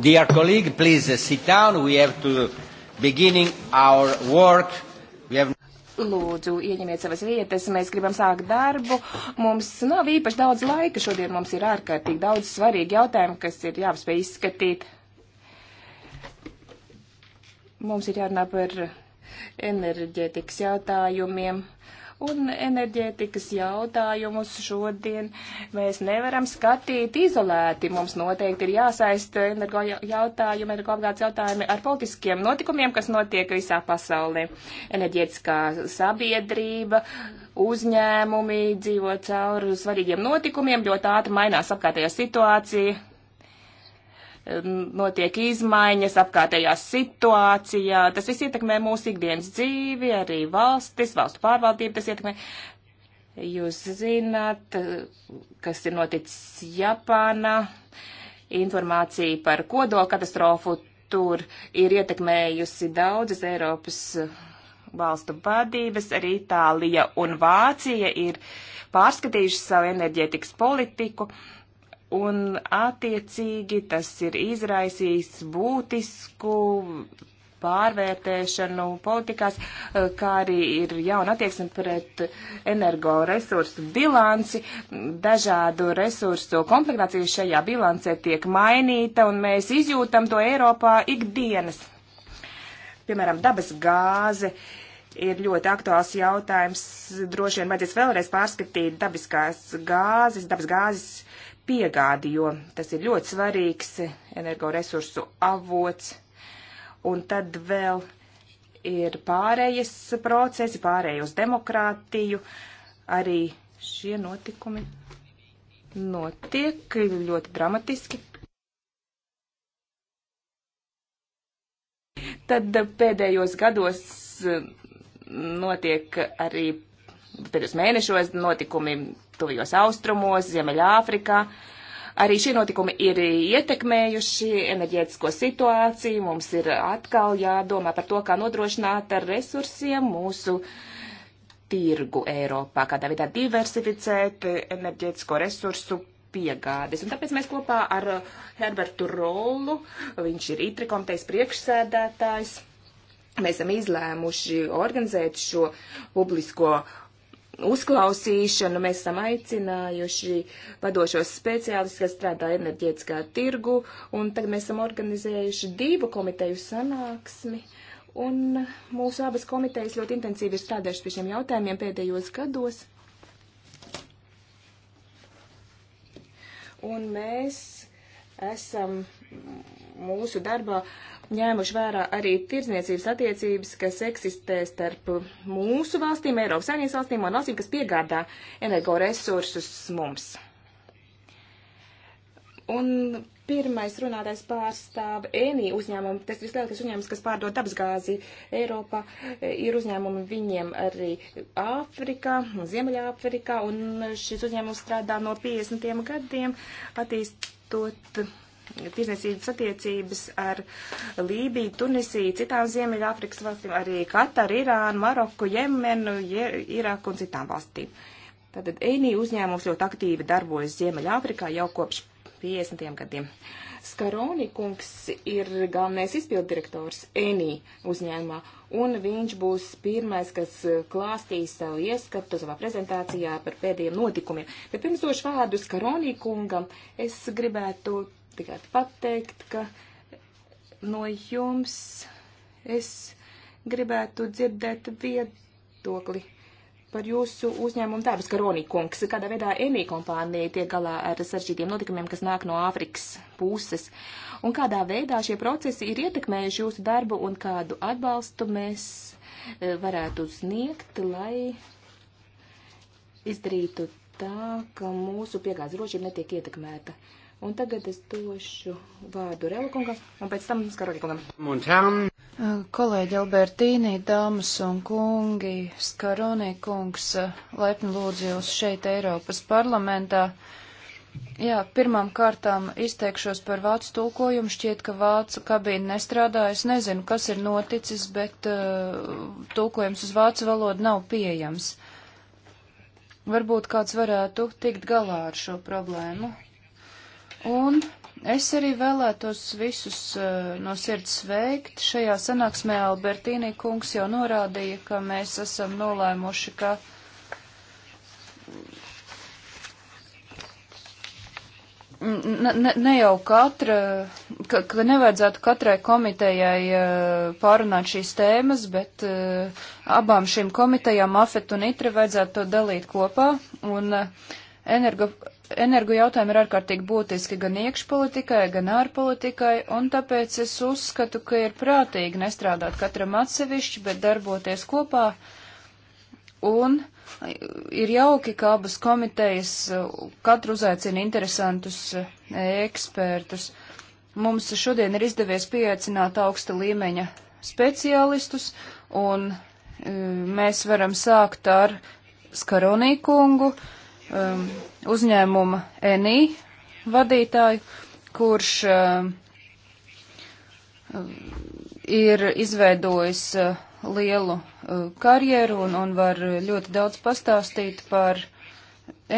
Dear colleague, please uh, sit down. We have to beginning our work. We have Lūdzu, ieņemiet savas vietas, mēs gribam sākt darbu. Mums nav īpaši daudz laika, šodien mums ir ārkārtīgi daudz svarīgi jautājumi, kas ir jāapspēj izskatīt. Mums ir jārunā par enerģētikas jautājumiem. Uh, un enerģētikas jautājumus šodien mēs nevaram skatīt izolēti. Mums noteikti ir jāsaist energo jautājumi, energoapgādes jautājumi ar politiskiem notikumiem, kas notiek visā pasaulē. Enerģētiskā sabiedrība, uzņēmumi dzīvo cauri svarīgiem notikumiem, ļoti ātri mainās apkārtējā situācija, notiek izmaiņas apkārtējā situācijā. Tas viss ietekmē mūsu ikdienas dzīvi, arī valstis, valstu pārvaldību tas ietekmē. Jūs zināt, kas ir noticis Japānā, informācija par kodola katastrofu tur ir ietekmējusi daudzas Eiropas valstu vadības, arī Itālija un Vācija ir pārskatījuši savu enerģētikas politiku. Uh, un attiecīgi tas ir izraisījis būtisku pārvērtēšanu politikās, eh, kā arī ir jauna attieksme pret energoresursu bilanci. Dažādu resursu komplektācija šajā bilancē tiek mainīta, un mēs izjūtam to Eiropā ikdienas. Piemēram, dabas gāze ir ļoti aktuāls jautājums. Droši vien vajadzēs vēlreiz pārskatīt dabiskās gāzes, dabas gāzes piegādi, jo tas ir ļoti svarīgs energoresursu avots. Un tad vēl ir pārējas procesi, pārēja uz demokrātiju. Arī šie notikumi notiek ļoti dramatiski. Tad pēdējos gados eh, notiek arī, pēdējos mēnešos notikumi tuvijos austrumos, Ziemeļāfrikā. Arī šie notikumi ir ietekmējuši enerģētisko situāciju. Mums ir atkal jādomā par to, kā nodrošināt ar resursiem mūsu tirgu Eiropā, kādā veidā diversificēt enerģētisko resursu piegādes. Un tāpēc mēs kopā ar Herbertu Rolu, viņš ir Itri komitejas priekšsēdētājs, mēs esam izlēmuši organizēt šo publisko uzklausīšanu mēs esam aicinājuši vadošos speciālistus, kas strādā enerģētiskā tirgu, un tagad mēs esam organizējuši divu komiteju sanāksmi. Un mūsu abas komitejas ļoti intensīvi ir strādājuši pie šiem jautājumiem pēdējos gados. Un mēs esam mūsu darbā ņēmuši vērā arī tirdzniecības attiecības, kas eksistē starp mūsu valstīm, Eiropas Savienības valstīm un valstīm, kas piegādā energoresursus mums. Un pirmais runātais pārstāv ENI uzņēmumu, tas vislielākais uzņēmums, kas pārdod apsgāzi Eiropā, e, ir uzņēmumi viņiem arī Āfrikā, Ziemeļāfrikā, un šis uzņēmums strādā no 50. gadiem, attīstot tirdzniecības attiecības ar Lībiju, Tunisiju, citām Ziemeļāfrikas valstīm, arī Kataru, Irānu, Maroku, Jemenu, Irāku un citām valstīm. Tātad ENI uzņēmums ļoti aktīvi darbojas Ziemeļāfrikā jau kopš 50. gadiem. Skaroni kungs ir galvenais izpildirektors ENI uzņēmumā, un viņš būs pirmais, kas klāstīs savu ieskatu savā prezentācijā par pēdējiem notikumiem. Bet pirms došu vārdu Skaroni kungam, es gribētu tikai pateikt, ka no jums es gribētu dzirdēt viedokli par jūsu uzņēmumu darbus, Karonī kungs, kādā veidā EMI kompānija tiek galā ar saržģītiem notikumiem, kas nāk no Āfrikas puses, un kādā veidā šie procesi ir ietekmējuši jūsu darbu un kādu atbalstu mēs e, varētu sniegt, lai izdarītu tā, ka mūsu piegādes drošība netiek ietekmēta. Uh, Un tagad es došu vārdu Relkungam, un pēc tam Skaronikungam. Kolēģi Albertīnī, dāmas un kungi, Skaronikungs, laipni lūdzu jūs šeit Eiropas parlamentā. Jā, pirmām kārtām izteikšos par vācu tulkojumu. Šķiet, ka vācu kabīne nestrādā. Es nezinu, kas ir noticis, bet uh, tulkojums uz vācu valodu nav pieejams. Varbūt kāds varētu tikt galā ar šo problēmu. Un es arī vēlētos visus uh, no sirds sveikt. Šajā sanāksmē Albertīnī kungs jau norādīja, ka mēs esam nolēmuši, ka ne, ne jau katra, ka, ka nevajadzētu katrai komitejai eh, pārunāt šīs tēmas, bet eh, abām šīm komitejām, AFET un ITRE, vajadzētu to dalīt kopā. Un energo energo jautājumi ir ārkārtīgi būtiski gan iekšpolitikai, gan ārpolitikai, un tāpēc es uzskatu, ka ir prātīgi nestrādāt katram atsevišķi, bet darboties kopā. Un ir jauki, ka abas komitejas katru uzaicina interesantus e, ekspertus. Mums šodien ir izdevies pieaicināt augsta līmeņa speciālistus, un e, mēs varam sākt ar Skaronī kungu, uh, um, uzņēmuma ENI vadītāju, kurš um, ir izveidojis uh, lielu uh, karjeru un, un var ļoti daudz pastāstīt par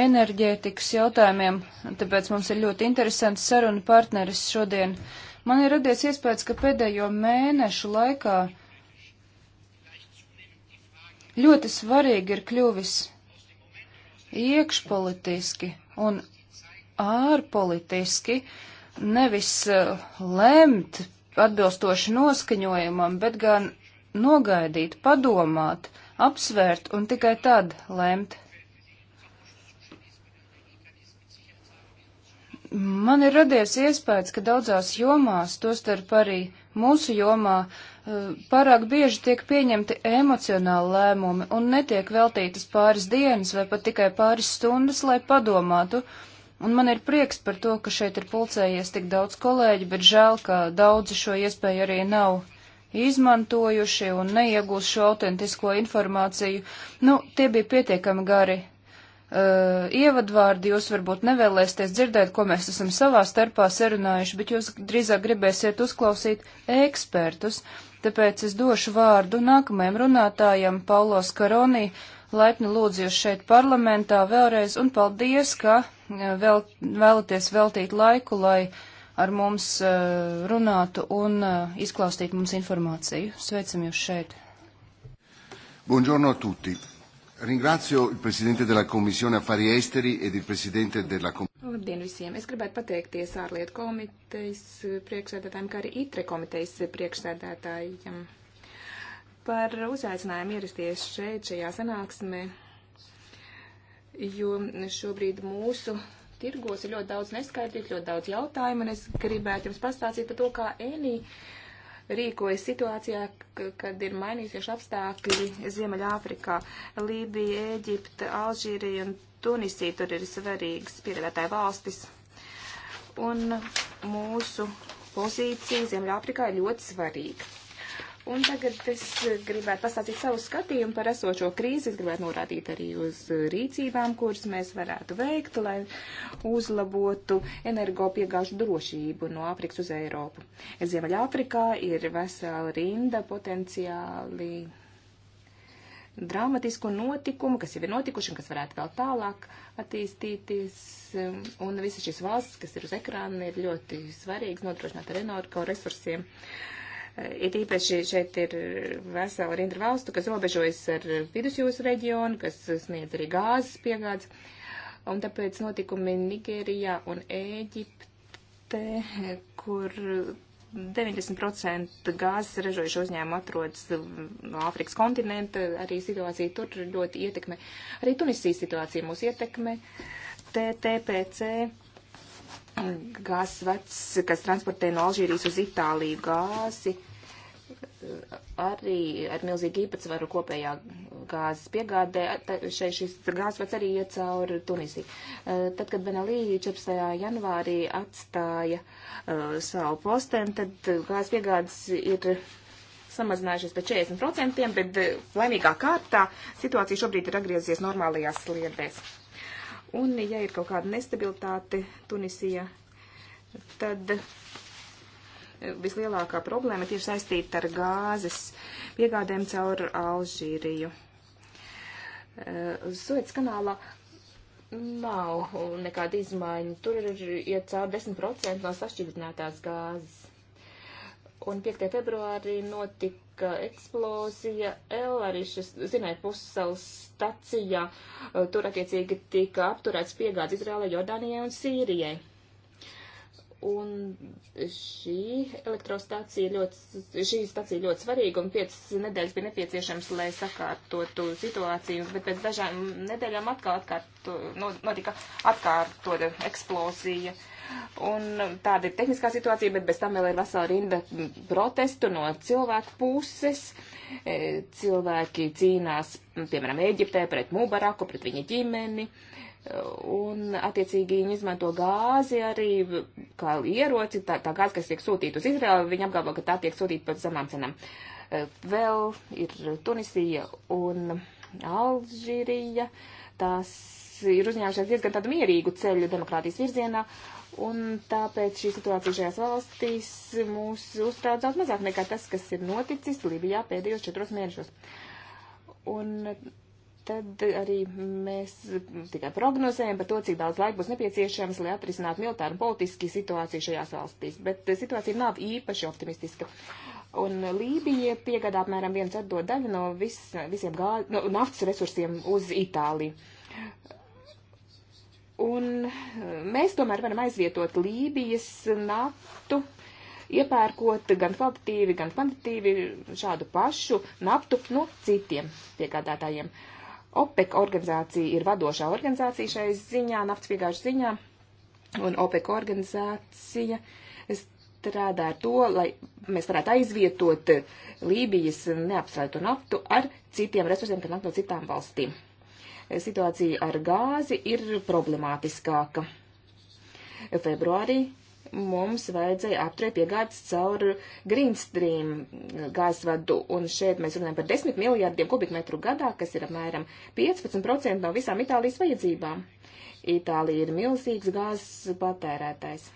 enerģētikas jautājumiem, tāpēc mums ir ļoti interesants saruna partneris šodien. Man ir radies iespējas, ka pēdējo mēnešu laikā ļoti svarīgi ir kļuvis iekšpolitiski un ārpolitiski nevis eh, lemt atbilstoši noskaņojumam, bet gan nogaidīt, padomāt, apsvērt un tikai tad lemt. Man ir radies iespējas, ka daudzās jomās, tostarp arī mūsu jomā, uh, pārāk bieži tiek pieņemti emocionāli lēmumi un netiek veltītas pāris dienas vai pat tikai pāris stundas, lai padomātu. Un man ir prieks par to, ka šeit ir pulcējies tik daudz kolēģi, bet žēl, ka daudzi šo iespēju arī nav izmantojuši un neiegūst šo autentisko informāciju. Nu, tie bija pietiekami gari uh, ievadvārdi, jūs varbūt nevēlēsieties dzirdēt, ko mēs esam savā starpā sarunājuši, bet jūs drīzāk gribēsiet uzklausīt ekspertus. Tāpēc es došu vārdu nākamajam runātājam, Paulo Skaronī. Laipni lūdzu jūs šeit parlamentā vēlreiz un paldies, ka eh, vēl, vēlaties veltīt laiku, lai ar mums uh, runātu un uh, izklāstītu mums informāciju. Sveicam jūs šeit! Buongiorno a tutti! Ringrazio il Presidente della Commissione Affari Esteri ed il Presidente della Commissione. Labdien visiem! Es gribētu pateikties ārlietu komitejas priekšsēdētājiem, kā arī ITRE komitejas priekšsēdētājiem par uzaicinājumu ierasties šeit, šajā sanāksmē, jo šobrīd mūsu tirgos ir ļoti daudz neskaidrību, ļoti daudz jautājumu, un es gribētu jums pastāstīt par to, kā ENI. Uh, rīkojas situācijā, kad ir mainījušies apstākļi Ziemeļāfrikā. Lībija, Ēģipta, Alžīrija un Tunisija tur ir svarīgas pieredzētāja valstis. Un mūsu pozīcija Ziemeļāfrikā ir ļoti svarīga. Un tagad es gribētu pastāstīt savu skatījumu par esošo krīzi. Es gribētu norādīt arī uz rīcībām, kuras mēs varētu veikt, lai uzlabotu energopiegāžu drošību no Āfrikas uz Eiropu. Ziemeļāfrikā ir vesela rinda potenciāli dramatisku notikumu, kas jau ir notikuši un kas varētu vēl tālāk attīstīties. Un visas šīs valstis, kas ir uz ekrāna, ir ļoti svarīgas nodrošināt ar energo resursiem. Uh, It īpaši šeit ir vesela rinda valstu, kas robežojas ar vidusjūras reģionu, kas sniedz arī gāzes piegādes. Un tāpēc notikumi Nigērijā un Ēģipte, kur 90% gāzes ražojuši uzņēmumi atrodas no Āfrikas kontinenta, arī situācija tur ļoti ietekmē. Arī Tunisijas situācija mūs ietekmē. TTPC gāzsvats, kas transportē no Alžīrijas uz Itāliju gāzi, arī ar milzīgu īpatsvaru kopējā gāzes piegādē, šeit šis gāzsvats arī iet cauri Tunisiju. Eh, tad, kad Benalī 14. janvārī atstāja uh, savu posteni, tad gāzes piegādes ir samazinājušies par 40%, bet eh, laimīgā kārtā situācija šobrīd ir atgriezies normālajās sliedēs. Un, ja ir kaut kāda nestabilitāte Tunisijā, tad eh, vislielākā problēma tieši saistīta ar gāzes piegādēm caur Alžīriju. Eh, Suets kanālā nav nekāda izmaiņa. Tur ir iet caur 10% no sašķidrinātās gāzes. Un 5. februārī notika ka eksplozija Ellarišas, ziniet, pussalas stacijā, e, tur attiecīgi tika apturēts piegāds Izrēlē, Jordānijai un Sīrijai. Un šī elektrostācija ļoti, šī stacija ļoti svarīga, un piecas nedēļas bija nepieciešams, lai sakārtotu situāciju, bet pēc dažām nedēļām atkal atkārto, notika atkārtota eksplozija. Uh, Un tāda ir tehniskā situācija, bet bez tam vēl ir vesela rinda protestu no cilvēku puses. E, cilvēki cīnās, piemēram, Eģiptē pret Mubaraku, pret viņa ģimeni. E, un, attiecīgi, viņi izmanto gāzi arī kā ieroci, tā, tā gāzi, kas tiek sūtīta uz Izraelu, viņi apgalvo, ka tā tiek sūtīta par zemām cenām. E, vēl ir Tunisija un Alžīrija. Tās ir uzņēmušās diezgan tādu mierīgu ceļu demokrātijas virzienā, Un tāpēc šī situācija šajās valstīs mūs uztrauc daudz mazāk nekā tas, kas ir noticis Libijā pēdējos četros mēnešos. Un tad arī mēs tikai prognozējam par to, cik daudz laika būs nepieciešams, lai atrisinātu militāru un politiski situāciju šajās valstīs. Bet situācija nav īpaši optimistiska. Un Lībija piegādā apmēram viens atdod daļu no vis, visiem gā, no naftas resursiem uz Itāliju. Un eh, mēs tomēr varam aizvietot Lībijas naftu, iepērkot gan kvalitatīvi, gan kvantitīvi šādu pašu naftu no nu, citiem piegādātājiem. OPEC organizācija ir vadošā organizācija šai ziņā, naftas piegāžu ziņā, un OPEC organizācija strādā ar to, lai mēs varētu aizvietot Lībijas neapstrādātu naftu ar citiem resursiem, gan no citām valstīm situācija ar gāzi ir problemātiskāka. Februārī mums vajadzēja apturēt piegādes caur Greenstream gāzvadu, un šeit mēs runājam par 10 miljārdiem kubikmetru gadā, kas ir apmēram 15% no visām Itālijas vajadzībām. Itālija ir milzīgs gāzes patērētājs.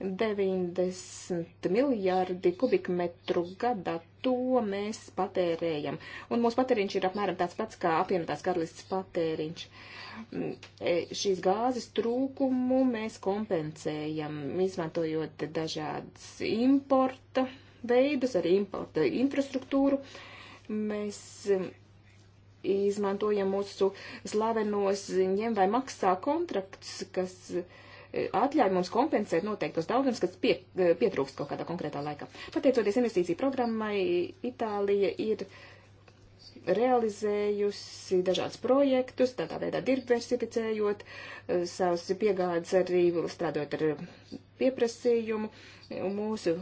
90 miljardi kubikmetru gadā. To mēs patērējam. Un mūsu patēriņš ir apmēram tāds pats kā apvienotās karalists patēriņš. Mm, e, šīs gāzes trūkumu mēs kompensējam, izmantojot dažādas importa veidus, arī importa infrastruktūru. Mēs mm, izmantojam mūsu slavenos ņem vai maksā kontraktus, kas uh, atļauj mums kompensēt noteiktos daudzumus, kas pie, e, pietrūkst kaut kādā konkrētā laikā. Pateicoties investīciju programmai, Itālija ir realizējusi dažādas projektus, tādā veidā diversificējot e, savus piegādes arī strādājot ar pieprasījumu. Mūsu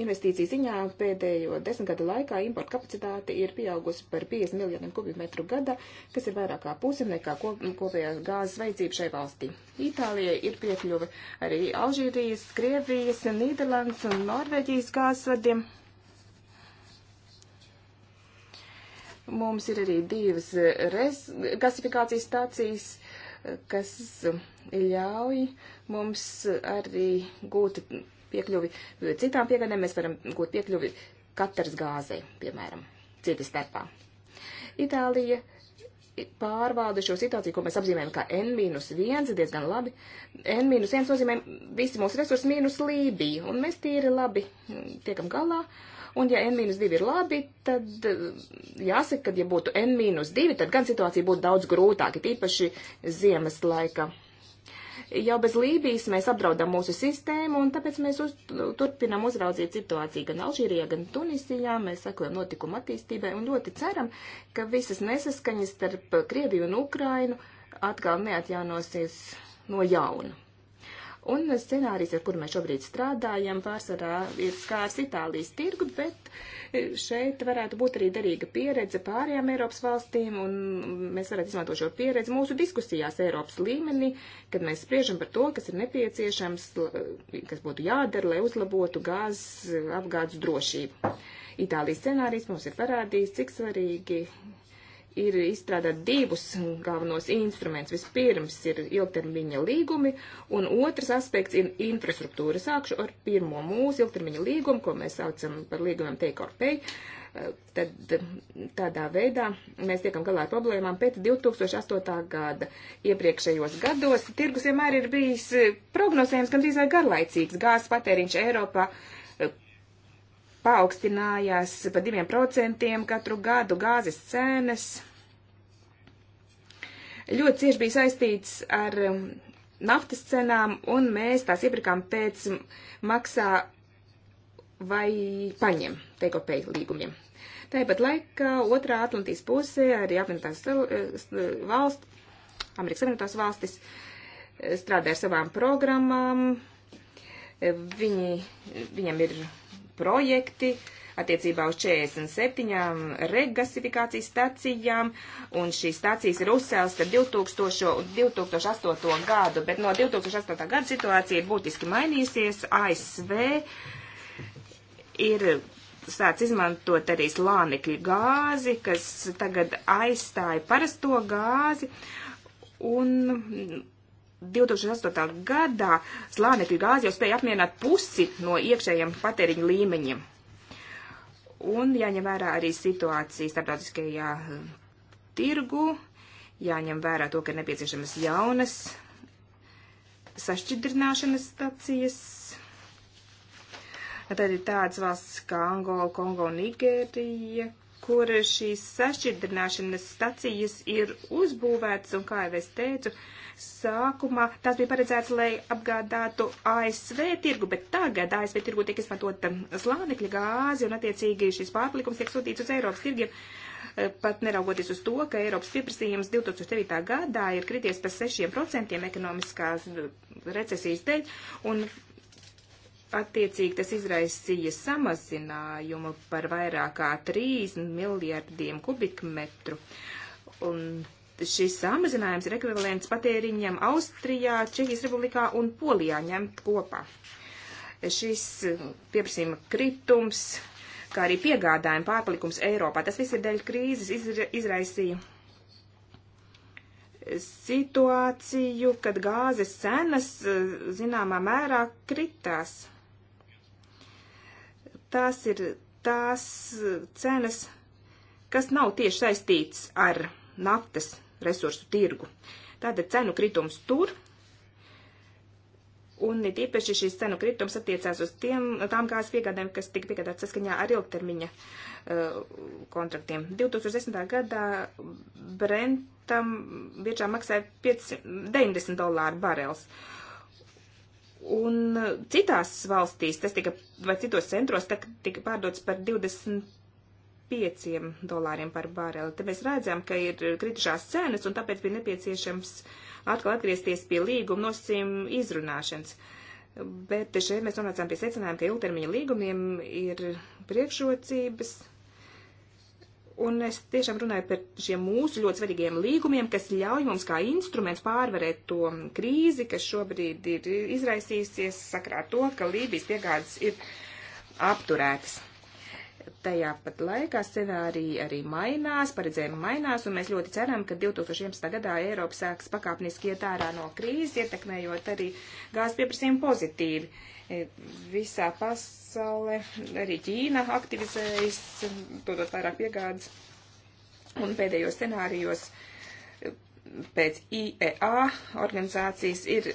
Investīciju ziņā pēdējo desmit gadu laikā importa kapacitāte ir pieaugusi par 50 miljoniem kubikmetru gada, kas ir vairāk kā pusi nekā kopējā gāzes vajadzība šai valstī. Itālijai ir piekļuve arī Alžīrijas, Krievijas, Nīderlandes un Norvēģijas gāzes vadiem. Mums ir arī divas res, gasifikācijas stācijas, kas ļauj mums arī gūt piekļuvi citām piegādēm, mēs varam gūt piekļuvi katras gāzei, piemēram, citi starpā. Itālija pārvalda šo situāciju, ko mēs apzīmējam kā N-1, diezgan labi. N-1 nozīmē visi mūsu resursi mīnus Lībija, un mēs tīri labi tiekam galā. Un ja N-2 ir labi, tad eh, jāsaka, ka ja būtu N-2, tad gan situācija būtu daudz grūtāka, tīpaši ziemas laika Jau bez Lībijas mēs apdraudam mūsu sistēmu, un tāpēc mēs uz, turpinam uzraudzīt situāciju gan Alžīrijā, gan Tunisijā. Mēs sekojam notikuma attīstībai un ļoti ceram, ka visas nesaskaņas starp Krieviju un Ukrainu atkal neatjaunosies no jauna. Un scenārijs, ar kuru mēs šobrīd strādājam, pārsvarā ir skārs Itālijas tirgu, bet e, šeit varētu būt arī derīga pieredze pārējām Eiropas valstīm, un mēs varētu izmantot šo pieredzi mūsu diskusijās Eiropas līmenī, kad mēs spriežam par to, kas ir nepieciešams, e, kas būtu jādara, lai uzlabotu gāzes e, apgādes drošību. Itālijas scenārijs mums ir parādījis, cik svarīgi ir izstrādāt divus galvenos instrumentus. Vispirms ir ilgtermiņa līgumi, un otrs aspekts ir infrastruktūra. Sākšu ar pirmo mūsu ilgtermiņa līgumu, ko mēs saucam par līgumiem take or pay. Eh, tad tādā veidā mēs tiekam galā ar problēmām pēc 2008. gada. Iepriekšējos gados tirgus vienmēr ir bijis eh, prognozējums, gan drīzāk garlaicīgs. Gāzes patēriņš Eiropā paaugstinājās pa diviem procentiem katru gadu gāzes cenas. Ļoti cieši bija saistīts ar um, naftas cenām, un mēs tās iepirkām pēc maksā vai paņem, teiko pēc līgumiem. Tāpat laikā otrā Atlantijas pusē arī apvienotās valsts, Amerikas Savienotās valstis eh, strādāja ar savām programmām. Eh, viņi, viņam ir projekti attiecībā uz 47 regasifikācijas stacijām, un šīs stacijas ir uzcēlas ar 2000 un 2008 gadu, bet no 2008. gada situācija ir būtiski mainījusies. ASV ir sāc izmantot arī slānekļu gāzi, kas tagad aizstāja parasto gāzi. Un 2008. gadā slānekļa gāze jau spēja apmierināt pusi no iekšējiem patēriņu līmeņiem. Un jāņem vērā arī situācija starptautiskajā eh, tirgu, jāņem vērā to, ka ir nepieciešamas jaunas sašķidrināšanas stacijas. Tad ir tāds valsts kā Angola, Kongo, Nigērija, kur šīs sašķidrināšanas stacijas ir uzbūvētas, un kā jau es teicu, uh, sākumā tās bija paredzētas, lai apgādātu ASV tirgu, bet tagad ASV tirgu tiek izmantota um, slānekļa gāze un attiecīgi šis pārpalikums tiek sūtīts uz Eiropas tirgiem. Uh, pat neraugoties uz to, ka Eiropas pieprasījums 2009. gadā ir krities par 6% ekonomiskās uh, recesijas dēļ, un attiecīgi tas izraisīja samazinājumu par vairāk kā 3 miljardiem kubikmetru. Un šis samazinājums ir ekvivalents patēriņam Austrijā, Čehijas Republikā un Polijā ņemt kopā. Šis uh, pieprasījuma kritums, kā arī piegādājuma pārpalikums Eiropā, tas viss ir dēļ krīzes izra izraisīja situāciju, kad gāzes cenas uh, zināmā mērā kritās. Tās ir tās uh, cenas, kas nav tieši saistīts ar naftas resursu tirgu. Tātad cenu kritums tur, un it īpaši šīs cenu kritums attiecās uz tiem, tām gāzes piegādēm, kas tika piegādāts saskaņā ar ilgtermiņa uh, kontraktiem. 2010. gadā Brentam biržā maksāja 5, 90 dolāru barels. Un citās valstīs tas tika, vai citos centros tika pārdots par 20 pieciem dolāriem par bareli. Te mēs redzam, ka ir kritušās cenas, un tāpēc bija nepieciešams atkal atgriezties pie līguma nosacījuma izrunāšanas. Bet šeit mēs nonācām pie secinājuma, ka ilgtermiņa līgumiem ir priekšrocības. Un es tiešām runāju par šiem mūsu ļoti svarīgiem līgumiem, kas ļauj mums kā instruments pārvarēt to krīzi, kas šobrīd ir izraisījusies sakrā to, ka Lībijas piegādes ir apturētas tajā pat laikā scenāriji arī mainās, paredzējumi mainās, un mēs ļoti ceram, ka 2011. gadā Eiropa sāks pakāpeniski iet ārā no krīzes, ietekmējot arī gāzes pieprasījumu pozitīvi. E, visā pasaulē arī Ķīna aktivizējas, dodot vairāk piegādes, un pēdējos scenārijos e, pēc IEA organizācijas ir,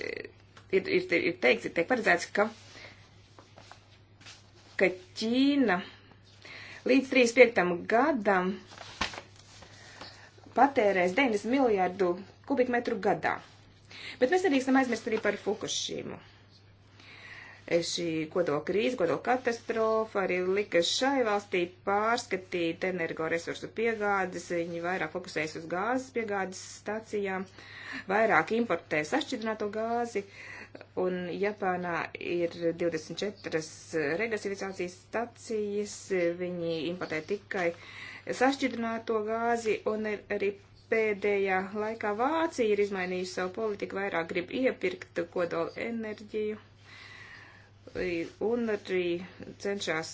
ir, ir, ir teikts, ir tiek paredzēts, ka ka Ķīna līdz 35. gadam patērēs 90 miljārdu kubikmetru gadā. Bet mēs nedrīkstam aizmirst arī par Fukushimu. Šī kodola krīze, kodola katastrofa arī lika šai valstī pārskatīt energoresursu piegādes. Viņi vairāk fokusējas uz gāzes piegādes stācijām, vairāk importē sašķidrināto gāzi. Uh, Un Japānā ir 24 regasificācijas stacijas, viņi importē tikai sašķidrināto gāzi, un arī pēdējā laikā Vācija ir izmainījusi savu politiku, vairāk grib iepirkt kodolu enerģiju, un arī cenšas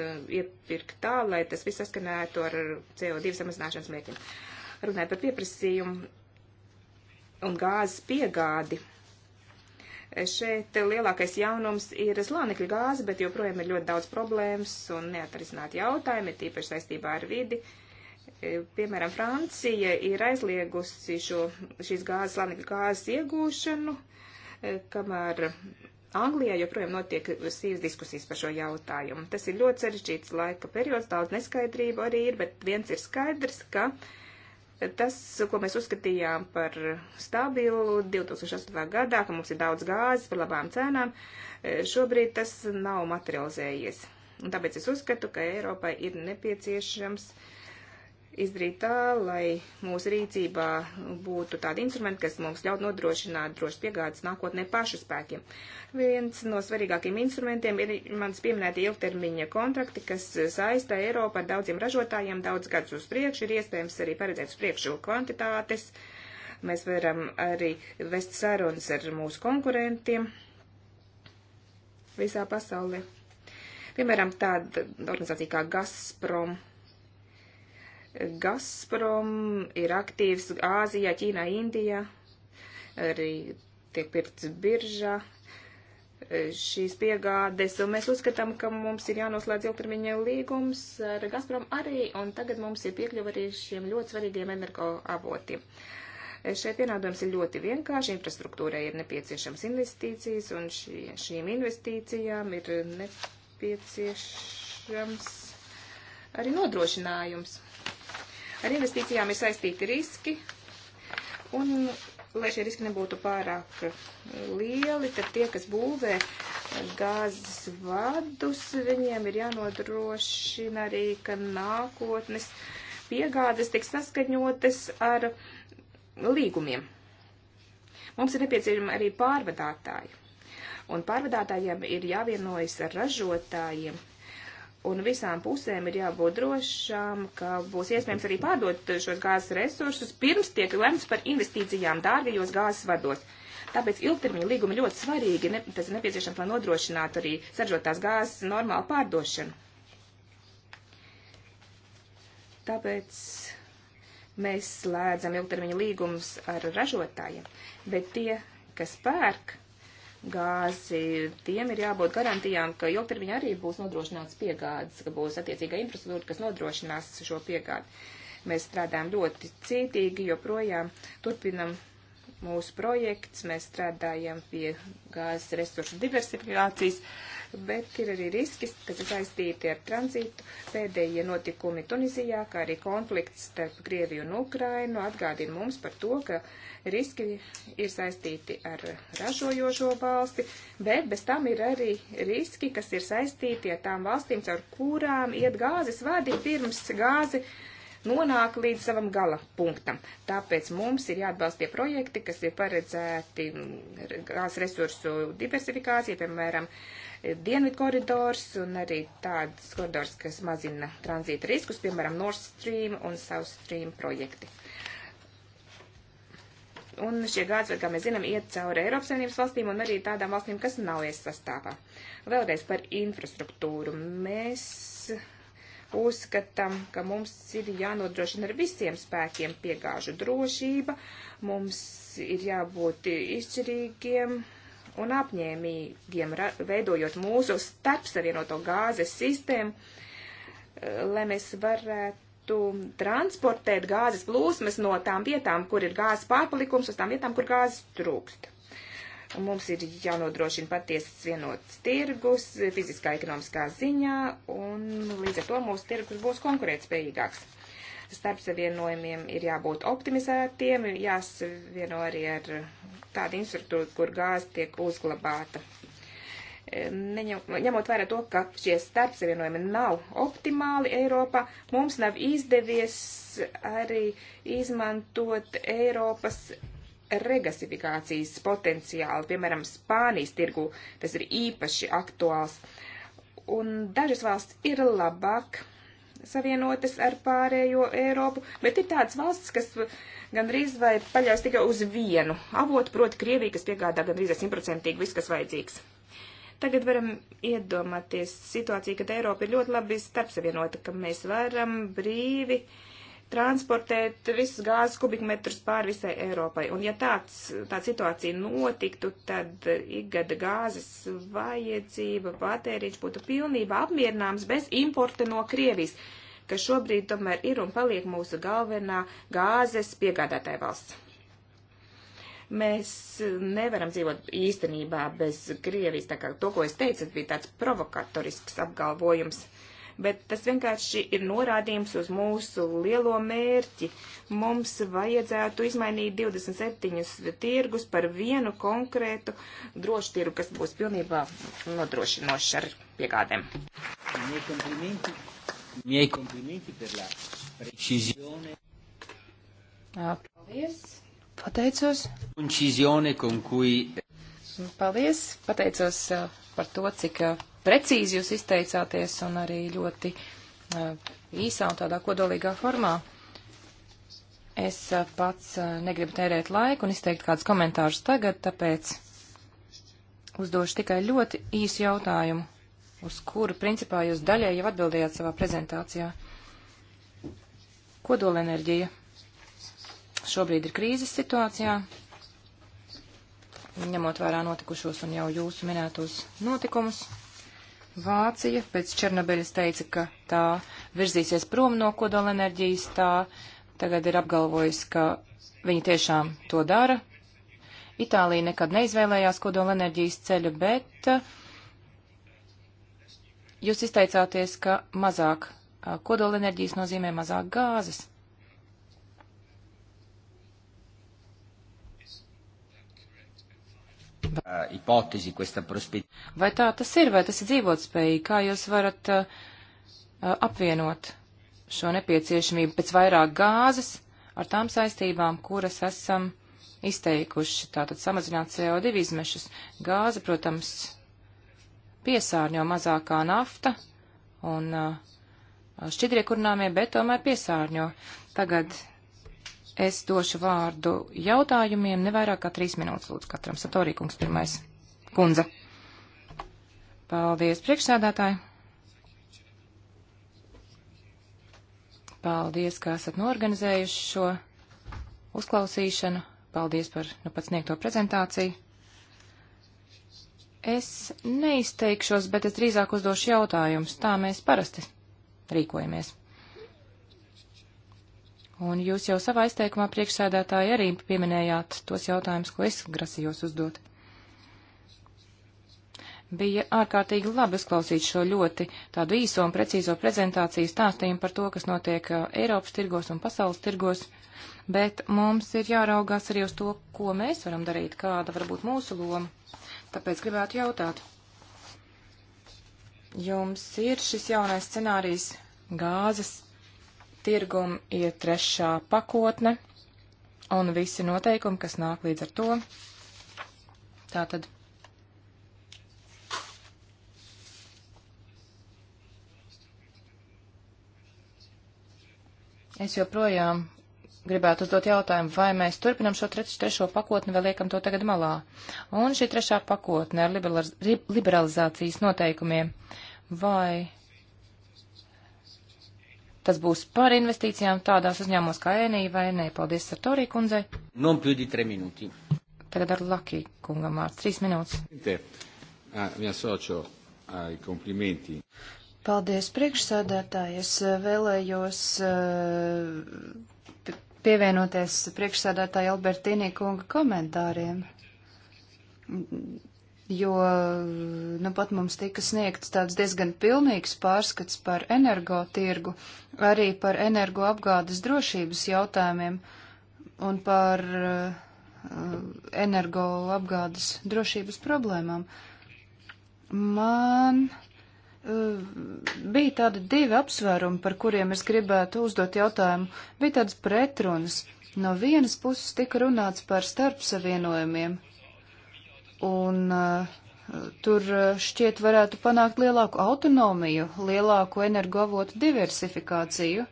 uh, iepirkt tā, lai tas viss saskanētu ar CO2 samazināšanas mērķiem. Runājot par pieprasījumu un gāzes piegādi. Šeit lielākais jaunums ir slānekļa gāze, bet joprojām ir ļoti daudz problēmas un neatrisināti jautājumi, tīpaši saistībā ar vidi. E, piemēram, Francija ir aizliegusi šo, šīs gāzes, slānekļa gāzes iegūšanu, e, kamēr Anglijā joprojām notiek sīvas diskusijas par šo jautājumu. Tas ir ļoti sarežģīts laika periods, daudz neskaidrību arī ir, bet viens ir skaidrs, ka uh, Tas, ko mēs uzskatījām par stabilu 2008. gadā, ka mums ir daudz gāzes par labām cenām, e, šobrīd tas nav materializējies. Un tāpēc es uzskatu, ka Eiropai ir nepieciešams uh, izdarīt tā, lai mūsu rīcībā būtu tādi instrumenti, kas mums ļaut nodrošināt drošas piegādes nākotnē pašu spēkiem. Viens no svarīgākiem instrumentiem ir mans pieminēti ilgtermiņa kontrakti, kas saista Eiropu ar daudziem ražotājiem daudz gadus uz priekšu, ir iespējams arī paredzēt uz priekšu kvantitātes. Mēs varam arī vest sarunas ar mūsu konkurentiem visā pasaulē. Piemēram, tāda organizācija kā Gazprom Gazprom ir aktīvs Āzijā, Ķīnā, Indijā, arī tiek pirts biržā e, šīs piegādes, un mēs uzskatām, ka mums ir jānoslēdz ilgtermiņa līgums ar Gazprom arī, un tagad mums ir piekļuva arī šiem ļoti svarīgiem energoavotiem. E, šeit vienādojums ir ļoti vienkārši, infrastruktūrai ir nepieciešams investīcijas, un šī, šīm investīcijām ir nepieciešams arī nodrošinājums. Ar investīcijām ir saistīti riski, un lai šie riski nebūtu pārāk eh, lieli, tad tie, kas būvē eh, gāzes vadus, viņiem ir jānodrošina arī, ka nākotnes piegādes tiks saskaņotas ar līgumiem. Mums ir nepieciešama arī pārvadātāji. Un pārvadātājiem ir jāvienojas ar ražotājiem un visām pusēm ir jābūt drošām, ka būs iespējams arī pārdot šos gāzes resursus pirms tiek lemts par investīcijām dārgajos gāzes vados. Tāpēc ilgtermiņa līgumi ļoti svarīgi, ne, tas ir nepieciešams, lai nodrošinātu arī saržotās gāzes normālu pārdošanu. Tāpēc mēs slēdzam ilgtermiņa līgumus ar ražotājiem, bet tie, kas pērk, gāzi, tiem ir jābūt garantijām, ka ilgtermiņā arī būs nodrošināts piegādes, ka būs attiecīga infrastruktūra, kas nodrošinās šo piegādi. Mēs strādājam ļoti cītīgi, joprojām turpinam mūsu projekts, mēs strādājam pie gāzes resursu diversifikācijas. Uh, bet ir arī riski, kas ir saistīti ar tranzītu. Pēdējie notikumi Tunizijā, kā arī konflikts starp Krieviju un Ukrainu atgādina mums par to, ka riski ir saistīti ar ražojošo valsti, bet bez tam ir arī riski, kas ir saistīti ar tām valstīm, caur kurām iet gāzes vadi pirms gāzi nonāk līdz savam gala punktam. Tāpēc mums ir jāatbalsta tie projekti, kas ir paredzēti gāzes mm, resursu diversifikācija, piemēram, dienvidu koridors un arī tāds koridors, kas mazina tranzīta riskus, piemēram, Nord Stream un South Stream projekti. Un šie gāzes, kā mēs zinām, iet cauri Eiropas Savienības valstīm un arī tādām valstīm, kas nav ies sastāvā. Vēlreiz par infrastruktūru. Mēs uzskatām, ka mums ir jānodrošina ar visiem spēkiem piegāžu drošība, mums ir jābūt izšķirīgiem un apņēmīgiem, veidojot mūsu starpsavienoto gāzes sistēmu, eh, lai mēs varētu transportēt gāzes plūsmas no tām vietām, kur ir gāzes pārpalikums, uz tām vietām, kur gāzes trūkst. Mums ir jānodrošina patiesas vienotas tirgus fiziskā ekonomiskā ziņā, un līdz ar to mūsu tirgus būs konkurētspējīgāks. Starp savienojumiem ir jābūt optimizētiem, jāsavieno arī ar tādu infrastruktūru, kur gāze tiek uzglabāta ņemot vērā to, ka šie starpsavienojumi nav optimāli Eiropā, mums nav izdevies arī izmantot Eiropas regasifikācijas potenciālu, piemēram, Spānijas tirgu, tas ir īpaši aktuāls. Un dažas valsts ir labāk savienotas ar pārējo Eiropu, bet ir tādas valsts, kas gandrīz vai paļaus tikai uz vienu avotu, proti Krieviju, kas piegādā gandrīz simtprocentīgi viss, kas vajadzīgs. Tagad varam iedomāties situāciju, kad Eiropa ir ļoti labi starpsavienota, ka mēs varam brīvi uh, transportēt visus gāzes kubikmetrus pāri visai Eiropai. Un ja tāds, tā situācija notiktu, tad ikgada gāzes vajadzība patēriņš būtu pilnībā apmierināms bez importa no Krievijas, kas šobrīd tomēr ir un paliek mūsu galvenā gāzes piegādātāja valsts mēs nevaram dzīvot īstenībā bez Krievijas. Tā kā to, ko es teicu, bija tāds provokatorisks apgalvojums bet tas vienkārši ir norādījums uz mūsu lielo mērķi. Mums vajadzētu izmainīt 27 tirgus par vienu konkrētu drošu tirgu, kas būs pilnībā nodrošinošs ar piegādēm. Paldies! Pateicos! Paldies! Pateicos eh, par to, cik eh, precīzi jūs izteicāties un arī ļoti īsā un tādā kodolīgā formā. Es pats negribu tērēt laiku un izteikt kādus komentārus tagad, tāpēc uzdošu tikai ļoti īsu jautājumu, uz kuru principā jūs daļai jau atbildējāt savā prezentācijā. Kodolenerģija šobrīd ir krīzes situācijā, ņemot vērā notikušos un jau jūsu minētos notikumus. Vācija pēc Černobeļas teica, ka tā virzīsies prom no kodolenerģijas, tā tagad ir apgalvojusi, ka viņi tiešām to dara. Itālija nekad neizvēlējās kodolenerģijas ceļu, bet uh, jūs izteicāties, ka mazāk uh, kodolenerģijas nozīmē mazāk gāzes. Eh, vai tā tas ir, vai tas ir dzīvotspējīgi? Kā jūs varat uh, apvienot šo nepieciešamību pēc vairāk gāzes ar tām saistībām, kuras esam izteikuši, tātad samazināt CO2 izmešus. Gāze, protams, piesārņo mazākā nafta un uh, šķidrie kurnāmie, bet tomēr piesārņo. Tagad Es došu vārdu jautājumiem nevairāk kā trīs minūtes lūdzu katram. Satorīkungs pirmais. Kundze. Paldies, priekšsēdētāji. Paldies, ka esat norganizējuši šo uzklausīšanu. Paldies par nu pats sniegto prezentāciju. Es neizteikšos, bet es drīzāk uzdošu jautājumus. Tā mēs parasti rīkojamies. Un jūs jau savā izteikumā priekšsēdētāji arī pieminējāt tos jautājumus, ko es grasījos uzdot. Bija ārkārtīgi labi uzklausīt šo ļoti tādu īso un precīzo prezentāciju stāstījumu par to, kas notiek uh, Eiropas tirgos un pasaules tirgos, bet mums ir jāraugās arī uz to, ko mēs varam darīt, kāda var būt mūsu loma. Tāpēc gribētu jautāt. Jums ir šis jaunais scenārijs gāzes tirgumu ir trešā pakotne un visi noteikumi, kas nāk līdz ar to. Tātad. Es joprojām gribētu uzdot jautājumu, vai mēs turpinam šo trešo pakotni vai liekam to tagad malā. Un šī trešā pakotne ar liberalizācijas noteikumiem, vai Tas būs par investīcijām tādās uzņēmumos kā ēnī vai nē. Paldies Sartorī kundzei. Non più di tre minūti. Tagad ar Laki kungam vārds. Trīs minūtes. Mi associo ai complimenti. Paldies priekšsādātāji. Es eh, vēlējos eh, pievienoties priekšsādātāja Albertīnī kunga komentāriem jo nu pat mums tika sniegts tāds diezgan pilnīgs pārskats par energotirgu, arī par energoapgādes drošības jautājumiem un par uh, energoapgādes drošības problēmām. Man uh, bija tādi divi apsvērumi, par kuriem es gribētu uzdot jautājumu. Bija tādas pretrunas. No vienas puses tika runāts par starpsavienojumiem, Un uh, tur uh, šķiet varētu panākt lielāku autonomiju, lielāku energoavotu diversifikāciju.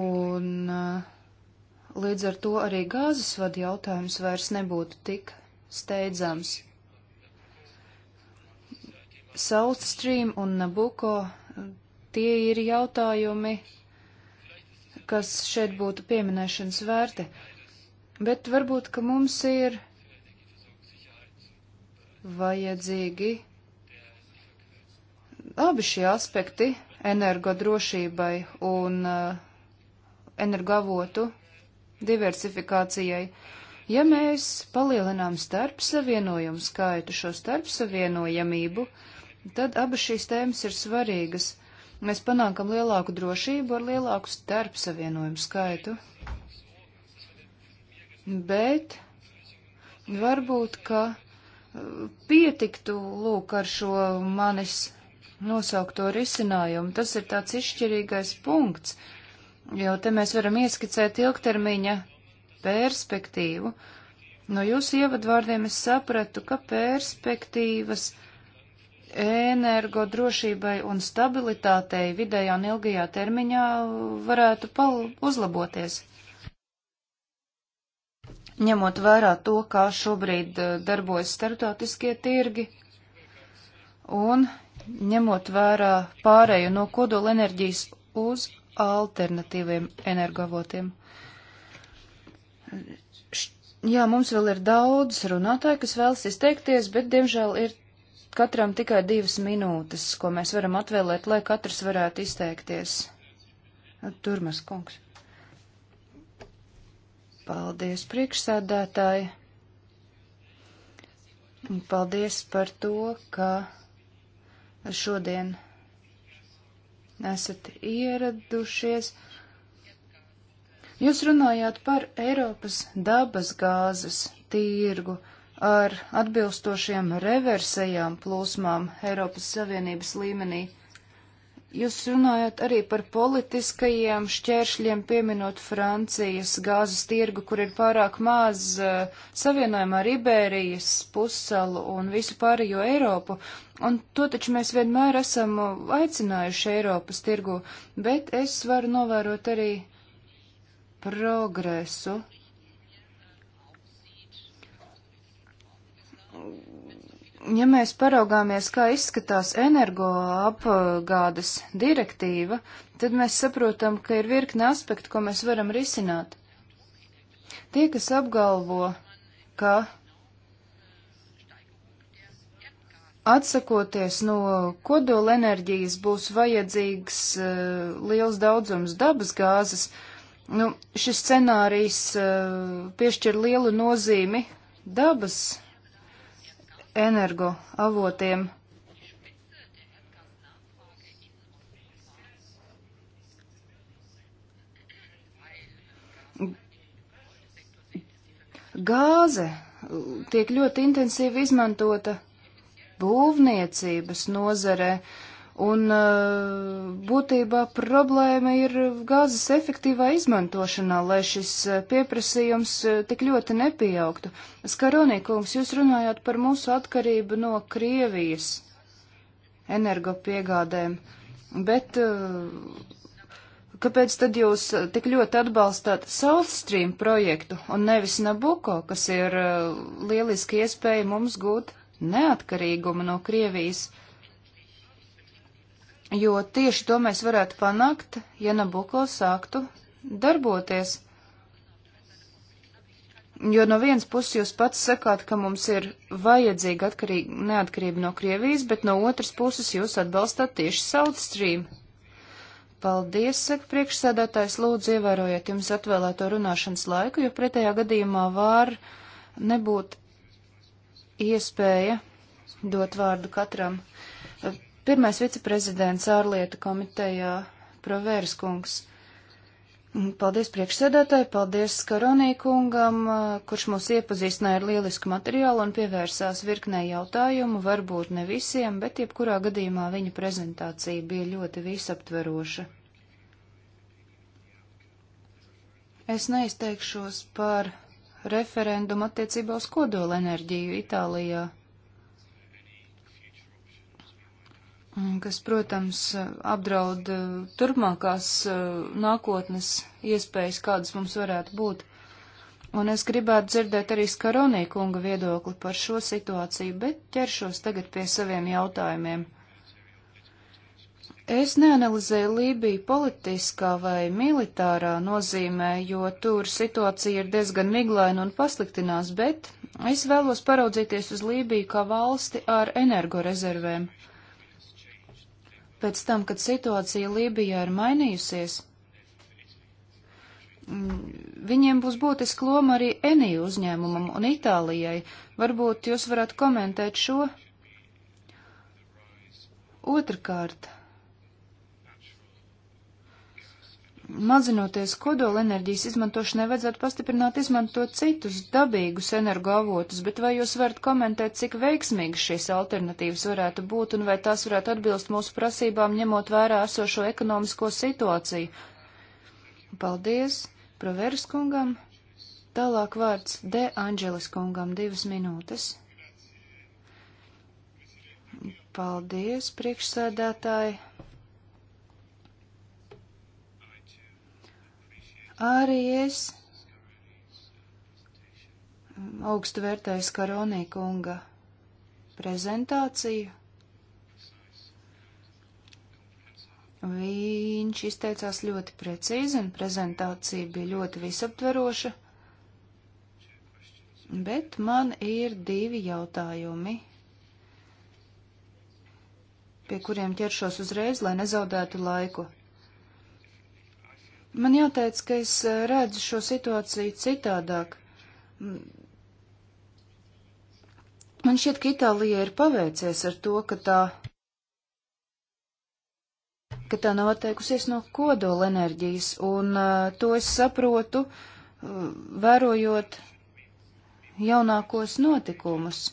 Un uh, līdz ar to arī gāzes vada jautājums vairs nebūtu tik steidzams. South Stream un Nabuko tie ir jautājumi, kas šeit būtu pieminēšanas vērti. Uh, bet varbūt, ka mums ir vajadzīgi abi šie aspekti energodrošībai un uh, energoavotu diversifikācijai. Ja mēs palielinām starpsavienojumu skaitu, šo starpsavienojamību, tad abas šīs tēmas ir svarīgas. Mēs panākam lielāku drošību ar lielāku starpsavienojumu skaitu bet varbūt, ka uh, pietiktu lūk ar šo manis nosaukto risinājumu. Tas ir tāds izšķirīgais punkts, jo te mēs varam ieskicēt ilgtermiņa perspektīvu. No jūsu ievadvārdiem es sapratu, ka perspektīvas energo drošībai un stabilitātei vidējā un ilgajā termiņā varētu uzlaboties ņemot vērā to, kā šobrīd eh, darbojas starptautiskie tirgi un ņemot vērā pārēju no kodola enerģijas uz alternatīviem energoavotiem. Jā, mums vēl ir daudz runātāju, kas vēlas izteikties, bet, diemžēl, ir katram tikai divas minūtes, ko mēs varam atvēlēt, lai katrs varētu izteikties. Turmas kungs. Paldies, priekšsēdētāji. Un paldies par to, ka šodien esat ieradušies. Jūs runājāt par Eiropas dabas gāzes tirgu ar atbilstošiem reversējām plūsmām Eiropas Savienības līmenī. Jūs runājat arī par politiskajiem šķēršļiem, pieminot Francijas gāzes tirgu, kur ir pārāk maz uh, eh, savienojuma ar Iberijas pussalu un visu pārējo Eiropu. Un to taču mēs vienmēr esam aicinājuši Eiropas tirgu, bet es varu novērot arī progresu ja mēs paraugāmies, kā izskatās energoapgādes direktīva, tad mēs saprotam, ka ir virkne aspektu, ko mēs varam risināt. Tie, kas apgalvo, ka atsakoties no kodolenerģijas būs vajadzīgs uh, liels daudzums dabas gāzes, nu, šis scenārijs uh, piešķir lielu nozīmi dabas energo avotiem. Gāze tiek ļoti intensīvi izmantota būvniecības nozarē, uh, Un uh, būtībā problēma ir gāzes efektīvā izmantošanā, lai šis uh, pieprasījums uh, tik ļoti nepieaugtu. Skaronīkums, jūs runājāt par mūsu atkarību no Krievijas energopiegādēm, bet kāpēc tad jūs tik ļoti atbalstāt South Stream projektu un nevis Nabuko, kas ir lieliski iespēja mums gūt neatkarīgumu no Krievijas? jo tieši to mēs varētu panākt, ja Nabuko sāktu darboties. Jo no vienas puses jūs pats sakāt, ka mums ir vajadzīga atkarīga neatkarība no Krievijas, bet no otras puses jūs atbalstāt tieši South Stream. Paldies, saka priekšsēdētājs, lūdzu ievērojiet jums atvēlēto runāšanas laiku, jo pretējā gadījumā var nebūt iespēja dot vārdu katram. Pirmais viceprezidents ārlietu komitejā Provērs kungs. Mm, paldies priekšsēdētāji, paldies Skaronī kungam, kurš mūs iepazīstināja ar lielisku materiālu un pievērsās virknē jautājumu, varbūt ne visiem, bet jebkurā gadījumā viņa prezentācija bija ļoti visaptveroša. Es neizteikšos par referendumu attiecībā uz kodolenerģiju Itālijā. Mm, kas, protams, apdraud eh, turpmākās eh, nākotnes iespējas, kādas mums varētu būt. Un es gribētu dzirdēt arī Skaronī kunga viedokli par šo situāciju, bet ķeršos tagad pie saviem jautājumiem. Es neanalizēju Lībiju politiskā vai militārā nozīmē, jo tur situācija ir diezgan miglaina un pasliktinās, bet es vēlos paraudzīties uz Lībiju kā valsti ar energorezervēm pēc tam, kad situācija Lībijā ir mainījusies, mm, viņiem būs būtiska loma arī Enī uzņēmumam un Itālijai. Varbūt jūs varētu komentēt šo. Otrakārt. mazinoties kodolenerģijas izmantošanai, vajadzētu pastiprināt izmantot citus dabīgus energoavotus, bet vai jūs varat komentēt, cik veiksmīgas šīs alternatīvas varētu būt un vai tās varētu atbilst mūsu prasībām, ņemot vērā esošo ekonomisko situāciju? Paldies, Proveras kungam. Tālāk vārds De Angelis kungam divas minūtes. Paldies, priekšsēdētāji. Arī es augstu vērtēju Skaronī kunga prezentāciju. Viņš izteicās ļoti precīzi un prezentācija bija ļoti visaptveroša, bet man ir divi jautājumi, pie kuriem ķeršos uzreiz, lai nezaudētu laiku. Man jāteic, ka es eh, redzu šo situāciju citādāk. Man šķiet, ka Itālija ir paveicies ar to, ka tā, ka tā nav atteikusies no kodola enerģijas, un uh, to es saprotu, uh, vērojot jaunākos notikumus.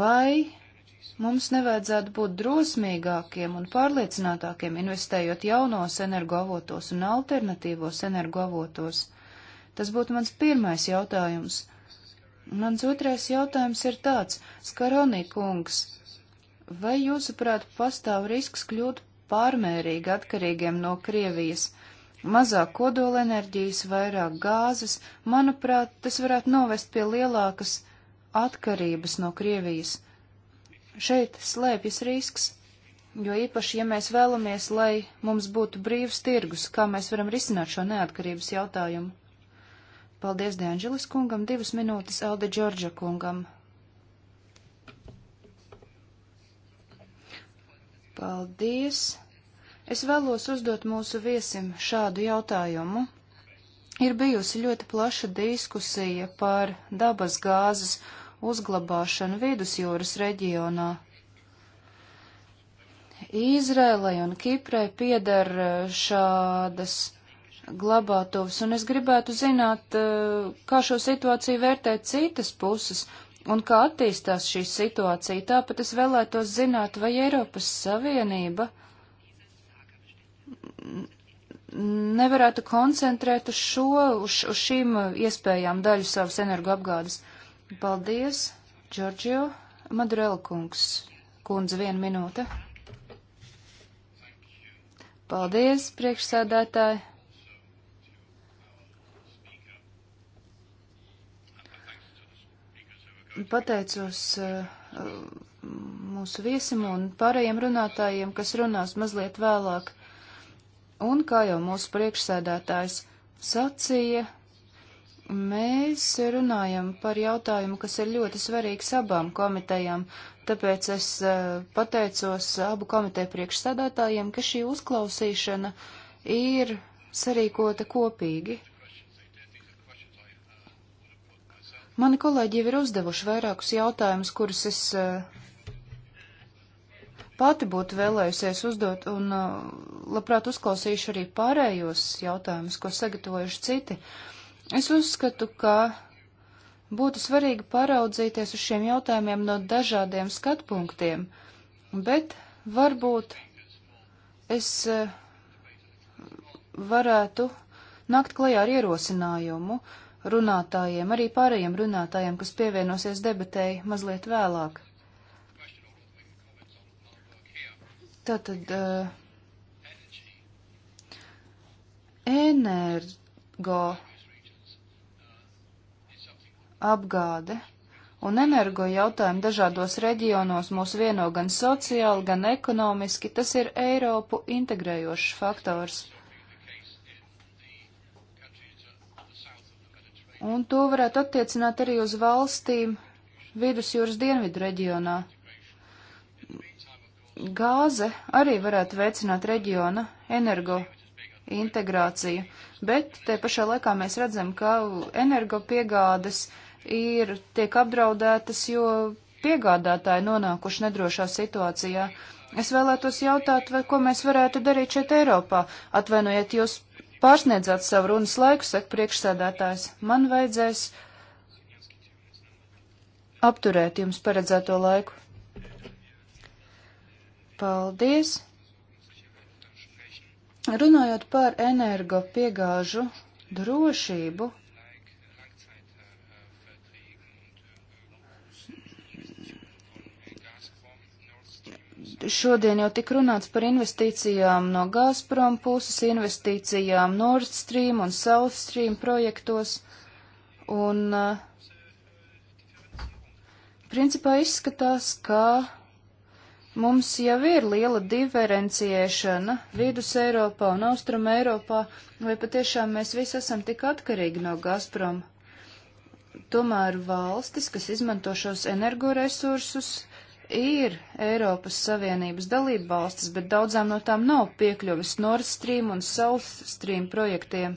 Vai Mums nevajadzētu būt drosmīgākiem un pārliecinātākiem, investējot jaunos energoavotos un alternatīvos energoavotos. Tas būtu mans pirmais jautājums. Mans otrais jautājums ir tāds, Skaronī kungs, vai jūsuprāt pastāv risks kļūt pārmērīgi atkarīgiem no Krievijas? Mazāk kodolenerģijas, vairāk gāzes, manuprāt, tas varētu novest pie lielākas atkarības no Krievijas. Šeit slēpjas risks, jo īpaši, ja mēs vēlamies, lai mums būtu brīvs tirgus, kā mēs varam risināt šo neatkarības jautājumu. Paldies Dēnželis kungam, divas minūtes Alde Džordža kungam. Paldies! Es vēlos uzdot mūsu viesim šādu jautājumu. Ir bijusi ļoti plaša diskusija par dabas gāzes uzglabāšanu vidusjūras reģionā. Izrēlai un Kiprai pieder e, šādas glabātuvas, un es gribētu zināt, e, kā šo situāciju vērtē citas puses un kā attīstās šī situācija. Tāpat es vēlētos zināt, vai Eiropas Savienība nevarētu koncentrēt uz šo, uz, uz šīm iespējām daļu savas energoapgādes. Uh, Paldies, Džordžio Madurela kungs. Kundze, viena minūte. Paldies, priekšsēdētāji. Pateicos uh, mūsu viesim un pārējiem runātājiem, kas runās mazliet vēlāk. Un, kā jau mūsu priekšsēdētājs sacīja, Mēs runājam par jautājumu, kas ir ļoti svarīgs abām komitejām, tāpēc es eh, pateicos abu komiteju priekšsādātājiem, ka šī uzklausīšana ir sarīkota kopīgi. Mani kolēģi jau ir uzdevuši vairākus jautājumus, kurus es eh, pati būtu vēlējusies uzdot, un eh, labprāt uzklausīšu arī pārējos jautājumus, ko sagatavojuši citi. Uh, Es uzskatu, ka būtu svarīgi paraudzīties uz šiem jautājumiem no dažādiem skatpunktiem, bet varbūt es eh, varētu nākt klajā ar ierosinājumu runātājiem, arī pārējiem runātājiem, kas pievienosies debatēji mazliet vēlāk. Tātad uh, energo apgāde un energo jautājumi dažādos reģionos mūs vieno gan sociāli, gan ekonomiski, tas ir Eiropu integrējošs faktors. Un to varētu attiecināt arī uz valstīm vidusjūras dienvidu reģionā. Gāze arī varētu veicināt reģiona energo integrāciju, bet te pašā laikā mēs redzam, ka energo piegādes uh, ir, tiek apdraudētas, jo piegādātāji nonākuši nedrošā situācijā. Es vēlētos jautāt, vai ko mēs varētu darīt šeit Eiropā. Atvainojiet, jūs pārsniedzāt savu runas laiku, saka priekšsēdētājs. Man vajadzēs apturēt jums paredzēto laiku. Paldies! Runājot par energo piegāžu drošību, Šodien jau tik runāts par investīcijām no Gazprom puses, investīcijām Nord Stream un South Stream projektos, un eh, principā izskatās, ka mums jau ir liela diferenciēšana vidus Eiropā un austrum Eiropā, vai patiešām mēs visi esam tik atkarīgi no Gazprom. Tomēr valstis, kas izmanto šos energoresursus, ir Eiropas Savienības dalība valstis, bet daudzām no tām nav piekļuvis Nord Stream un South Stream projektiem.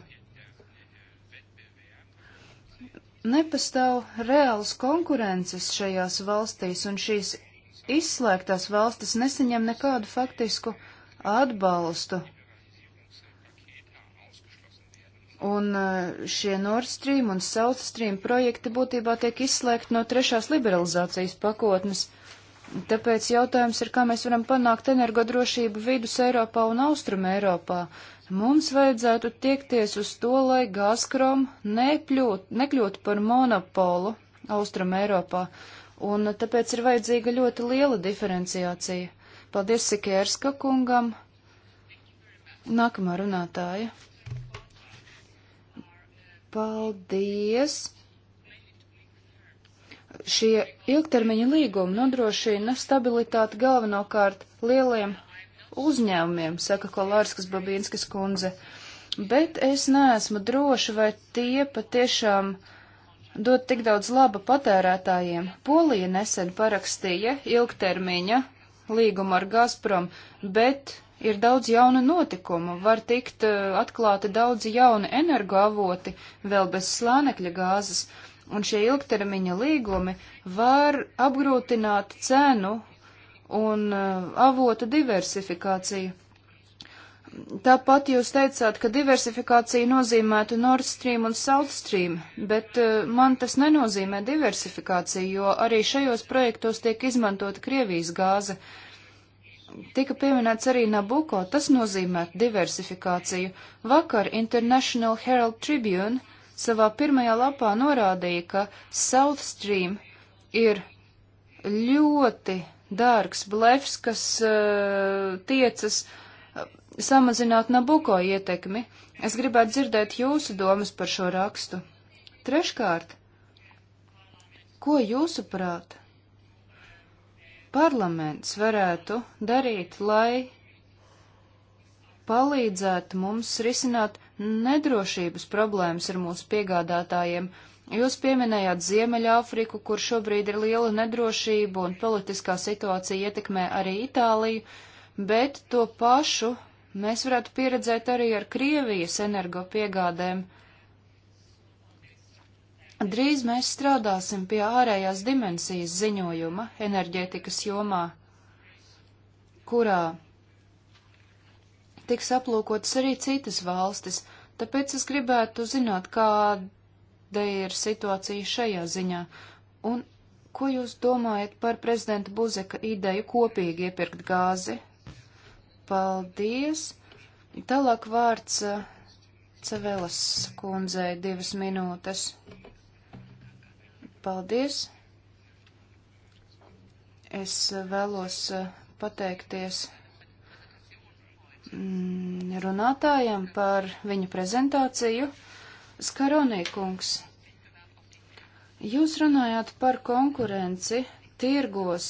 Nepastāv reāls konkurences šajās valstīs, un šīs izslēgtās valstis nesaņem nekādu faktisku atbalstu. Un eh, šie Nord Stream un South Stream projekti būtībā tiek izslēgti no trešās liberalizācijas pakotnes. Tāpēc jautājums ir, kā mēs varam panākt energodrošību vidus Eiropā un austrum Eiropā. Mums vajadzētu tiekties uz to, lai Gazprom nekļūt, nekļūtu par monopolu austrum Eiropā, un tāpēc ir vajadzīga ļoti liela diferenciācija. Paldies Sikērska kungam. Nākamā runātāja. Paldies! Šie ilgtermiņa līgumi nodrošina stabilitāti galvenokārt lieliem uzņēmumiem, saka Kolārskas Babīnskas kundze, bet es neesmu droša, vai tie patiešām dod tik daudz laba patērētājiem. Polija nesen parakstīja ilgtermiņa līgumu ar Gazprom, bet ir daudz jaunu notikumu, var tikt eh, atklāti daudzi jauni energoavoti, vēl bez slānekļa gāzes un šie ilgtermiņa līgumi var apgrūtināt cenu un uh, avotu diversifikāciju. Tāpat jūs teicāt, ka diversifikācija nozīmētu Nord Stream un South Stream, bet uh, man tas nenozīmē diversifikāciju, jo arī šajos projektos tiek izmantota Krievijas gāze. Tika pieminēts arī Nabuko, tas nozīmē diversifikāciju. Vakar International Herald Tribune savā pirmajā lapā norādīja, ka South Stream ir ļoti dārgs blefs, kas uh, tiecas eh, samazināt Nabuko ietekmi. Es gribētu dzirdēt jūsu domas par šo rakstu. Treškārt, ko jūsuprāt parlaments varētu darīt, lai palīdzētu mums risināt nedrošības problēmas ar mūsu piegādātājiem. Jūs pieminējāt Ziemeļāfriku, kur šobrīd ir liela nedrošība un politiskā situācija ietekmē arī Itāliju, bet to pašu mēs varētu pieredzēt arī ar Krievijas energo piegādēm. Drīz mēs strādāsim pie ārējās dimensijas ziņojuma enerģētikas jomā, kurā tiks aplūkotas arī citas valstis, tāpēc es gribētu zināt, kāda ir situācija šajā ziņā, un ko jūs domājat par prezidenta Buzeka ideju kopīgi iepirkt gāzi? Paldies! Tālāk vārds eh, Cevelas kundzei divas minūtes. Paldies! Es eh, vēlos eh, pateikties Mm, runātājiem par viņu prezentāciju. Skaronī kungs, jūs runājāt par konkurenci tirgos,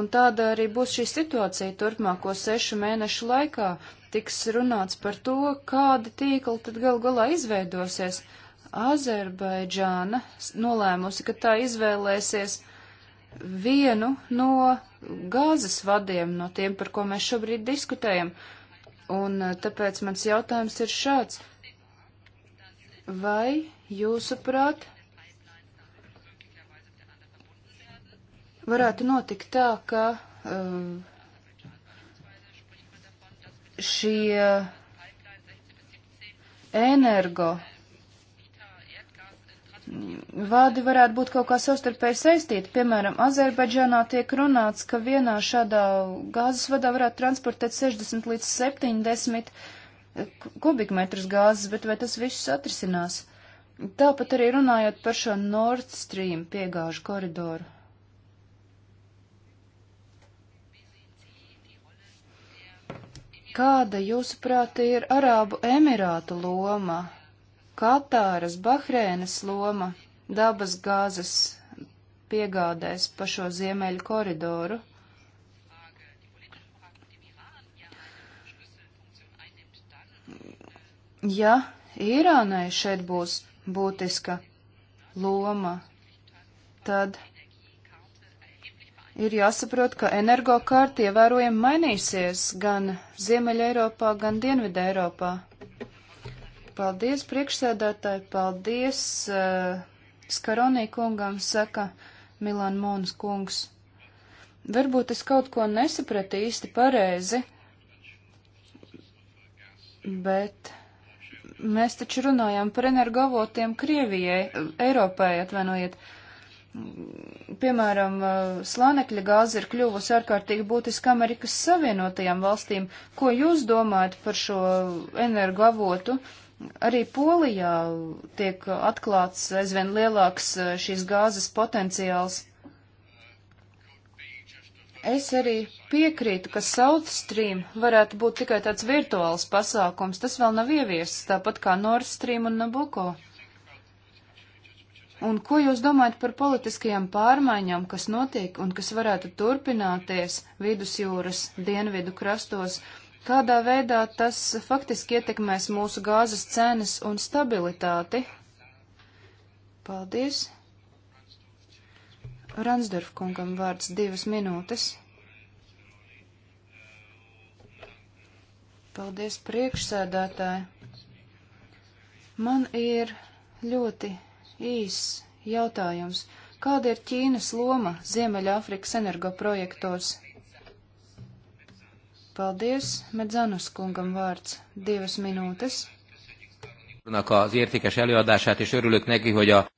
un tāda arī būs šī situācija turpmāko sešu mēnešu laikā. Tiks runāts par to, kādi tīkli tad gal galā izveidosies. Azerbaidžāna nolēmusi, ka tā izvēlēsies vienu no gāzes vadiem, no tiem, par ko mēs šobrīd diskutējam. Uh, Un eh, tāpēc mans jautājums ir šāds. Vai jūsuprāt varētu notikt tā, ka um, šie energo vārdi varētu būt kaut kā savstarpēji saistīti. Piemēram, Azerbaidžānā tiek runāts, ka vienā šādā gāzes vadā varētu transportēt 60 līdz 70 kubikmetrus gāzes, bet vai tas viss atrisinās? Tāpat arī runājot par šo Nord Stream piegāžu koridoru. Kāda, jūsuprāt, ir Arābu Emirātu loma Katāras, Bahreinas loma dabas gāzes piegādēs pa šo ziemeļu koridoru. Ja Irānai šeit būs būtiska loma, tad ir jāsaprot, ka energokārta ievērojami mainīsies gan Ziemeļa Eiropā, gan Dienvidē Eiropā. Paldies, priekšsēdētāji, paldies uh, Skaronī kungam, saka Milan Mūns kungs. Varbūt es kaut ko nesapratu īsti pareizi, bet mēs taču runājām par energovotiem Krievijai, Eiropai atvainojiet. Piemēram, eh, slānekļa gāze ir kļuvusi ārkārtīgi būtiska Amerikas Savienotajām valstīm. Ko jūs domājat par šo energoavotu? Uh, Arī Polijā tiek atklāts aizvien lielāks eh, šīs gāzes potenciāls. Es arī piekrītu, ka South Stream varētu būt tikai tāds virtuāls pasākums. Tas vēl nav ieviests, tāpat kā Nord Stream un Nabuko. Un ko jūs domājat par politiskajām pārmaiņām, kas notiek un kas varētu turpināties vidusjūras dienvidu krastos? Tādā veidā tas faktiski ietekmēs mūsu gāzes cenas un stabilitāti. Paldies. Ransdorf kungam vārds divas minūtes. Paldies, priekšsēdētāji. Man ir ļoti īss jautājums. Kāda ir Ķīnas loma Ziemeļāfrikas energoprojektos? projektos? Paldies, Medzanas kungam vārds. Divas minūtes. Az értékes előadását, és örülök neki, hogy a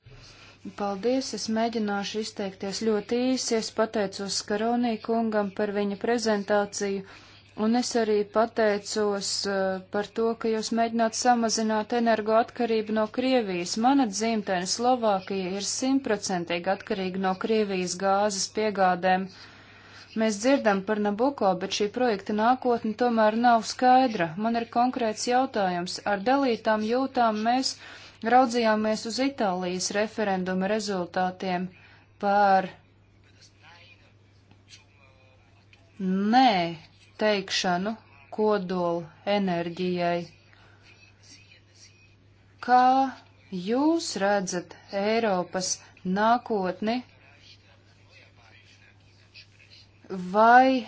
Paldies, es mēģināšu izteikties ļoti īsi. Es pateicos Skaronī kungam par viņa prezentāciju, un es arī pateicos uh, par to, ka jūs mēģināt samazināt energoatkarību no Krievijas. Mana dzimtene Slovākija ir simtprocentīgi atkarīga no Krievijas gāzes piegādēm. Uh, Mēs dzirdam par Nabuko, bet šī projekta nākotne tomēr nav skaidra. Man ir konkrēts jautājums. Ar dalītām jūtām mēs raudzījāmies uz Itālijas referenduma rezultātiem par nē teikšanu kodolu enerģijai. Kā jūs redzat Eiropas nākotni vai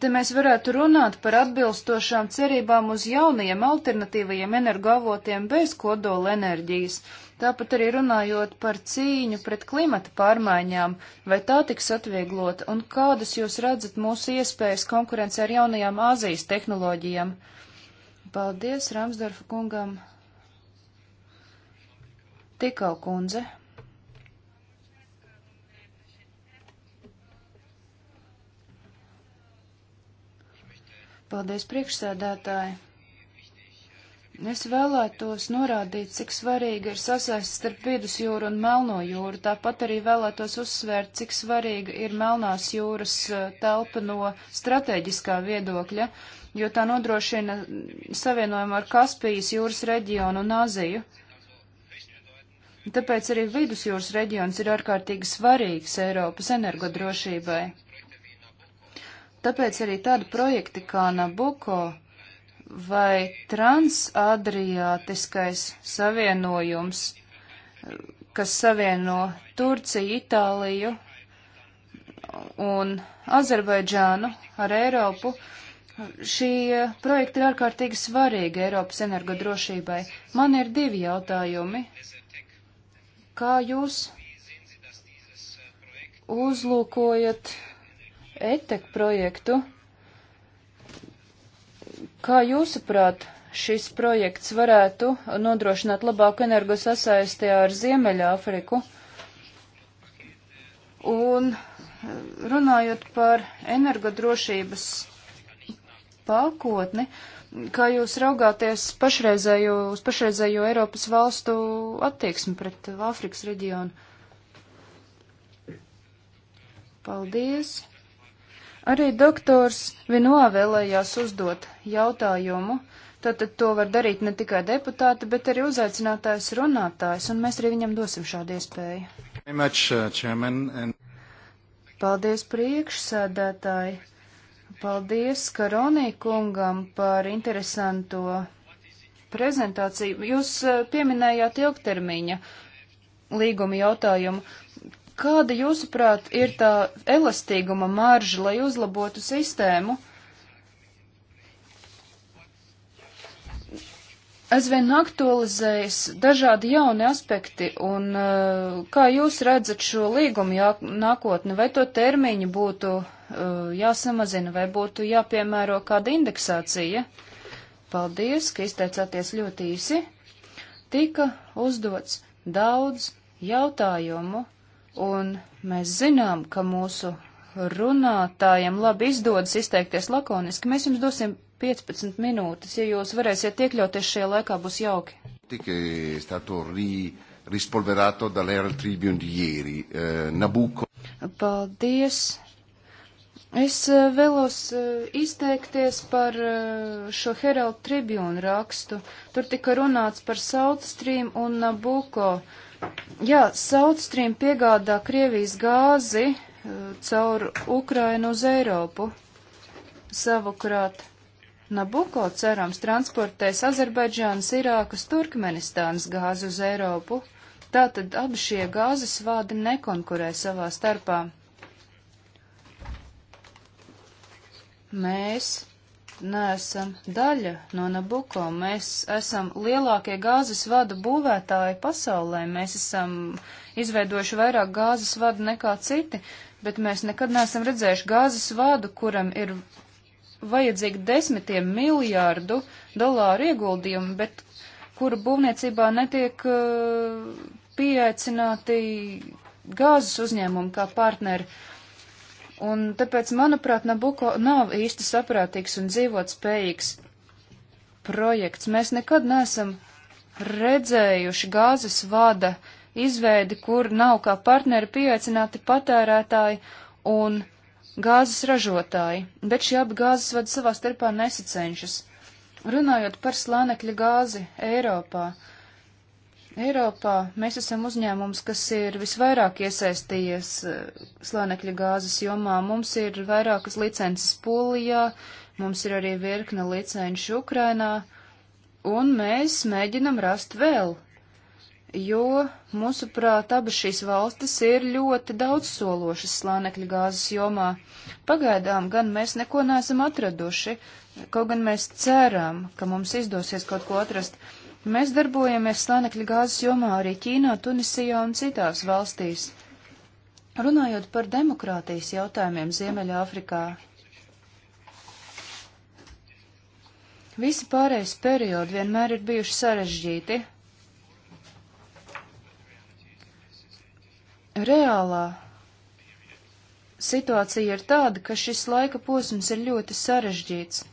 te mēs varētu runāt par atbilstošām cerībām uz jaunajiem alternatīvajiem energoavotiem bez kodola enerģijas, tāpat arī runājot par cīņu pret klimata pārmaiņām, vai tā tiks atvieglota un kādas jūs redzat mūsu iespējas konkurence ar jaunajām Āzijas tehnoloģijām? Paldies Ramsdorfa kungam. Tikau kundze. Paldies, priekšsēdētāji! Es vēlētos norādīt, cik svarīga ir sasaiste starp vidusjūru un melno jūru. Tāpat arī vēlētos uzsvērt, cik svarīga ir melnās jūras telpa no strateģiskā viedokļa, jo tā nodrošina savienojumu ar Kaspijas jūras reģionu un Aziju. Tāpēc arī vidusjūras reģions ir ārkārtīgi svarīgs Eiropas energodrošībai. Tāpēc arī tādi projekti kā Nabuko vai transadriātiskais savienojums, kas savieno Turciju, Itāliju un Azerbaidžānu ar Eiropu, šī projekta ir ārkārtīgi svarīga Eiropas energodrošībai. Man ir divi jautājumi. Kā jūs uzlūkojat ETEK projektu. Kā jūsuprāt, šis projekts varētu nodrošināt labāku energo sasaisti ar Ziemeļāfriku? Un eh, runājot par energodrošības pakotni, kā jūs raugāties pašreizējo, uz pašreizējo Eiropas valstu attieksmi pret Āfrikas reģionu? Paldies! Arī doktors Vino vēlējās uzdot jautājumu, tātad to var darīt ne tikai deputāti, bet arī uzaicinātājs runātājs, un mēs arī viņam dosim šādu iespēju. Much, uh, chairman, and... Paldies priekšsēdētāji! Paldies Karonī kungam par interesanto prezentāciju. Jūs uh, pieminējāt ilgtermiņa līguma jautājumu. Kāda, jūsuprāt, ir tā elastīguma marža, lai uzlabotu sistēmu? aizvien aktualizējas dažādi jauni aspekti, un uh, kā jūs redzat šo līgumu jā, nākotni, vai to termiņu būtu uh, jāsamazina, vai būtu jāpiemēro kāda indeksācija? Paldies, ka izteicāties ļoti īsi. Tika uzdots daudz jautājumu, un mēs zinām, ka mūsu runātājiem labi izdodas izteikties lakoniski. Mēs jums dosim 15 minūtes, ja jūs varēsiet iekļauties šajā laikā, būs jauki. Eh, Paldies! Es eh, vēlos eh, izteikties par šo Herald Tribune rakstu. Tur tika runāts par South Stream un Nabuko. Uh, Jā, South Stream piegādā Krievijas gāzi eh, caur Ukrainu uz Eiropu. Savukrāt Nabuko cerams transportēs Azerbaidžānas, Irākas, Turkmenistānas gāzi uz Eiropu. Tātad abi šie gāzes vādi nekonkurē savā starpā. Mēs neesam daļa no Nabuko. Mēs esam lielākie gāzes vada būvētāji pasaulē. Mēs esam izveidojuši vairāk gāzes vadu nekā citi, bet mēs nekad neesam redzējuši gāzes vadu, kuram ir vajadzīgi desmitiem miljārdu dolāru ieguldījumu, bet kuru būvniecībā netiek uh, pieaicināti gāzes uzņēmumi kā partneri. Uh, Un tāpēc, manuprāt, Nabuko nav īsti saprātīgs un dzīvot spējīgs projekts. Mēs nekad neesam redzējuši gāzes vada izveidi, kur nav kā partneri pieaicināti patērētāji un gāzes ražotāji, bet šie abi gāzes vada savā starpā nesacenšas. Runājot par slānekļa gāzi Eiropā, Eiropā mēs esam uzņēmums, kas ir visvairāk iesaistījies eh, slānekļa gāzes jomā. Mums ir vairākas licences Polijā, mums ir arī virkne licenšu Ukrainā, un mēs mēģinam rast vēl, jo, mūsuprāt, abas šīs valstis ir ļoti daudzsološas slānekļa gāzes jomā. Pagaidām gan mēs neko neesam atraduši, kaut gan mēs ceram, ka mums izdosies kaut ko atrast. Mēs darbojamies slēnekļa gāzes jomā arī Ķīnā, Tunisijā un citās valstīs. Runājot par demokrātijas jautājumiem Ziemeļāfrikā, visi pārējais periodi vienmēr ir bijuši sarežģīti. Reālā situācija ir tāda, ka šis laika posms ir ļoti sarežģīts.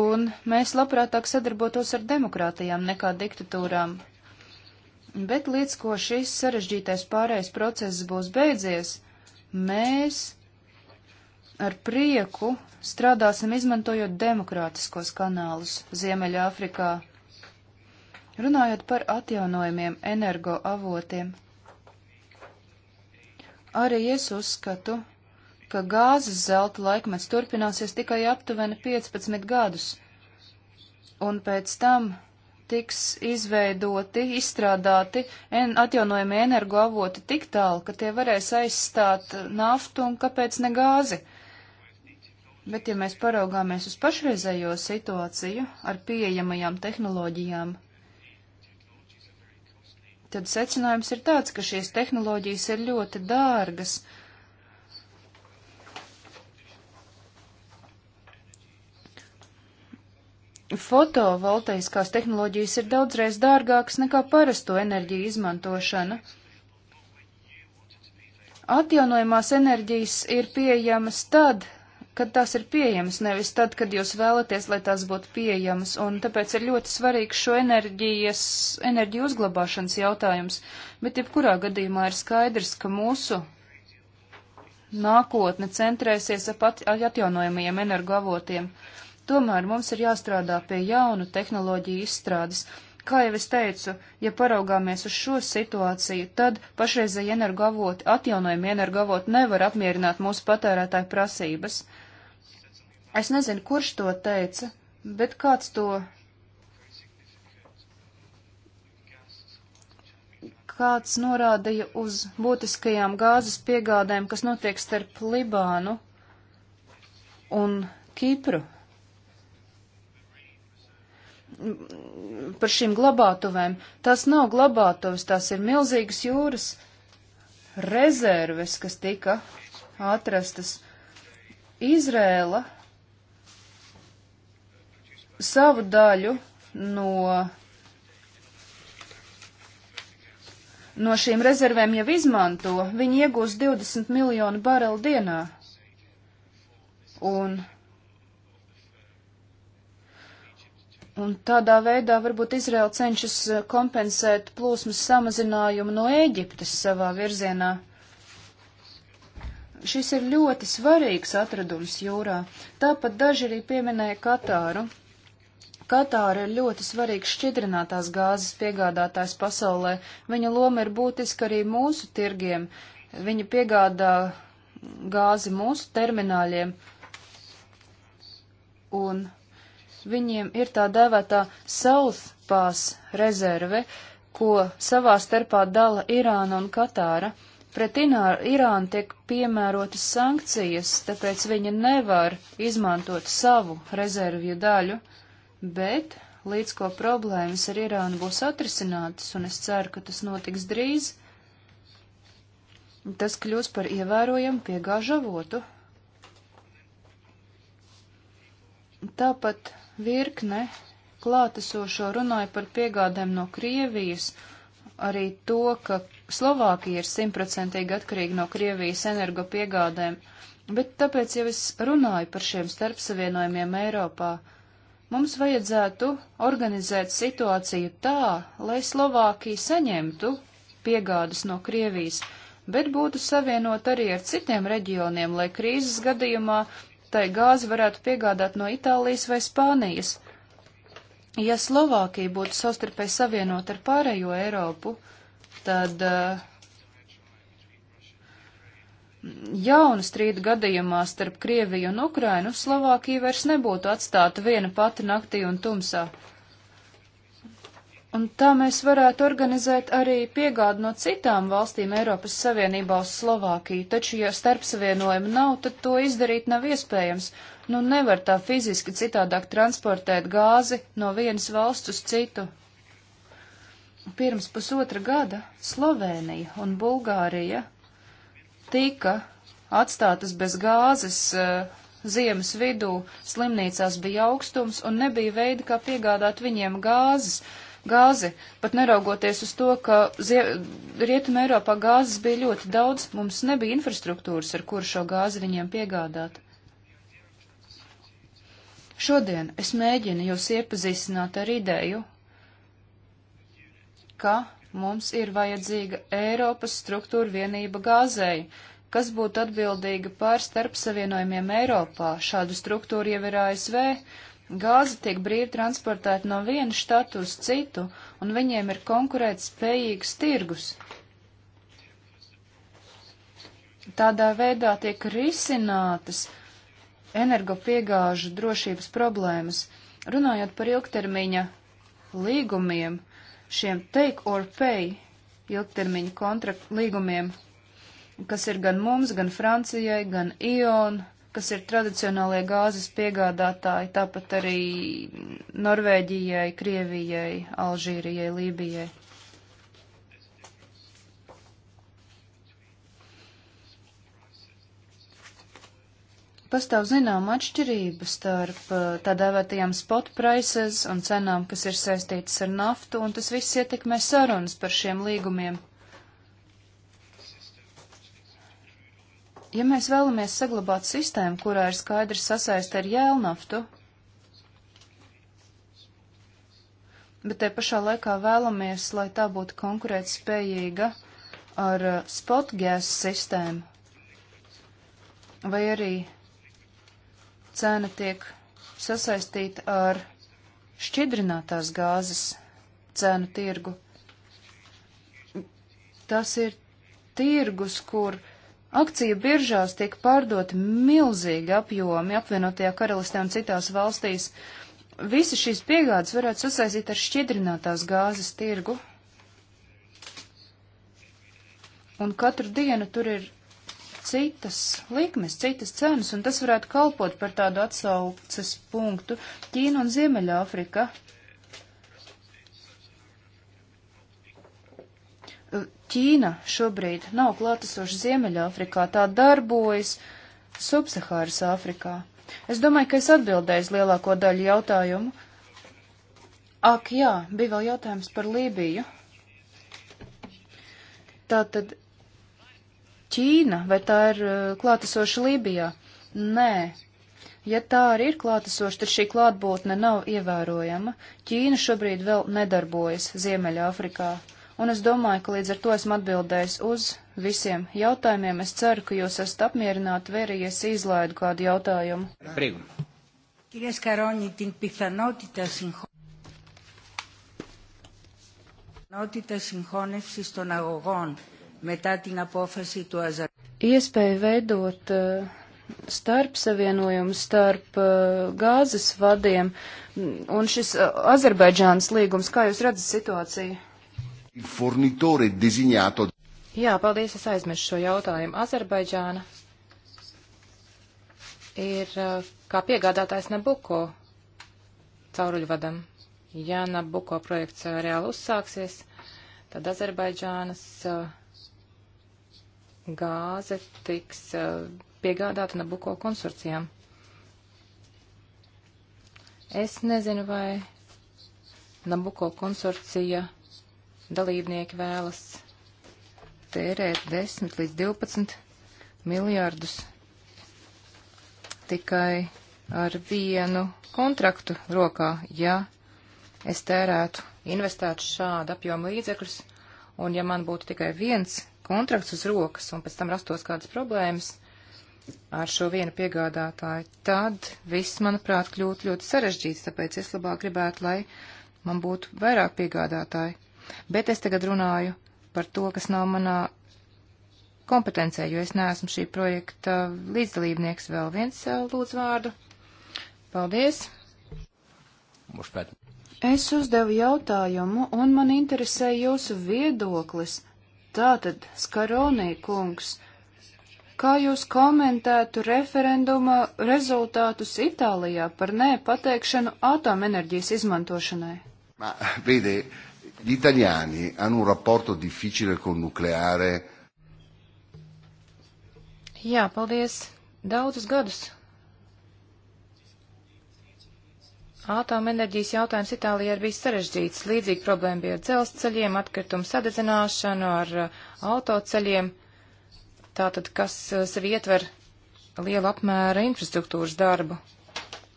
Un mēs labprātāk sadarbotos ar demokrātijām nekā diktatūrām. Bet līdz ko šis sarežģītais pārējais process būs beidzies, mēs ar prieku strādāsim izmantojot demokrātiskos kanālus Ziemeļāfrikā. Runājot par atjaunojumiem energoavotiem, arī es uzskatu, ka gāzes zelta laikmets turpināsies tikai aptuveni 15 gadus, un pēc tam tiks izveidoti, izstrādāti en, atjaunojami energoavoti tik tālu, ka tie varēs aizstāt naftu un kāpēc ne gāzi. Bet, ja mēs paraugāmies uz pašreizējo situāciju ar pieejamajām tehnoloģijām, tad secinājums ir tāds, ka šīs tehnoloģijas ir ļoti dārgas fotovoltaiskās tehnoloģijas ir daudzreiz dārgākas nekā parasto enerģiju izmantošana. Atjaunojumās enerģijas ir pieejamas tad, kad tās ir pieejamas, nevis tad, kad jūs vēlaties, lai tās būtu pieejamas, un tāpēc ir ļoti svarīgs šo enerģijas, enerģiju uzglabāšanas jautājums, bet jebkurā gadījumā ir skaidrs, ka mūsu nākotne centrēsies ap atjaunojamajiem energoavotiem. Tomēr mums ir jāstrādā pie jaunu tehnoloģiju izstrādes. Kā jau es teicu, ja paraugāmies uz šo situāciju, tad pašreizēji energoavoti, atjaunojumi energoavoti nevar apmierināt mūsu patērētāju prasības. Es nezinu, kurš to teica, bet kāds to kāds norādīja uz būtiskajām gāzes piegādēm, kas notiek starp Libānu un Kipru par šīm glabātuvēm. Tās nav glabātuves, tās ir milzīgas jūras rezerves, kas tika atrastas. Izrēla savu daļu no, no šīm rezervēm jau izmanto. Viņi iegūs 20 miljonu barelu dienā. Un Un tādā veidā varbūt Izraela cenšas eh, kompensēt plūsmas samazinājumu no Ēģiptes savā virzienā. Šis ir ļoti svarīgs atradums jūrā. Tāpat daži arī pieminēja Katāru. Katāra ir ļoti svarīgs šķidrinātās gāzes piegādātājs pasaulē. Viņa loma ir būtiska arī mūsu tirgiem. Viņa piegādā gāzi mūsu termināļiem. Un viņiem ir tā dēvētā South Pass rezerve, ko savā starpā dala Irāna un Katāra. Pret Irānu tiek piemērotas sankcijas, tāpēc viņa nevar izmantot savu rezervju daļu, bet līdz ko problēmas ar Irānu būs atrisinātas, un es ceru, ka tas notiks drīz, tas kļūs par ievērojamu piegāžu avotu. Tāpat Virkne klātesošo runāja par piegādēm no Krievijas, arī to, ka Slovākija ir simtprocentīgi atkarīga no Krievijas energopiegādēm, bet tāpēc jau es runāju par šiem starpsavienojumiem Eiropā. Mums vajadzētu organizēt situāciju tā, lai Slovākija saņemtu piegādas no Krievijas, bet būtu savienot arī ar citiem reģioniem, lai krīzes gadījumā tai gāzi varētu piegādāt no Itālijas vai Spānijas. Ja Slovākija būtu savstarpēji savienota ar pārējo Eiropu, tad uh, jaunu strīdu gadījumā starp Krieviju un Ukrainu Slovākija vairs nebūtu atstāta viena pati naktī un tumsā. Un tā mēs varētu organizēt arī piegādu no citām valstīm Eiropas Savienībā uz Slovākiju, taču, ja starpsavienojuma nav, tad to izdarīt nav iespējams. Nu, nevar tā fiziski citādāk transportēt gāzi no vienas valsts uz citu. Pirms pusotra gada Slovēnija un Bulgārija tika atstātas bez gāzes uh, Ziemas vidū slimnīcās bija augstums un nebija veidi, kā piegādāt viņiem gāzes gāzi, pat neraugoties uz to, ka Rietuma Eiropā gāzes bija ļoti daudz, mums nebija infrastruktūras, ar kuru šo gāzi viņiem piegādāt. Šodien es mēģinu jūs iepazīstināt ar ideju, ka mums ir vajadzīga Eiropas struktūra vienība gāzēji, kas būtu atbildīga par starpsavienojumiem Eiropā. Šādu struktūru jau ir ASV, Gāze tiek brīvi transportēta no viena štata uz citu, un viņiem ir konkurēt spējīgs tirgus. Tādā veidā tiek risinātas energopiegāžu drošības problēmas. Runājot par ilgtermiņa līgumiem, šiem take or pay ilgtermiņa kontraktu līgumiem, kas ir gan mums, gan Francijai, gan ION, kas ir tradicionālie gāzes piegādātāji, tāpat arī Norvēģijai, Krievijai, Alžīrijai, Lībijai. Pastāv zināma atšķirība starp eh, tā dēvētajām spot prices un cenām, kas ir saistītas ar naftu, un tas viss ietekmē sarunas par šiem līgumiem. Ja mēs vēlamies saglabāt sistēmu, kurā ir skaidri sasaiste ar jēlnaftu, bet te pašā laikā vēlamies, lai tā būtu konkurētspējīga ar uh, spotgēs sistēmu, vai arī cena tiek sasaistīta ar šķidrinātās gāzes cēnu tirgu. Tas ir tirgus, kur uh, Akciju biržās tiek pārdoti milzīgi apjomi apvienotajā karalistē un citās valstīs. Visi šīs piegādes varētu sasaistīt ar šķidrinātās gāzes tirgu. Un katru dienu tur ir citas likmes, citas cenas, un tas varētu kalpot par tādu atsauces punktu Ķīna un Ziemeļāfrika. Afrika Ķīna šobrīd nav klātesoša Ziemeļāfrikā, tā darbojas Subsahāras Āfrikā. Es domāju, ka es atbildēju uz lielāko daļu jautājumu. Ak, jā, bija vēl jautājums par Lībiju. Tātad Ķīna, vai tā ir uh, klātesoša Lībijā? Nē. Ja tā arī ir klātesoša, tad šī klātbūtne nav ievērojama. Ķīna šobrīd vēl nedarbojas Ziemeļāfrikā. Afrikā un es domāju, ka līdz ar to esmu atbildējis uz visiem jautājumiem. Es ceru, ka jūs esat apmierināti, vai arī es izlaidu kādu jautājumu. Brīvum. Κυρία Σκαρόνη, την πιθανότητα συγχώνευσης των αγωγών μετά την απόφαση του Αζαρ. Iespēja veidot uh, starpsavienojumu starp uh, gāzes vadiem un šis uh, Azerbaidžānas līgums, kā jūs redzat situāciju? Jā, paldies, es aizmirsu šo jautājumu. Azerbaidžāna ir uh, kā piegādātājs Nabuko cauruļvadam. Ja Nabuko projekts uh, reāli uzsāksies, tad Azerbaidžānas uh, gāze tiks piegādāta Nabuko konsorcijām. Es nezinu, vai Nabuko konsorcija dalībnieki vēlas tērēt 10 līdz 12 miljārdus tikai ar vienu kontraktu rokā, ja es tērētu, investētu šādu apjomu līdzekļus, un ja man būtu tikai viens kontrakts uz rokas, un pēc tam rastos kādas problēmas ar šo vienu piegādātāju, tad viss, manuprāt, kļūtu ļoti sarežģīts, tāpēc es labāk gribētu, lai man būtu vairāk piegādātāji. Bet es tagad runāju par to, kas nav manā kompetencē, jo es neesmu šī projekta līdzdalībnieks. Vēl viens eh, lūdzu vārdu. Paldies! Es uzdevu jautājumu, un man interesē jūsu viedoklis. Tātad, Skaronī kungs, kā jūs komentētu referenduma rezultātus Itālijā par nē pateikšanu atomenerģijas izmantošanai? Vidī, Gli italiani hanno un rapporto difficile con nucleare. Jā, paldies. Daudzus gadus. Atomenerģijas jautājums Itālijā ir bijis sarežģīts. Līdzīgi problēma bija ar dzelzceļiem, atkritumu sadedzināšanu, ar uh, autoceļiem. Tātad, kas uh, sev ietver lielu apmēra infrastruktūras darbu.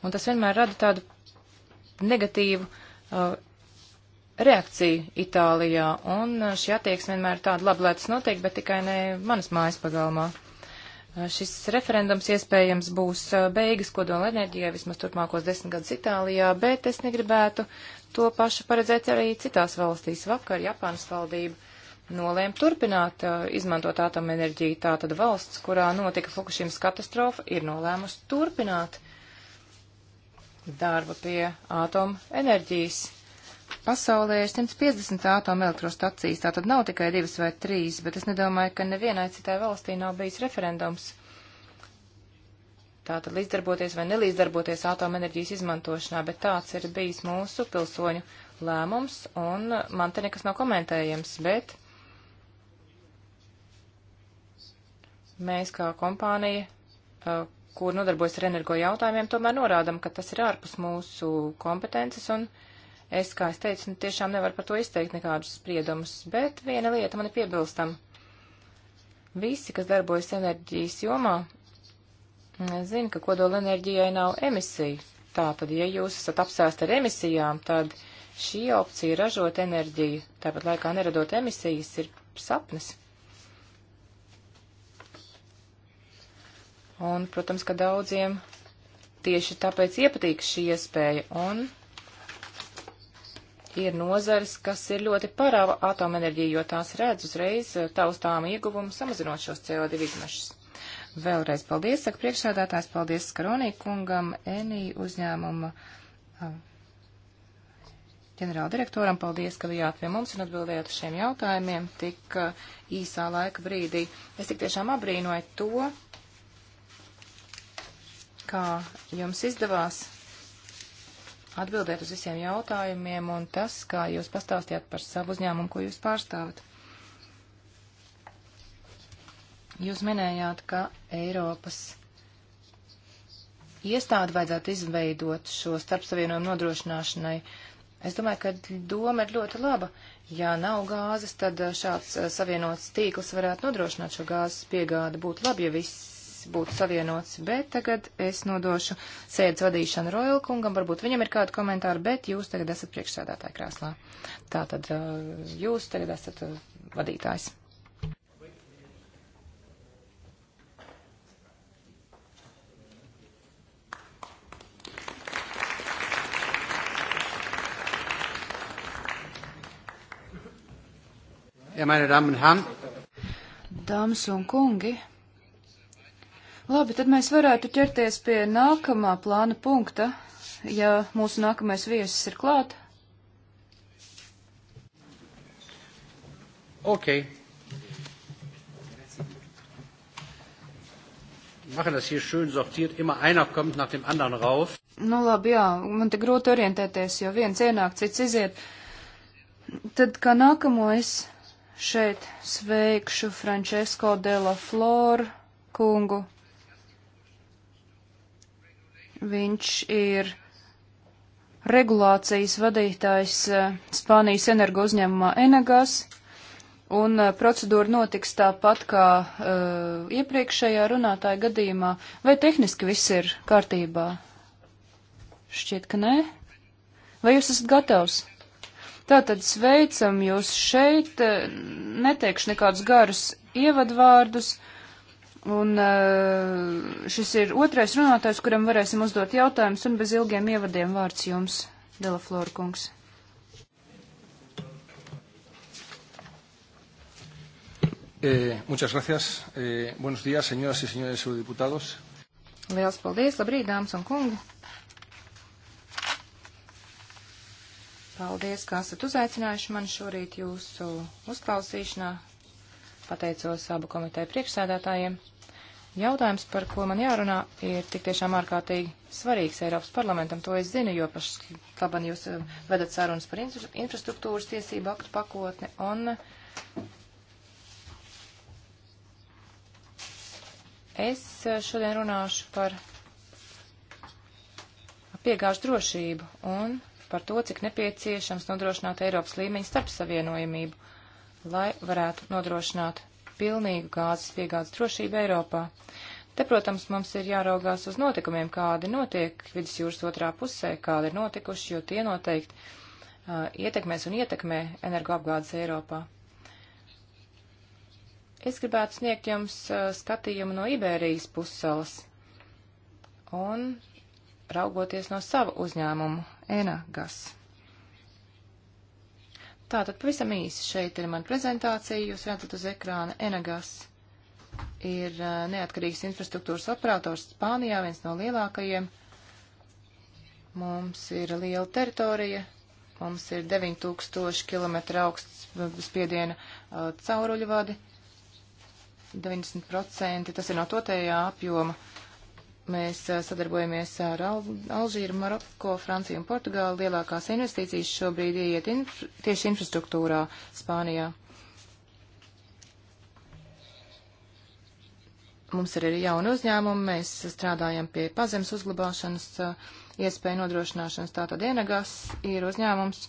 Un tas vienmēr rada tādu negatīvu uh, reakciju Itālijā, un uh, šī attieksme vienmēr ir tāda laba, lai tas notiek, bet tikai ne manas mājas pagalmā. Uh, šis referendums iespējams būs uh, beigas kodola enerģijai vismaz turpmākos desmit gadus Itālijā, bet es negribētu to pašu paredzēt arī citās valstīs. Vakar Japānas valdība nolēma turpināt izmantot atomenerģiju. Tātad valsts, kurā notika Fukushimas katastrofa, ir nolēmusi turpināt darba pie atomenerģijas pasaulē ir 150 atomelektrostacijas, tā tad nav tikai divas vai trīs, bet es nedomāju, ka nevienai citai valstī nav bijis referendums. Tātad līdzdarboties vai nelīdzdarboties atomenerģijas izmantošanā, bet tāds ir bijis mūsu pilsoņu lēmums, un man te nekas nav komentējams, bet mēs kā kompānija, kur nodarbojas ar energo jautājumiem, tomēr norādam, ka tas ir ārpus mūsu kompetences un. Uh, Es, kā es teicu, nu, tiešām nevaru par to izteikt nekādus spriedumus, bet viena lieta man ir piebilstama. Visi, kas darbojas enerģijas jomā, zina, ka kodola enerģijai nav emisiju. Tātad, ja jūs esat apsēsti ar emisijām, tad šī opcija ražot enerģiju, tāpat laikā neradot emisijas, ir sapnis. Un, protams, ka daudziem tieši tāpēc iepatīk šī iespēja, un ir nozares, kas ir ļoti parāva atomenerģiju, jo tās redz uzreiz eh, taustām ieguvumu samazinot šos CO2 izmešus. Vēlreiz paldies, saka priekšsēdētājs, paldies Skaronī kungam, Enī uzņēmuma eh, ģenerāldirektoram, paldies, ka bijāt pie mums un atbildējāt uz šiem jautājumiem tik eh, īsā laika brīdī. Es tik tiešām abrīnoju to, kā jums izdevās atbildēt uz visiem jautājumiem un tas, kā jūs pastāstījāt par savu uzņēmumu, ko jūs pārstāvat. Jūs minējāt, ka Eiropas iestādi vajadzētu izveidot šo starpsavienojumu nodrošināšanai. Es domāju, ka doma ir ļoti laba. Ja nav gāzes, tad šāds eh, savienots tīkls varētu nodrošināt šo gāzes piegādi. Būtu labi, ja viss būtu savienots, bet tagad es nodošu sēdes vadīšanu Royal kungam, varbūt viņam ir kādi komentāri, bet jūs tagad esat priekšsēdētāja krēslā. Tātad uh, jūs tagad esat uh, vadītājs. Ja meine Damen und Herren, Dāmas un kungi, Labi, tad mēs varētu ķerties pie nākamā plāna punkta, ja mūsu nākamais viesis ir klāt. Ok. Machen das hier schön sortiert, immer einer kommt nach dem anderen rauf. Nu labi, jā, man te grūti orientēties, jo viens ienāk, cits iziet. Tad kā nākamo es šeit sveikšu Francesco de la Flor kungu. Viņš ir regulācijas vadītājs eh, Spānijas energo uzņēmumā Enagas, un eh, procedūra notiks tāpat kā uh, iepriekšējā runātāja gadījumā. Vai tehniski viss ir kārtībā? Šķiet, ka nē. Vai jūs esat gatavs? Tātad sveicam jūs šeit, neteikšu nekādus garus ievadvārdus. Uh, Un eh, šis ir otrais runātājs, kuram varēsim uzdot jautājumus, un bez ilgiem ievadiem vārds jums, Dela Florkungs. Eh, muchas gracias. Eh, buenos días, señoras y señores eurodiputados. Liels paldies, labrīt, dāmas un kungi. Paldies, ka esat uzaicinājuši mani šorīt jūsu uzklausīšanā. Pateicos abu komiteju priekšsēdētājiem. Jautājums, par ko man jārunā, ir tik tiešām ārkārtīgi svarīgs Eiropas parlamentam. To es zinu, jo paši laban jūs eh, vedat sarunas par infrastruktūras tiesību aktu pakotni un. Es eh, šodien runāšu par piegāžu drošību un par to, cik nepieciešams nodrošināt Eiropas līmeņa starpsavienojamību, lai varētu nodrošināt pilnīgu gāzes piegādes drošību Eiropā. Te, protams, mums ir jāraugās uz notikumiem, kādi notiek vidusjūras otrā pusē, kādi ir notikuši, jo tie noteikti uh, ietekmēs un ietekmē energoapgādes Eiropā. Es gribētu sniegt jums uh, skatījumu no Ibērijas pussalas un raugoties no sava uzņēmuma Enagas. Tātad pavisam īsi šeit ir mana prezentācija, jūs redzat uz ekrāna Enagas ir uh, neatkarīgs infrastruktūras operators Spānijā, viens no lielākajiem. Mums ir liela teritorija, mums ir 9000 km augsts spiediena uh, cauruļu vadi, 90% tas ir no totējā apjoma Mēs sadarbojamies ar Al Alžīru, Maroko, Franciju un Portugālu. Lielākās investīcijas šobrīd iet inf tieši infrastruktūrā Spānijā. Mums ir arī jauni uzņēmumi, mēs strādājam pie pazemes uzglabāšanas iespēju nodrošināšanas. Tātad Enegas ir uzņēmums,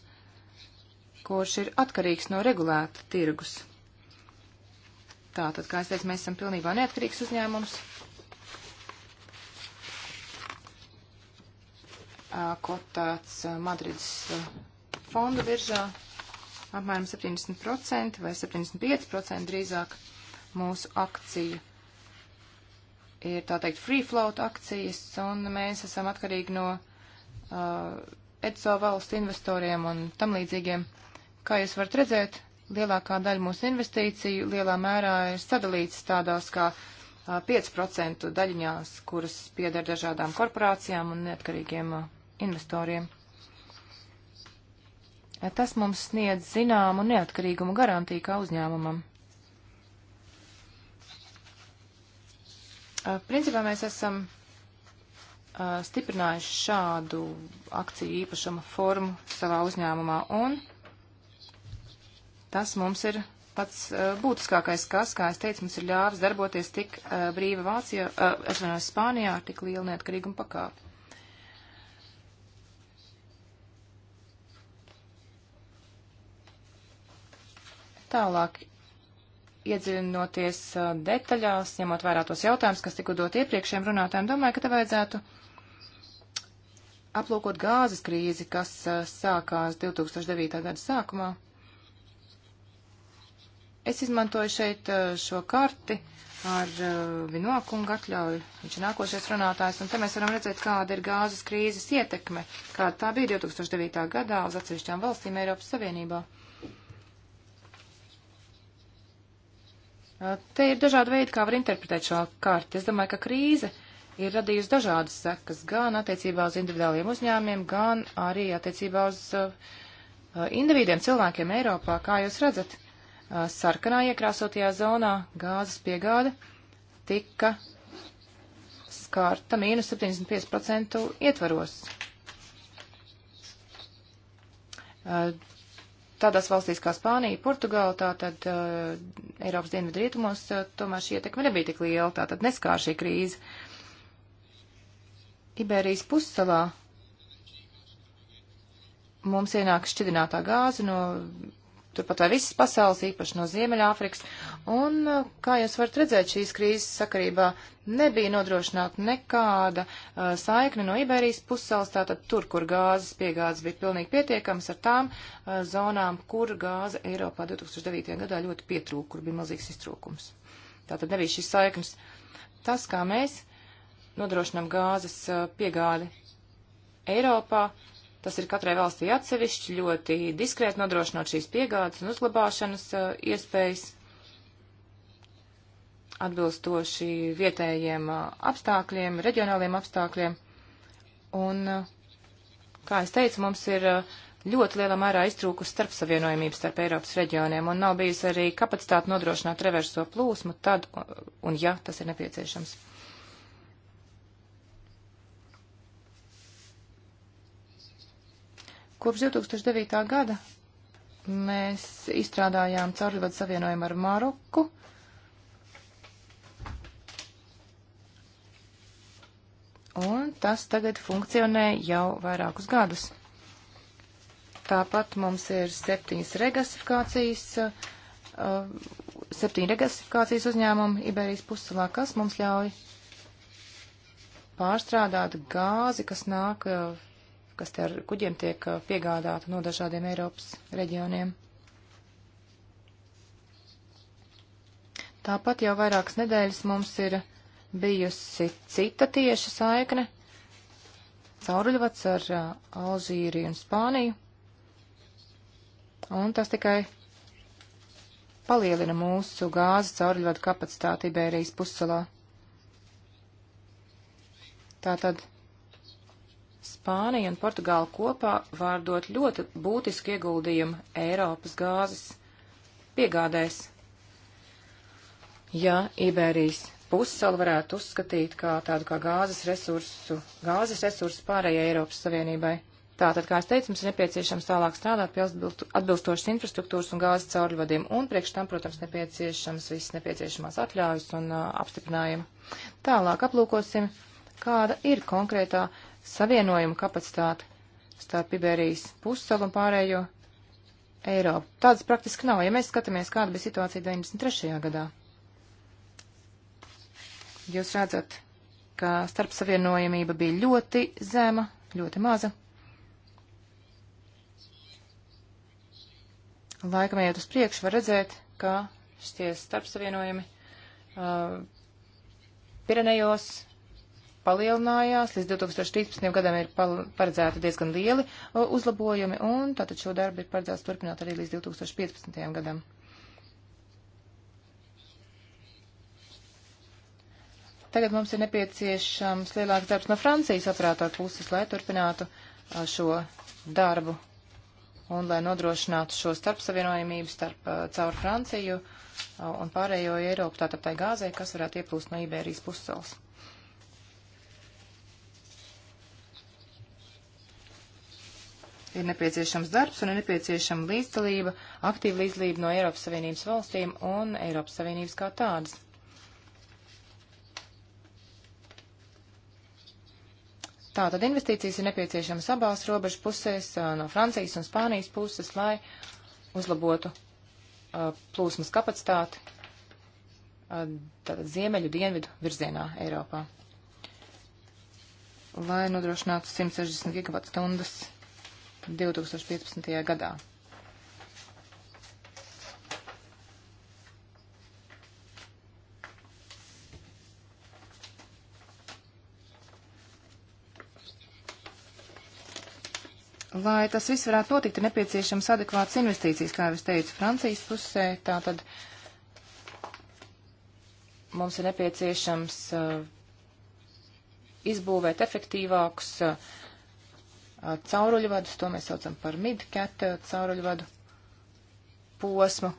kurš ir atkarīgs no regulēta tirgus. Tātad, kā es teicu, mēs esam pilnībā neatkarīgs uzņēmums kotēts eh, Madrides eh, fondu viržā apmēram 70% vai 75% drīzāk mūsu akciju ir tā teikt free float akcijas, un mēs esam atkarīgi no uh, eh, EDSO valsts investoriem un tam līdzīgiem. Kā jūs varat redzēt, lielākā daļa mūsu investīciju lielā mērā ir sadalīts tādās kā uh, 5% daļiņās, kuras pieder dažādām korporācijām un neatkarīgiem uh, investoriem. Tas mums sniedz zināmu neatkarīgumu garantiju kā uzņēmumam. Eh, principā mēs esam eh, stiprinājuši šādu akciju īpašuma formu savā uzņēmumā, un tas mums ir pats eh, būtiskākais, kas, kā es teicu, mums ir ļāvis darboties tik brīvi Vācijā, es vienojos Spānijā ar tik lielu neatkarīgumu pakāpi. tālāk iedziļinoties uh, detaļās, ņemot vērā tos jautājumus, kas tika dot iepriekšējiem runātājiem, domāju, ka te vajadzētu aplūkot gāzes krīzi, kas uh, sākās 2009. gada sākumā. Es izmantoju šeit uh, šo karti ar vinokungu atļauju. Viņš ir nākošais runātājs, un te mēs varam redzēt, kāda ir gāzes krīzes ietekme, kāda tā bija 2009. gadā uz atsevišķām valstīm Eiropas Savienībā. Te ir dažādi veidi, kā var interpretēt šo karti. Es domāju, ka krīze ir radījusi dažādas sekas gan attiecībā uz individuāliem uzņēmiem, gan arī attiecībā uz uh, individiem, cilvēkiem Eiropā. Kā jūs redzat, uh, sarkanā iekrāsotajā zonā gāzes piegāde tika skārta mīnus 75% ietvaros. Uh, tādās valstīs kā Spānija, Portugāla, tātad uh, Eiropas dienvidu rietumos, uh, eh, tomēr šī ietekme nebija tik liela, tātad neskār šī krīze. Iberijas pussalā mums ienāk šķidrinātā gāze no turpat vai visas pasaules, īpaši no Ziemeļāfrikas, un, uh, kā jūs varat redzēt, šīs krīzes sakarībā nebija nodrošināta nekāda uh, saikne no Iberijas pussalas, tātad tur, kur gāzes piegādes bija pilnīgi pietiekams ar tām uh, zonām, kur gāze Eiropā 2009. gadā ļoti pietrūka, kur bija mazīgs iztrūkums. Tātad nebija šīs saiknes. Tas, kā mēs nodrošinām gāzes uh, piegādi Eiropā, uh, Tas ir katrai valstī atsevišķi ļoti diskrēti nodrošinot šīs piegādes un uzglabāšanas uh, iespējas atbilstoši vietējiem uh, apstākļiem, reģionāliem apstākļiem. Un, uh, kā es teicu, mums ir ļoti lielā mērā iztrūkusi starpsavienojumība starp Eiropas reģioniem un nav bijusi arī kapacitāte nodrošināt reverso plūsmu tad, un ja tas ir nepieciešams. Kopš 2009. gada mēs izstrādājām caurvadu savienojumu ar Maroku. Un tas tagad funkcionē jau vairākus gadus. Tāpat mums ir septiņas regasifikācijas, uh, septiņi regasifikācijas uzņēmumi Iberijas pussalā, kas mums ļauj pārstrādāt gāzi, kas nāk uh, kas te ar kuģiem tiek uh, piegādāta no dažādiem Eiropas reģioniem. Tāpat jau vairākas nedēļas mums ir bijusi cita tieša saikne - cauruļvats ar uh, Alžīriju un Spāniju. Un tas tikai palielina mūsu gāzes cauruļvadu kapacitāti Iberijas pussalā. Tātad Spānija un Portugāla kopā var dot ļoti būtisku ieguldījumu Eiropas gāzes piegādēs. Ja Iberijas pussala varētu uzskatīt kā tādu kā gāzes resursu, gāzes resursu pārējai Eiropas Savienībai. Tātad, kā es teicu, mums ir nepieciešams tālāk strādāt pie atbilstošas infrastruktūras un gāzes caurļvadiem, un priekš tam, protams, nepieciešams viss nepieciešamās atļaujas un uh, apstiprinājumi. Tālāk aplūkosim, kāda ir konkrētā savienojumu kapacitāti starp Iberijas pussalu un pārējo Eiropu. Tādas praktiski nav, ja mēs skatāmies, kāda bija situācija 93. gadā. Jūs redzat, ka starpsavienojamība bija ļoti zema, ļoti maza. Laikam ejot uz priekšu, var redzēt, ka šie starpsavienojumi uh, Pirenejos palielinājās, līdz 2013. gadam ir paredzēti diezgan lieli uh, uzlabojumi, un tātad šo darbu ir paredzēts turpināt arī līdz 2015. gadam. Tagad mums ir nepieciešams lielāks darbs no Francijas operātora puses, lai turpinātu uh, šo darbu un lai nodrošinātu šo starpsavienojumību starp uh, caur Franciju un pārējo Eiropu, tātad tai gāzei, kas varētu ieplūst no Iberijas puscelas. ir nepieciešams darbs un ir nepieciešama līdzdalība, aktīva līdzdalība no Eiropas Savienības valstīm un Eiropas Savienības kā tādas. Tātad investīcijas ir nepieciešamas abās robežu pusēs, no Francijas un Spānijas puses, lai uzlabotu uh, plūsmas kapacitāti uh, ziemeļu dienvidu virzienā Eiropā, lai nodrošinātu 160 gigavatstundas 2015. gadā. Lai tas viss varētu notikt, ir nepieciešams adekvāts investīcijas, kā jau es teicu, Francijas pusē. Tātad mums ir nepieciešams uh, izbūvēt efektīvākus uh, cauruļvadus, to mēs saucam par mid-cat cauruļvadu posmu,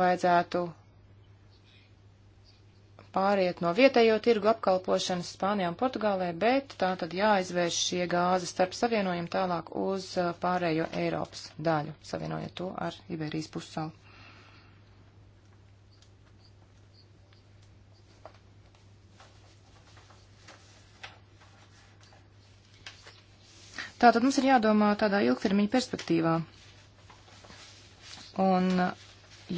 vajadzētu pāriet no vietējo tirgu apkalpošanas Spānijā un Portugālē, bet tā tad jāizvērš šie gāzi starp savienojumu tālāk uz pārējo Eiropas daļu, savienojot to ar Iberijas pussalu. Tātad mums ir jādomā tādā ilgtermiņa perspektīvā. Un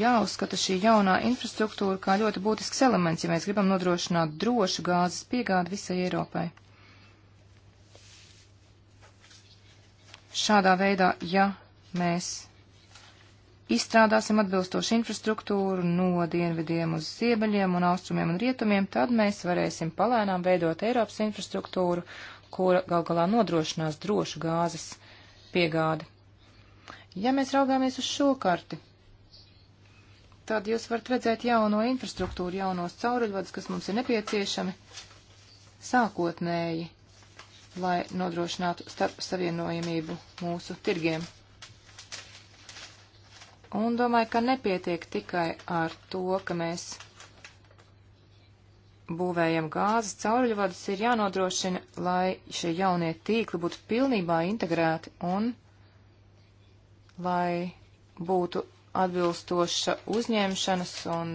jāuzskata šī jaunā infrastruktūra kā ļoti būtisks elements, ja mēs gribam nodrošināt drošu gāzes piegādi visai Eiropai. Šādā veidā, ja mēs izstrādāsim atbilstošu infrastruktūru no dienvidiem uz ziemeļiem un austrumiem un rietumiem, tad mēs varēsim palēnām veidot Eiropas infrastruktūru kura gal galā nodrošinās drošu gāzes piegādi. Ja mēs raugāmies uz šo karti, tad jūs varat redzēt jauno infrastruktūru, jaunos cauruļvadus, kas mums ir nepieciešami sākotnēji, lai nodrošinātu starp savienojamību mūsu tirgiem. Un domāju, ka nepietiek tikai ar to, ka mēs būvējam gāzes cauruļvadus, ir jānodrošina, lai šie jaunie tīkli būtu pilnībā integrēti un lai būtu atbilstoša uzņemšanas un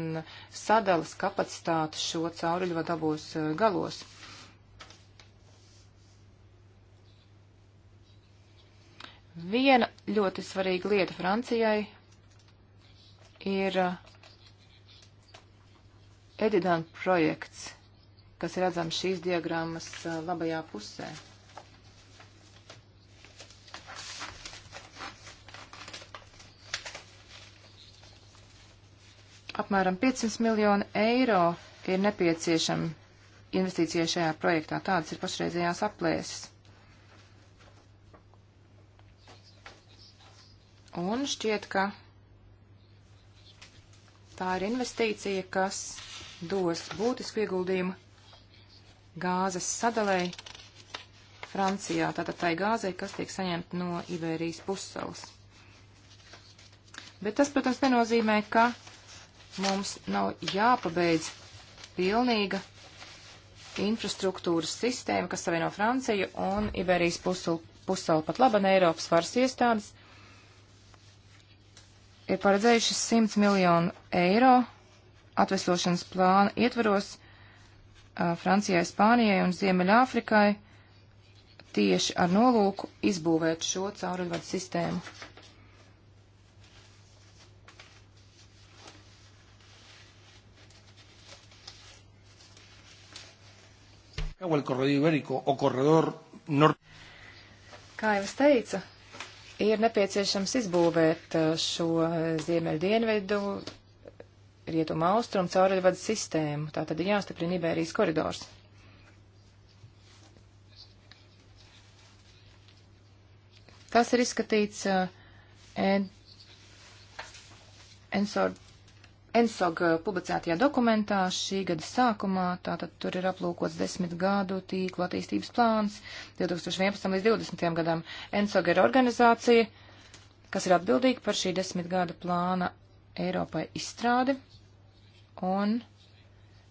sadalas kapacitāte šo cauruļvadu abos eh, galos. Viena ļoti svarīga lieta Francijai ir uh, Edidan projekts, kas ir redzams šīs diagrammas labajā pusē. Apmēram 500 miljoni eiro ir nepieciešami investīcijai šajā projektā. Tādas ir pašreizējās aplēses. Un šķiet, ka tā ir investīcija, kas dos būtisku ieguldījumu gāzes sadalēji Francijā, tātad tai gāzei, kas tiek saņemta no Iberijas pussalas. Bet tas, protams, nenozīmē, ka mums nav jāpabeidz pilnīga infrastruktūras sistēma, kas savieno Franciju un Iberijas pussalu pat laban Eiropas varas iestādes. Ir paredzējušas 100 miljonu eiro atveslošanas plāna ietvaros uh, Francijai, Spānijai un Ziemeļāfrikai tieši ar nolūku izbūvēt šo cauruļvadu sistēmu. o el corredor ibérico o corredor norte. Kā jau es teicu, ir nepieciešams izbūvēt šo ziemeļdienvidu rietuma austrumu cauruļvadu sistēmu. Tā tad ir jāstiprina Iberijas koridors. Tas ir izskatīts uh, en, Ensor, Ensog uh, publicētajā dokumentā šī gada sākumā. Tātad tur ir aplūkots desmit gadu tīklu attīstības plāns 2011 līdz 2020 gadam. Ensog ir organizācija, kas ir atbildīga par šī desmit gada plāna Eiropai izstrādi, un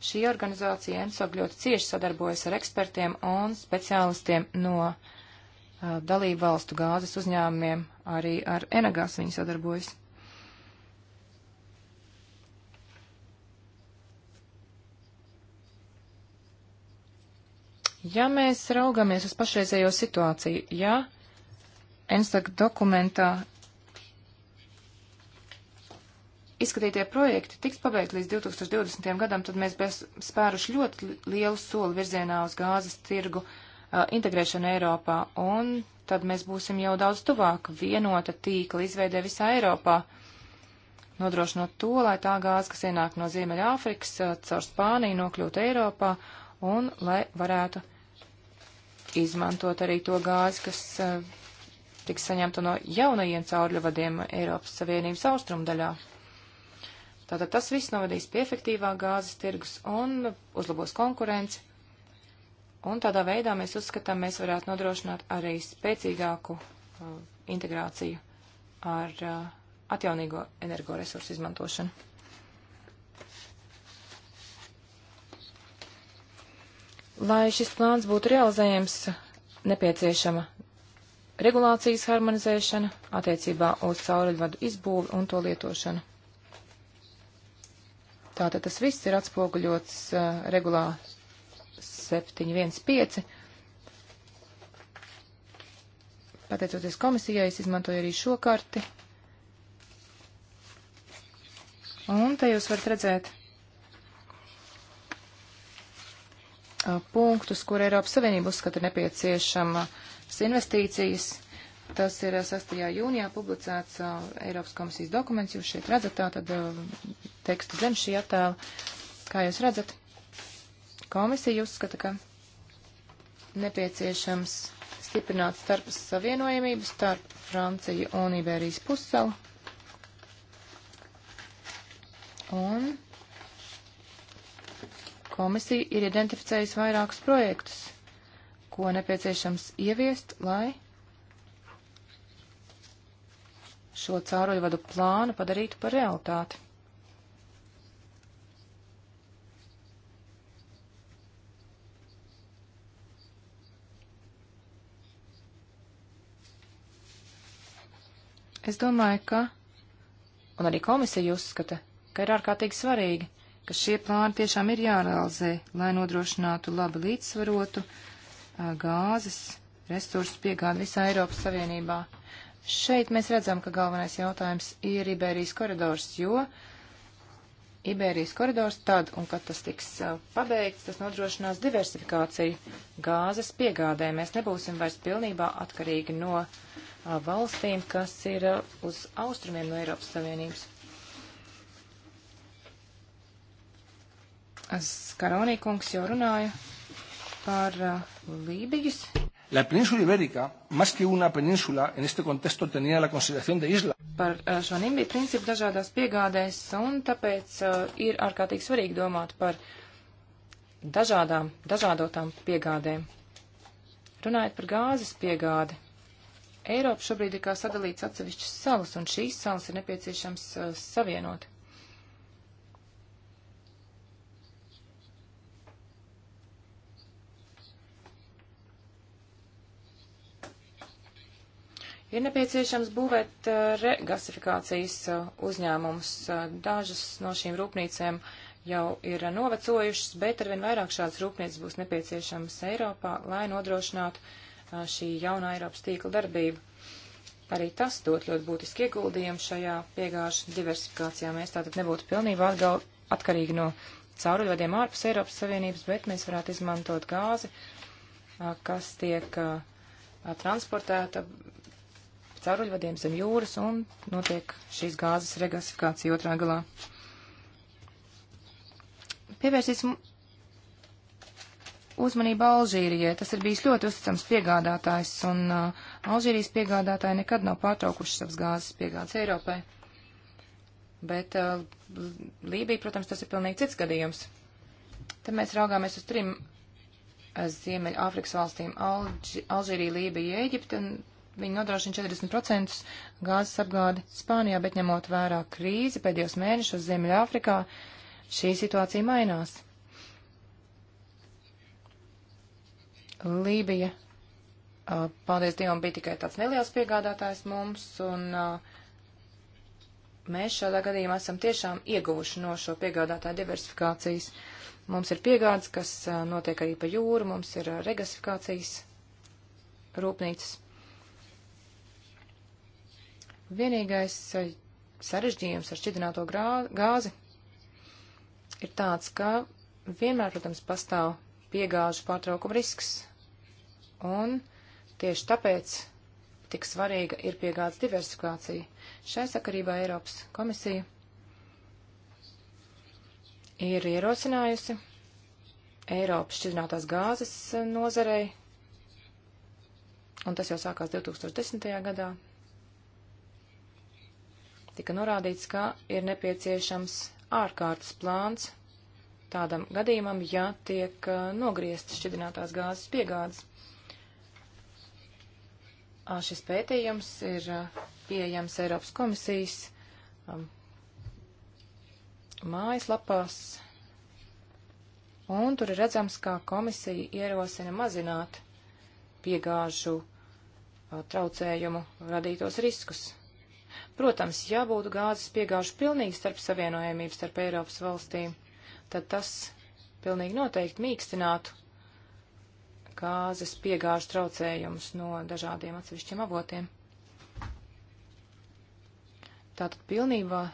šī organizācija ENSOG ļoti cieši sadarbojas ar ekspertiem un speciālistiem no uh, dalību valstu gāzes uzņēmumiem, arī ar Enagās viņi sadarbojas. Ja mēs raugamies uz pašreizējo situāciju, ja Enstag dokumentā izskatītie projekti tiks pabeigti līdz 2020. gadam, tad mēs bez spēruši ļoti lielu soli virzienā uz gāzes tirgu uh, integrēšanu Eiropā, un tad mēs būsim jau daudz tuvāk vienota tīkla izveidē visā Eiropā, nodrošinot to, lai tā gāze, kas ienāk no Ziemeļāfrikas uh, caur Spāniju, nokļūtu Eiropā, un lai varētu izmantot arī to gāzi, kas uh, tiks saņemta no jaunajiem caurļavadiem Eiropas Savienības austrumdaļā. Tātad tas viss novadīs pie efektīvā gāzes tirgus un uzlabos konkurenci. Un tādā veidā mēs uzskatām, mēs varētu nodrošināt arī spēcīgāku uh, integrāciju ar uh, atjaunīgo energoresursu izmantošanu. Lai šis plāns būtu realizējams, nepieciešama regulācijas harmonizēšana attiecībā uz cauruļvadu izbūvi un to lietošanu. Tātad tas viss ir atspoguļots uh, regulā 715. Pateicoties komisijai, es izmantoju arī šo karti. Un te jūs varat redzēt uh, punktus, kur Eiropas Savienība uzskata nepieciešamas investīcijas Tas ir 6. Eh, jūnijā publicēts uh, Eiropas komisijas dokuments. Jūs šeit redzat tātad uh, eh, tekstu zem šī attēla. Kā jūs redzat, komisija uzskata, ka nepieciešams stiprināt starp savienojamību starp Franciju un Iberijas pussalu. Un komisija ir identificējusi vairākus projektus, ko nepieciešams ieviest, lai šo cauruļvadu plānu padarītu par realitāti. Es domāju, ka, un arī komisija uzskata, ka ir ārkārtīgi svarīgi, ka šie plāni tiešām ir jārealizē, lai nodrošinātu labi līdzsvarotu gāzes resursu piegādi visā Eiropas Savienībā. Šeit mēs redzam, ka galvenais jautājums ir Iberijas koridors, jo Iberijas koridors tad, un kad tas tiks uh, pabeigts, tas nodrošinās diversifikāciju gāzes piegādē. Mēs nebūsim vairs pilnībā atkarīgi no a, uh, valstīm, kas ir a, uh, uz austrumiem no Eiropas Savienības. Skaronīkungs jau runāja par a, Lībijas La península ibérica, más que una península, en este contexto tenía la consideración de isla. Par šo eh, nimbi principu dažādās piegādēs, un tāpēc uh, ir ārkārtīgi svarīgi domāt par dažādām, dažādotām piegādēm. Runājot par gāzes piegādi, Eiropa šobrīd ir kā sadalīts atsevišķas salas, un šīs salas ir nepieciešams uh, savienot. Ir nepieciešams būvēt eh, regasifikācijas eh, uzņēmumus. Eh, dažas no šīm rūpnīcēm jau ir novecojušas, bet arvien vairāk šādas rūpnīcas būs nepieciešamas Eiropā, lai nodrošinātu šī jaunā Eiropas tīkla darbību. Arī tas dot ļoti būtiski ieguldījumu šajā piegāžu diversifikācijā. Mēs tātad nebūtu pilnībā atgal, atkarīgi no cauruļvadiem ārpus Eiropas Savienības, bet mēs varētu izmantot gāzi, kas tiek transportēta cauruļvadiem zem jūras un notiek šīs gāzes regasifikācija otrā galā. Pievērsīsim uzmanību Alžīrijai. Tas ir bijis ļoti uzticams piegādātājs, un uh, Alžīrijas piegādātāji nekad nav pārtraukuši savas gāzes piegādes Eiropai. Bet uh, Lībija, protams, tas ir pilnīgi cits gadījums. Te mēs raugāmies uz trim uh, Ziemeļa Āfrikas valstīm Alži, - Alžīrija, Lībija, Ēģipte, un viņi nodrošina 40% gāzes apgādi Spānijā, bet ņemot vērā krīzi pēdējos mēnešos Ziemeļāfrikā, šī situācija mainās. Lībija, paldies Dievam, bija tikai tāds neliels piegādātājs mums, un mēs šādā gadījumā esam tiešām ieguvuši no šo piegādātāju diversifikācijas. Mums ir piegādes, kas notiek arī pa jūru, mums ir regasifikācijas rūpnīcas. Vienīgais e, sarežģījums ar šķidrināto gāzi ir tāds, ka vienmēr, protams, pastāv piegāžu pārtraukuma risks. Un tieši tāpēc tik svarīga ir piegādes diversifikācija. Šai sakarībā Eiropas komisija ir ierosinājusi Eiropas šķidrinātās gāzes e, nozarei, un tas jau sākās 2010. gadā, tika norādīts, ka ir nepieciešams ārkārtas plāns tādam gadījumam, ja tiek uh, nogrieztas šķidrinātās gāzes piegādes. Šis pētījums ir uh, pieejams Eiropas komisijas um, mājaslapās, un tur ir redzams, kā komisija ierosina mazināt piegāžu uh, traucējumu radītos riskus. Protams, ja būtu gāzes piegāžu pilnīgi starp savienojumību starp Eiropas valstīm, tad tas pilnīgi noteikti mīkstinātu gāzes piegāžu traucējumus no dažādiem atsevišķiem avotiem. Tātad pilnībā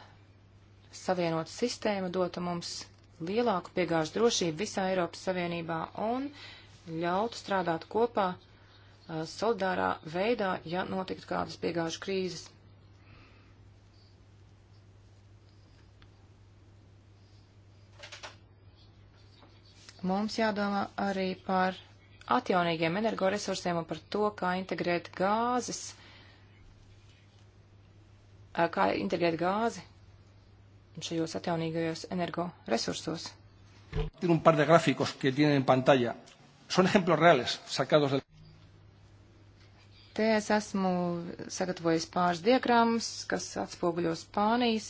savienot sistēma dotu mums lielāku piegāžu drošību visā Eiropas Savienībā un ļautu strādāt kopā uh, solidārā veidā, ja notiktu kādas piegāžu krīzes. Mums jādomā arī par atjaunīgiem energoresursiem un par to, kā integrēt gāzes, kā integrēt gāzi šajos atjaunīgajos energoresursos. Tiene un par de gráficos que tienen en pantalla. Son ejemplos reales sacados del. Te es esmu sagatavojis pāris diagrammas, kas atspoguļo Spānijas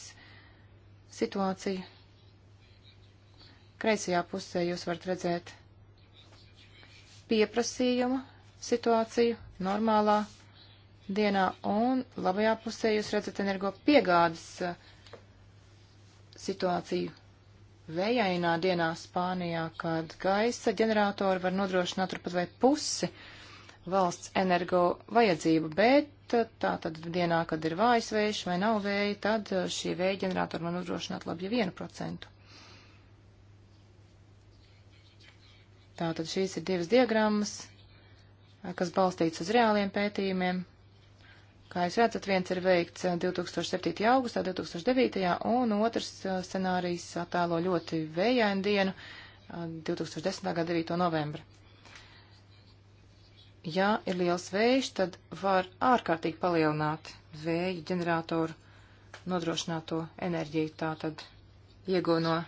situāciju. Kreisajā pusē jūs varat redzēt pieprasījumu situāciju normālā dienā, un labajā pusē jūs redzat energo piegādes eh, situāciju vējainā dienā Spānijā, kad gaisa ģeneratori var nodrošināt turpat vai pusi valsts energo vajadzību, bet eh, tā tad dienā, kad ir vājas vējš vai nav vēja, tad eh, šī vēja ģeneratori var nodrošināt labi ja 1%. Tātad šīs ir divas diagrammas, eh, kas balstīts uz reāliem pētījumiem. Kā jūs redzat, viens ir veikts 2007. Eh, augustā, 2009. un otrs eh, scenārijs attēlo ļoti vējainu dienu, 2010. gada 9. novembra. Ja ir liels vējš, tad var ārkārtīgi palielināt vēja ģeneratoru nodrošināto enerģiju, tātad iegūno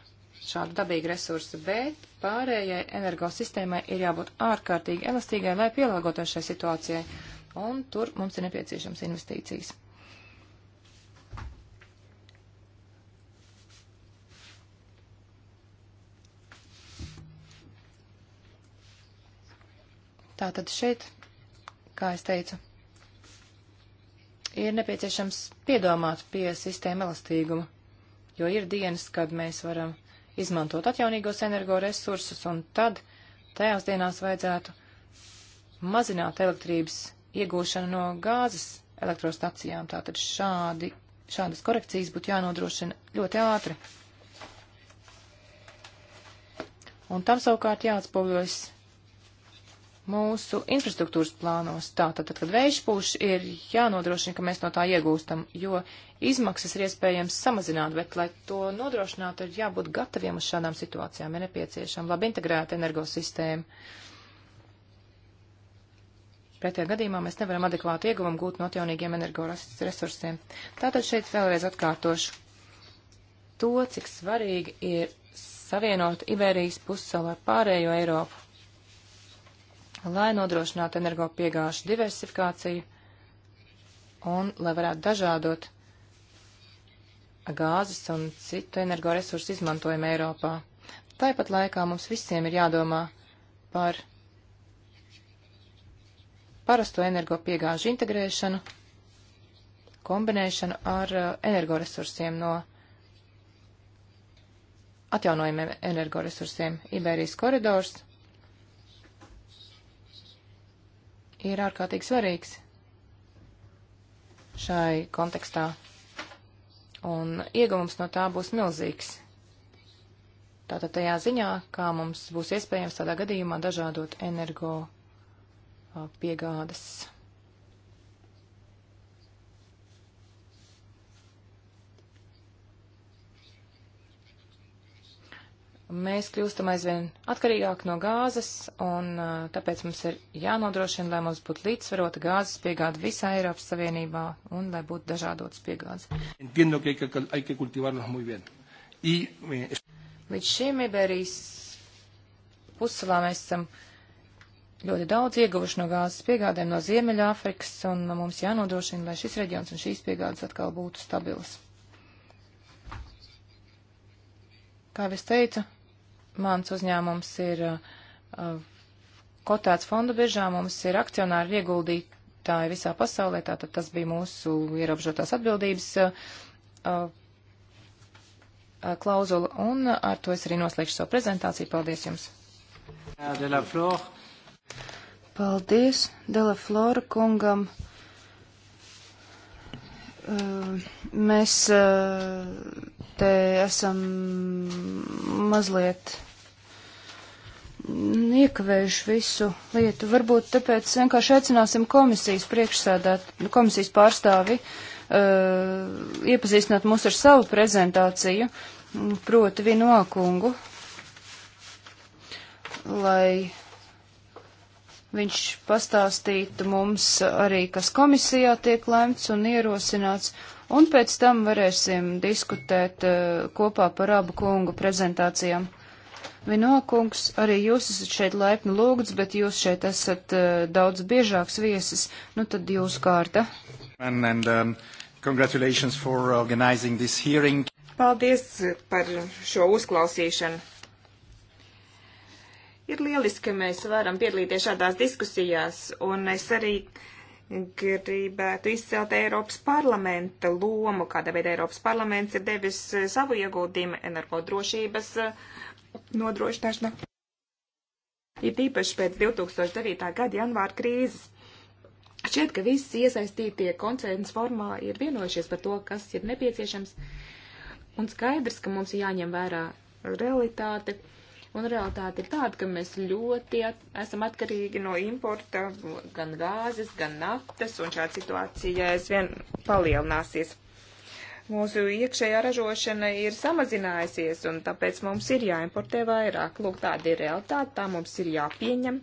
šādu dabīgu resursu, bet pārējai energosistēmai ir jābūt ārkārtīgi elastīgai, lai pielāgotos šai situācijai, un tur mums ir nepieciešams investīcijas. Tātad šeit, kā es teicu, ir nepieciešams piedomāt pie sistēma elastīguma, jo ir dienas, kad mēs varam izmantot atjaunīgos energoresursus, un tad tajās dienās vajadzētu mazināt elektrības iegūšanu no gāzes elektrostacijām. Tātad šādi, šādas korekcijas būtu jānodrošina ļoti ātri. Un tam savukārt jāatspoguļojas mūsu infrastruktūras plānos. Tātad, tad, kad vējš pūš, ir jānodrošina, ka mēs no tā iegūstam, jo izmaksas ir iespējams samazināt, bet, lai to nodrošinātu, ir jābūt gataviem uz šādām situācijām. Ir nepieciešama labi integrēta energosistēma. Pretējā gadījumā mēs nevaram adekvātu ieguvumu gūt no atjaunīgiem energoresursiem. Tātad šeit vēlreiz atkārtošu to, cik svarīgi ir savienot Iberijas pussalu ar pārējo Eiropu lai nodrošinātu energopiegāžu diversifikāciju un lai varētu dažādot gāzes un citu energoresursu izmantojumu Eiropā. Tāpat laikā mums visiem ir jādomā par parasto energopiegāžu integrēšanu, kombinēšanu ar uh, energoresursiem no atjaunojumiem energoresursiem. Iberijas koridors ir ārkārtīgi svarīgs šai kontekstā. Un ieguvums no tā būs milzīgs. Tātad tajā ziņā, kā mums būs iespējams tādā gadījumā dažādot energo piegādes mēs kļūstam aizvien atkarīgāk no gāzes, un tāpēc mums ir jānodrošina, lai mums būtu līdzsvarota gāzes piegāda visā Eiropas Savienībā un lai būtu dažādotas piegādes. Eh, Līdz šim Iberijas pussalā mēs esam ļoti daudz ieguvuši no gāzes piegādēm no Ziemeļāfrikas, un mums jānodrošina, lai šis reģions un šīs piegādes atkal būtu stabilas. Kā jau es teicu, Mans uzņēmums ir uh, uh, kotēts fondu biržā, mums ir akcionāri ieguldītāji visā pasaulē, tātad tas bija mūsu ierobežotās atbildības uh, klauzula, un ar to es arī noslēgšu savu prezentāciju. Paldies jums! Paldies Dela Flora kungam. Mēs te esam mazliet iekavējuši visu lietu. Varbūt tāpēc vienkārši aicināsim komisijas priekšsēdāt, komisijas pārstāvi uh, iepazīstināt mūs ar savu prezentāciju, proti vienokungu, lai viņš pastāstītu mums arī, kas komisijā tiek lemts un ierosināts. Uh, un pēc tam varēsim diskutēt uh, kopā par abu kungu prezentācijām. Vinokungs, arī jūs esat šeit laipni lūgts, bet jūs šeit esat uh, daudz biežāks viesis, nu tad jūs kārta. And, and, um, congratulations for organizing this hearing. Paldies par šo uzklausīšanu. Ir lieliski, ka mēs varam piedalīties šādās diskusijās, un es arī uh, gribētu izcelt Eiropas parlamenta lomu, kāda veida Eiropas parlaments ir devis eh, savu ieguldījumu energodrošības eh, nodrošināšanā. Ir tīpaši pēc 2009. gada janvāra krīzes. Šķiet, ka visi iesaistītie koncerns formā ir vienojušies par to, kas ir nepieciešams, un skaidrs, ka mums jāņem vērā realitāte. Uh, Un realitāte ir tāda, ka mēs ļoti at esam atkarīgi no importa gan gāzes, gan naftas, un šāda situācija aizvien palielināsies. Mūsu iekšējā ražošana ir samazinājusies, un tāpēc mums ir jāimportē vairāk. Lūk, tāda ir realitāte, tā mums ir jāpieņem.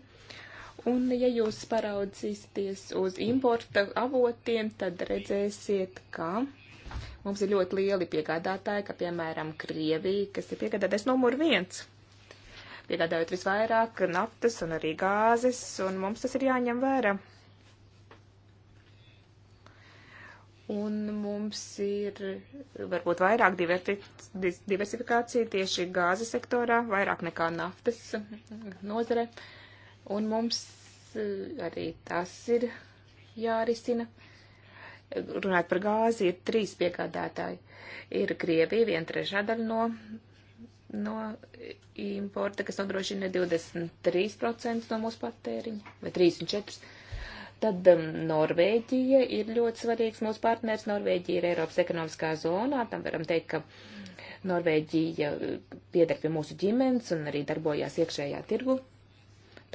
Un, ja jūs paraudzīsieties uz importa avotiem, tad redzēsiet, ka mums ir ļoti lieli piegādātāji, ka, piemēram, Krievija, kas ir piegādātājs numur viens piegādājot visvairāk naftas un arī gāzes, un mums tas ir jāņem vērā. Un mums ir varbūt vairāk diversifikācija tieši gāzes sektorā, vairāk nekā naftas nozare. Un mums eh, arī tas ir jārisina. Runājot par gāzi, ir trīs piegādātāji. Ir Krievija, viena trešā daļa no no importa, kas nodrošina 23% no mūsu patēriņa, vai 34%. Tad um, Norvēģija ir ļoti svarīgs mūsu partners. Norvēģija ir Eiropas ekonomiskā zonā. Tam varam teikt, ka Norvēģija uh, pieder pie mūsu ģimenes un arī darbojās iekšējā tirgu.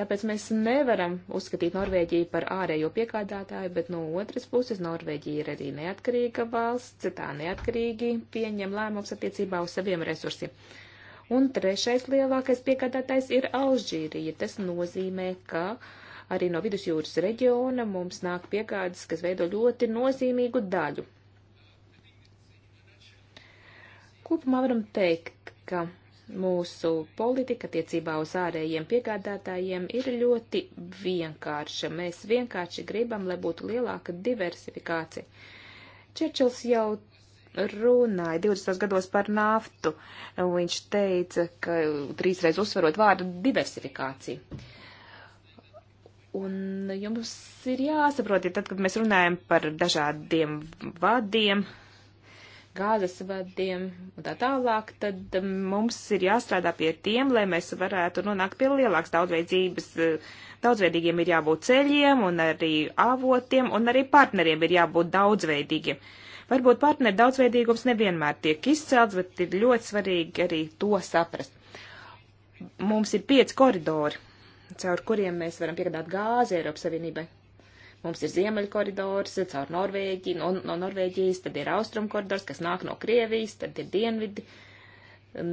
Tāpēc mēs nevaram uzskatīt Norvēģiju par ārējo piegādātāju, bet no otras puses Norvēģija ir arī neatkarīga valsts, tā neatkarīgi pieņem lēmums attiecībā uz saviem resursiem. Un trešais lielākais piegādātājs ir Alžīrija. Tas nozīmē, ka arī no vidusjūras reģiona mums nāk piegādes, kas veido ļoti nozīmīgu daļu. Kopumā varam teikt, ka mūsu politika attiecībā uz ārējiem piegādātājiem ir ļoti vienkārša. Mēs vienkārši gribam, lai būtu lielāka diversifikācija. Čečils jau runāja 20. gados par naftu. Viņš teica, ka trīsreiz uzsverot vārdu diversifikāciju. Un jums ir jāsaprot, ja tad, kad mēs runājam par dažādiem vadiem, gāzes vadiem un tā tālāk, tad mums ir jāstrādā pie tiem, lai mēs varētu nonākt pie lielākas daudzveidzības. Daudzveidīgiem ir jābūt ceļiem un arī avotiem un arī partneriem ir jābūt daudzveidīgiem. Uh, Varbūt partneru daudzveidīgums nevienmēr tiek izcelts, bet ir ļoti svarīgi arī to saprast. Mums ir pieci koridori, caur kuriem mēs varam piegādāt gāzi Eiropas Savienībai. Mums ir ziemeļu koridors caur Norvēģiju, no, no Norvēģijas, tad ir austrumu koridors, kas nāk no Krievijas, tad ir dienvidi,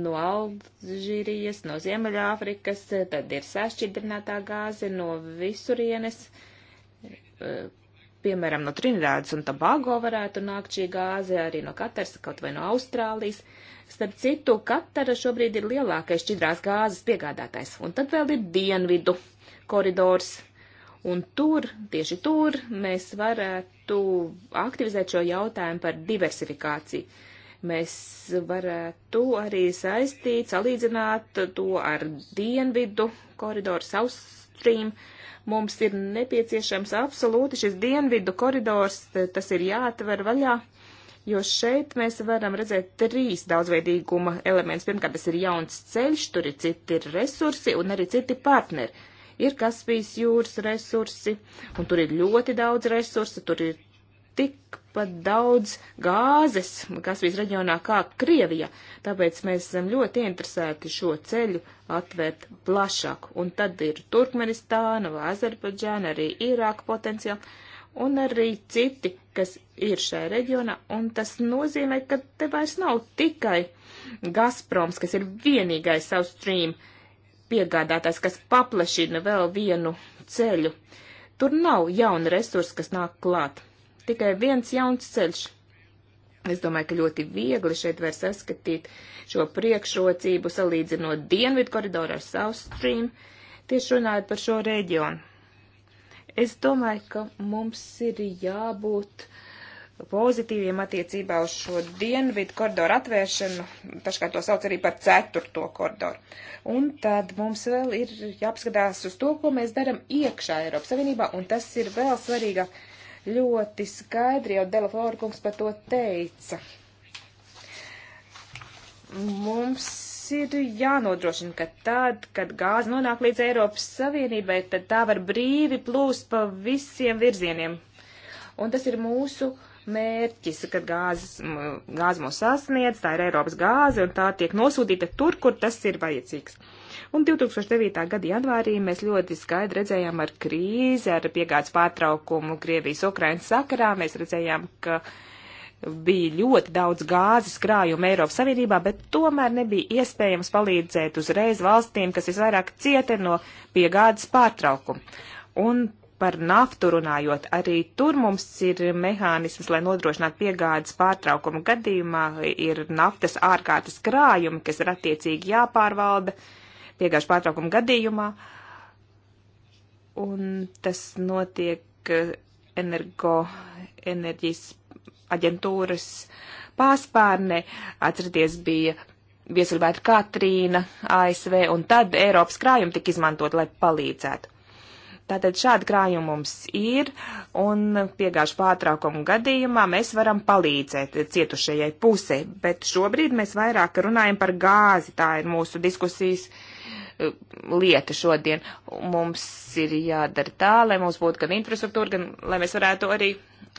no Alžīrijas, no Ziemeļāfrikas, tad ir sašķidrinātā gāze no visurienes. Piemēram, no Trinidādas un Tobago varētu nākt šī gāze, arī no Katars, kaut vai no Austrālijas. Starp citu, Katara šobrīd ir lielākais šķidrās gāzes piegādātājs, un tad vēl ir dienvidu koridors. Un tur, tieši tur, mēs varētu aktivizēt šo jautājumu par diversifikāciju. Mēs varētu arī saistīt, salīdzināt to ar dienvidu koridoru South Stream. Uh, Mums ir nepieciešams absolūti šis dienvidu koridors, tas ir jāatver vaļā, jo šeit mēs varam redzēt trīs daudzveidīguma elements. Pirmkārt, tas ir jauns ceļš, tur ir citi resursi un arī citi partneri. Ir Kaspijas jūras resursi, un tur ir ļoti daudz resursi, tur ir tik pat daudz gāzes, kas bija reģionā kā Krievija, tāpēc mēs esam ļoti interesēti šo ceļu atvērt plašāk. Un tad ir Turkmenistāna vai Azerbaidžāna, arī Irāka potenciāli un arī citi, kas ir šajā reģionā, un tas nozīmē, ka te vairs nav tikai Gazproms, kas ir vienīgais savu stream piegādātājs, kas paplašina vēl vienu ceļu. Tur nav jauna resursa, kas nāk klāt tikai viens jauns ceļš. Es domāju, ka ļoti viegli šeit var saskatīt šo priekšrocību, salīdzinot dienvidu koridoru ar South Stream, tieši runājot par šo reģionu. Es domāju, ka mums ir jābūt pozitīviem attiecībā uz šo dienvidu koridoru atvēršanu, taškārt to sauc arī par ceturto koridoru. Un tad mums vēl ir jāapskatās uz to, ko mēs daram iekšā Eiropas Savienībā, un tas ir vēl svarīgāk ļoti skaidri jau Delafora kungs par to teica. Mums ir jānodrošina, ka tad, kad gāze nonāk līdz Eiropas Savienībai, tad tā var brīvi plūst pa visiem virzieniem. Un tas ir mūsu mērķis, kad gāzes, gāze mūs sasniedz, tā ir Eiropas gāze, un tā tiek nosūtīta tur, kur tas ir vajadzīgs. Un 2009. gada janvārī mēs ļoti skaidri redzējām ar krīzi, ar piegādes pārtraukumu Krievijas-Ukrainas sakarā. Mēs redzējām, ka bija ļoti daudz gāzes krājuma Eiropas Savienībā, bet tomēr nebija iespējams palīdzēt uzreiz valstīm, kas visvairāk cieta no piegādes pārtraukuma. Un par naftu runājot, arī tur mums ir mehānisms, lai nodrošinātu piegādes pārtraukumu gadījumā, ir naftas ārkārtas krājumi, kas ir attiecīgi jāpārvalda. Uh, piegājušā pārtraukuma gadījumā. Un tas notiek energo, enerģijas aģentūras pārspārnē. Atcerieties, bija viesuļvētra Katrīna ASV, un tad Eiropas krājumi tika izmantot, lai palīdzētu. Tātad šādi krājumi mums ir, un piegājuši pārtraukumu gadījumā mēs varam palīdzēt cietušajai pusē, bet šobrīd mēs vairāk runājam par gāzi, tā ir mūsu diskusijas uh, lieta šodien. Mums ir jādara tā, lai mums būtu gan infrastruktūra, gan lai mēs varētu arī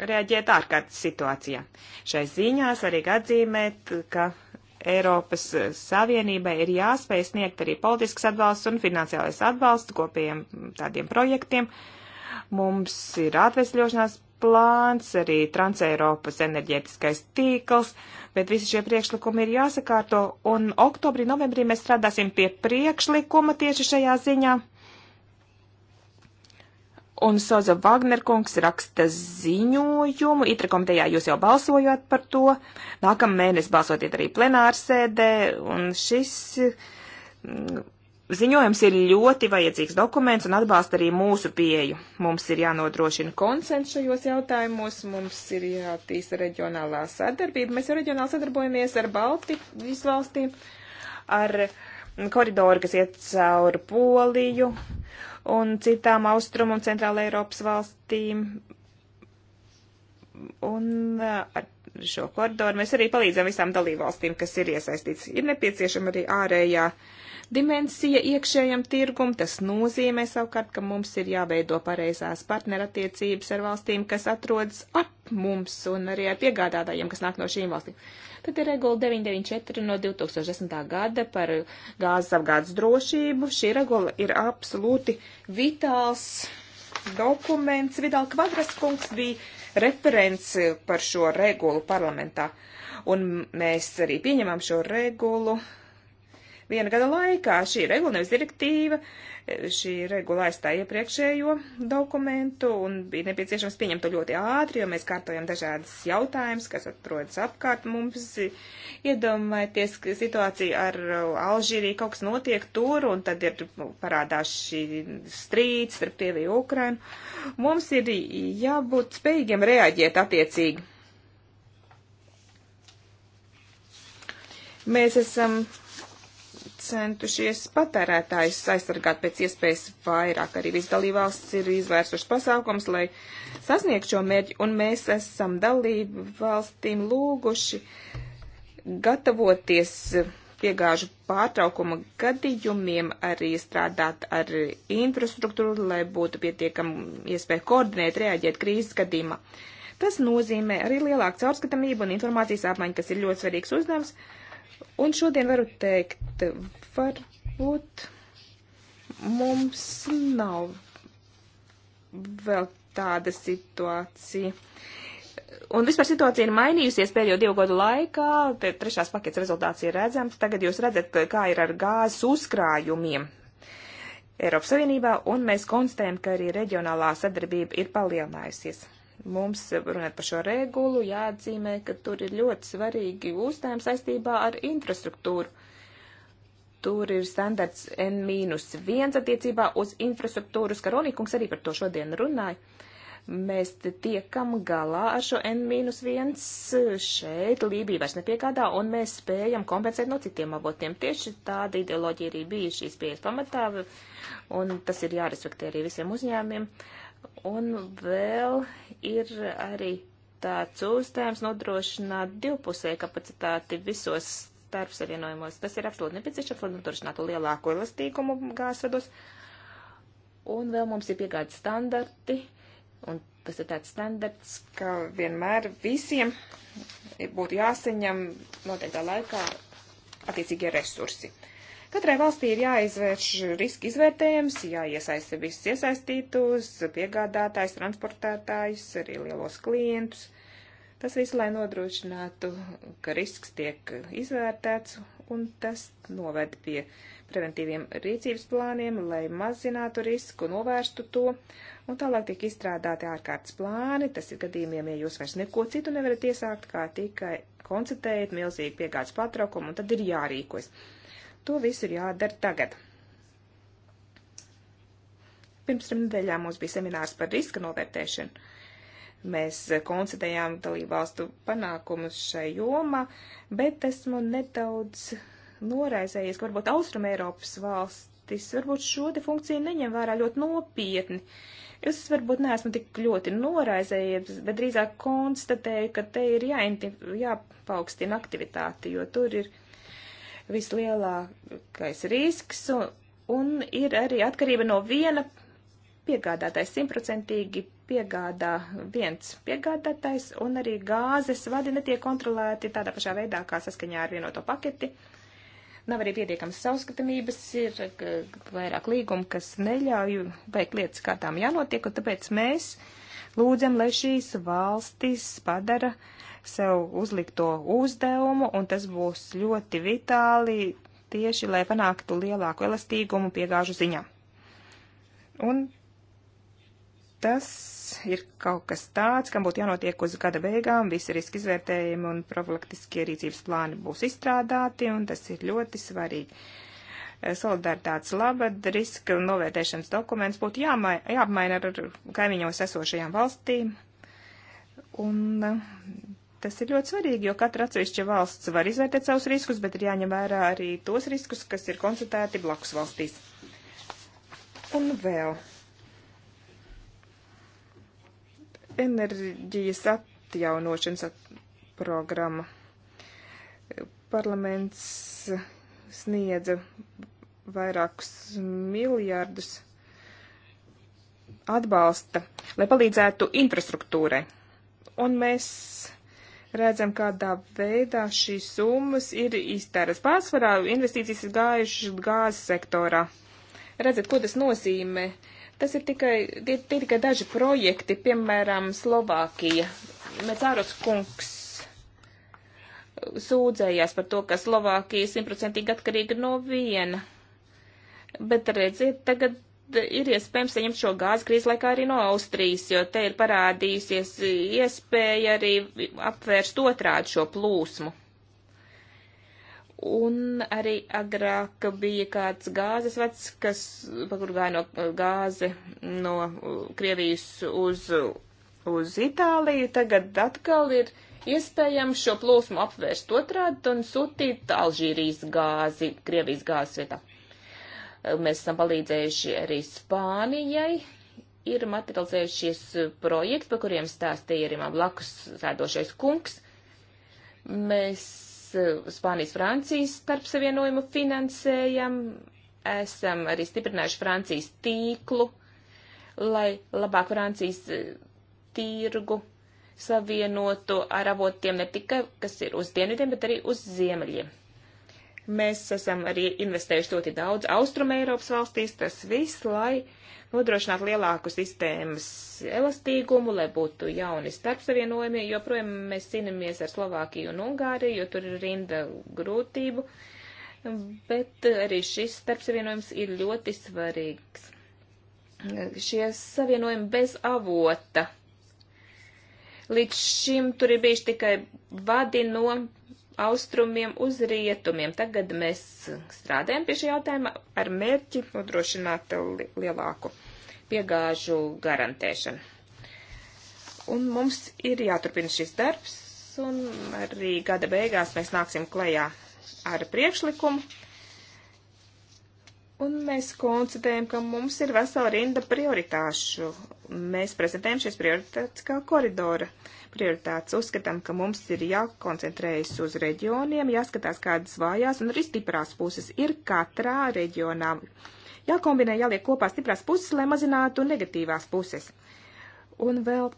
reaģēt ārkārtas situācijā. Šai ziņā svarīgi atzīmēt, ka Eiropas Savienībai ir jāspēj sniegt arī politisks atbalsts un finansiālais atbalsts kopiem tādiem projektiem. Mums ir atvesļošanās plāns, arī Transeiropas enerģētiskais tīkls, bet visi šie priekšlikumi ir jāsakārto, un oktobrī, novembrī mēs strādāsim pie priekšlikuma tieši šajā ziņā. Un Soza Vagnerkungs raksta ziņojumu. Itra komitejā jūs jau balsojāt par to. Nākamā mēnesis balsotiet arī plenārsēdē. Un šis Ziņojums ir ļoti vajadzīgs dokuments un atbalsta arī mūsu pieju. Mums ir jānodrošina konsens šajos jautājumos, mums ir jātīsta reģionālā sadarbība. Mēs jau reģionāli sadarbojamies ar Baltijas valstīm, ar koridoru, kas iet cauri Poliju un citām austrumu un centrāla Eiropas valstīm. Un eh, ar šo koridoru mēs arī palīdzam visām dalībvalstīm, kas ir iesaistīts. Ir nepieciešama arī ārējā. Uh, dimensija iekšējam tirgum. Tas nozīmē savukārt, ka mums ir jāveido pareizās partnerattiecības ar valstīm, kas atrodas ap mums un arī ar piegādātājiem, kas nāk no šīm valstīm. Tad ir regula 994 no 2010. gada par gāzes apgādes drošību. Šī regula ir absolūti vitāls dokuments. Vidāla kvadraskungs bija referents par šo regulu parlamentā. Un mēs arī pieņemam šo regulu viena gada laikā. Šī regula, nevis direktīva, šī regula aizstāja iepriekšējo dokumentu un bija nepieciešams pieņemt to ļoti ātri, jo mēs kārtojam dažādas jautājumas, kas atrodas apkārt mums. Iedomājieties situāciju ar Alžīriju, kaut kas notiek tur un tad ir nu, parādās šī strīds starp Krieviju un Ukrainu. Mums ir jābūt spējīgiem reaģēt attiecīgi. Mēs esam centušies patērētājus aizsargāt pēc iespējas vairāk. Arī viss dalībvalsts ir izvērsuši pasākums, lai sasniegtu šo mērķi, un mēs esam dalību valstīm lūguši gatavoties piegāžu pārtraukuma gadījumiem, arī strādāt ar infrastruktūru, lai būtu pietiekama iespēja koordinēt, reaģēt krīzes gadījumā. Tas nozīmē arī lielāku caurskatāmību un informācijas apmaiņu, kas ir ļoti svarīgs uzdevums. Uh, Un šodien varu teikt, varbūt mums nav vēl tāda situācija. Un vispār situācija ir mainījusies pēdējo divu gadu laikā. Te trešās paketes rezultāts ir redzams. Tagad jūs redzat, kā ir ar gāzes uzkrājumiem Eiropas Savienībā, un mēs konstatējam, ka arī reģionālā sadarbība ir palielinājusies. Mums, runājot par šo regulu, jāatzīmē, ka tur ir ļoti svarīgi uzdevumi saistībā ar infrastruktūru. Tur ir standarts N-1 attiecībā uz infrastruktūru. Skaronīkungs arī par to šodien runāja. Mēs tiekam galā ar šo N-1 šeit, Lībija vairs nepiegādā, un mēs spējam kompensēt no citiem avotiem. Tieši tāda ideoloģija arī bija šīs pieejas pamatā, un tas ir jārespektē arī visiem uzņēmiem. Uh, Un vēl ir arī tāds uzdevums nodrošināt divpusēju kapacitāti visos starpsavienojumos. Tas ir absolūti nepieciešams, lai nodrošinātu lielāko elastīgumu gāzvados. Un vēl mums ir piegādes standarti, un tas ir tāds standarts, ka vienmēr visiem būtu jāsaņem noteiktā laikā attiecīgie resursi. Uh, Katrai valstī ir jāizvērš riska izvērtējums, jāiesaista visus iesaistītos, piegādātājs, transportētājs, arī lielos klientus. Tas viss, lai nodrošinātu, ka risks tiek izvērtēts, un tas noved pie preventīviem rīcības plāniem, lai mazinātu risku, novērstu to, un tālāk tiek izstrādāti ārkārtas plāni, tas ir gadījumiem, ja jūs vairs neko citu nevarat iesākt, kā tikai konstatējat milzīgu piegādes patraukumu, un tad ir jārīkojas. To visu ir jādara tagad. Pirms trim nedēļām mums bija seminārs par riska novērtēšanu. Mēs konstatējām dalībvalstu panākumus šai jomā, bet esmu nedaudz noraizējies, ka varbūt Austrum Eiropas valstis varbūt šo te funkciju neņem vērā ļoti nopietni. Es varbūt neesmu tik ļoti noraizējies, bet drīzāk konstatēju, ka te ir jāinti, jāpaukstina aktivitāte, jo tur ir vislielākais risks, un, un ir arī atkarība no viena piegādātājs. Simtprocentīgi piegādā viens piegādātājs, un arī gāzes vadi netiek kontrolēti tādā pašā veidā, kā saskaņā ar vienoto paketi. Nav arī pietiekams savskatamības, ir vairāk līgumu, kas neļauj veikt lietas, kā tām jānotiek, un tāpēc mēs lūdzam, lai šīs valstis padara uh, sev uzlikto uzdevumu, un tas būs ļoti vitāli tieši, lai panāktu lielāku elastīgumu piegāžu ziņā. Un tas ir kaut kas tāds, kam būtu jānotiek uz gada beigām, visi riski izvērtējumi un profilaktiskie rīcības plāni būs izstrādāti, un tas ir ļoti svarīgi. Solidaritātes labad riska novērtēšanas dokuments būtu jāmai, jāapmaina ar kaimiņos esošajām valstīm, un Tas ir ļoti svarīgi, jo katra atsevišķa valsts var izvērtēt savus riskus, bet ir jāņem vērā arī tos riskus, kas ir konstatēti blakus valstīs. Un vēl. Enerģijas atjaunošanas programma. Parlaments sniedza vairākus miljārdus atbalsta, lai palīdzētu infrastruktūrai. Un mēs redzam, kādā veidā šīs summas ir iztēras. Pārsvarā investīcijas ir gājušas gāzes sektorā. Redzat, ko tas nozīmē? Tas ir tikai, tie, tie tikai daži projekti, piemēram, Slovākija. Mecāros kungs sūdzējās par to, ka Slovākija simtprocentīgi atkarīga no viena. Bet redziet, tagad ir iespējams saņemt šo gāzi krīzes laikā arī no Austrijas, jo te ir parādījusies iespēja arī apvērst otrādi šo plūsmu. Un arī agrāk bija kāds gāzes vats, kas, pa kur gāja no gāze no Krievijas uz, uz Itāliju, tagad atkal ir iespējams šo plūsmu apvērst otrādi un sūtīt Alžīrijas gāzi, Krievijas gāzes vietā. Mēs esam palīdzējuši arī Spānijai. Ir materializējušies eh, projekti, par kuriem stāstīja arī man blakus sēdošais kungs. Mēs eh, Spānijas-Francijas starpsavienojumu finansējam, esam arī stiprinājuši Francijas tīklu, lai labāk Francijas eh, tirgu savienotu ar avotiem ne tikai, kas ir uz dienvidiem, bet arī uz ziemeļiem. Mēs esam arī investējuši ļoti daudz Austrum Eiropas valstīs, tas viss, lai nodrošinātu lielāku sistēmas elastīgumu, lai būtu jauni starpsavienojumi, jo projām mēs cīnāmies ar Slovākiju un Ungāriju, jo tur ir rinda grūtību, bet arī šis starpsavienojums ir ļoti svarīgs. Šie savienojumi bez avota. Līdz šim tur ir bijuši tikai vadi no austrumiem uz rietumiem. Tagad mēs strādājam pie šī jautājuma ar mērķi nodrošināt lielāku piegāžu garantēšanu. Un mums ir jāturpina šis darbs, un arī gada beigās mēs nāksim klajā ar priekšlikumu. Un mēs konstatējam, ka mums ir vesela rinda prioritāšu. Mēs prezentējam šīs prioritātes kā koridora. Uh, prioritātes. Uzskatām, ka mums ir jākoncentrējas uz reģioniem, jāskatās, kādas vājās un arī stiprās puses ir katrā reģionā. Jākombinē, jāliek kopā stiprās puses, lai mazinātu negatīvās puses. Un vēl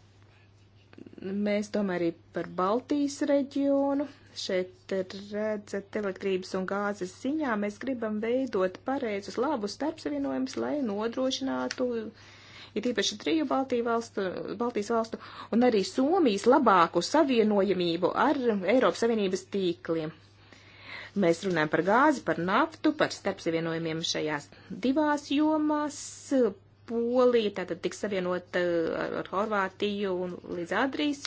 mēs domājam arī par Baltijas reģionu. Šeit redzat elektrības un gāzes ziņā mēs gribam veidot pareizus labus starpsavienojumus, lai nodrošinātu uh, ir īpaši triju Baltiju valstu, Baltijas valstu un arī Somijas labāku savienojamību ar Eiropas Savienības tīkliem. Mēs runājam par gāzi, par naftu, par starpsavienojumiem šajās divās jomās. Polija tātad tiks savienota ar Horvātiju un līdz Adrijas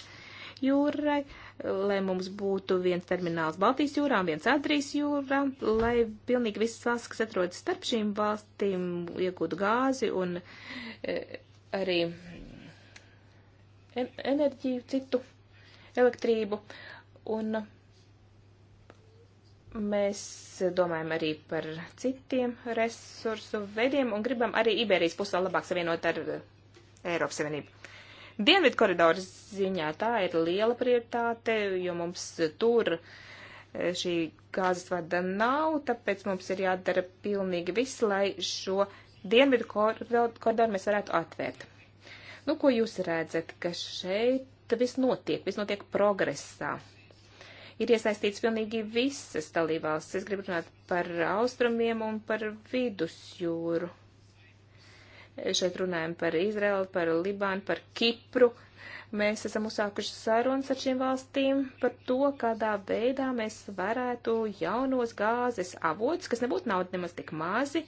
jūrai. Uh, lai mums būtu viens termināls Baltijas jūrā un viens Adrijas jūrā, lai pilnīgi visas valsts, kas atrodas starp šīm valstīm, iegūtu gāzi un e, arī en enerģiju, citu elektrību. Un mēs domājam arī par citiem resursu veidiem un gribam arī Iberijas pusē labāk savienot ar Eiropas Savienību. Dienvidu koridoru ziņā tā ir liela prioritāte, jo mums tur e, šī gāzes vada nav, tāpēc mums ir jādara pilnīgi viss, lai šo dienvidu koridoru mēs varētu atvērt. Nu, ko jūs redzat, ka šeit viss notiek, viss notiek progresā. Ir iesaistīts pilnīgi visas dalībvalstis. Es gribu runāt par austrumiem un par vidusjūru. Šeit runājam par Izraelu, par Libānu, par Kipru. Mēs esam uzsākuši sarunas ar šīm valstīm par to, kādā veidā mēs varētu jaunos gāzes avots, kas nebūtu nauda nemaz tik mazi,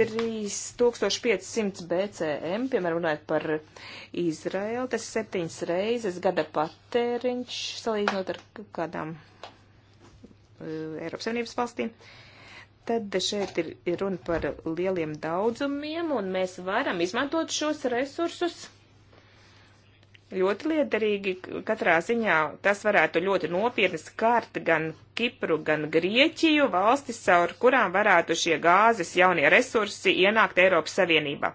3500 BCM, piemēram, runājot par Izraelu, tas ir septiņas reizes gada patēriņš, salīdzinot ar kādām uh, Eiropas Savienības valstīm. Uh, Tad šeit ir, ir runa par lieliem daudzumiem, un mēs varam izmantot šos resursus ļoti liederīgi. Katrā ziņā tas varētu ļoti nopietni skart gan Kipru, gan Grieķiju, valstis, caur kurām varētu šie gāzes jaunie resursi ienākt Eiropas Savienībā.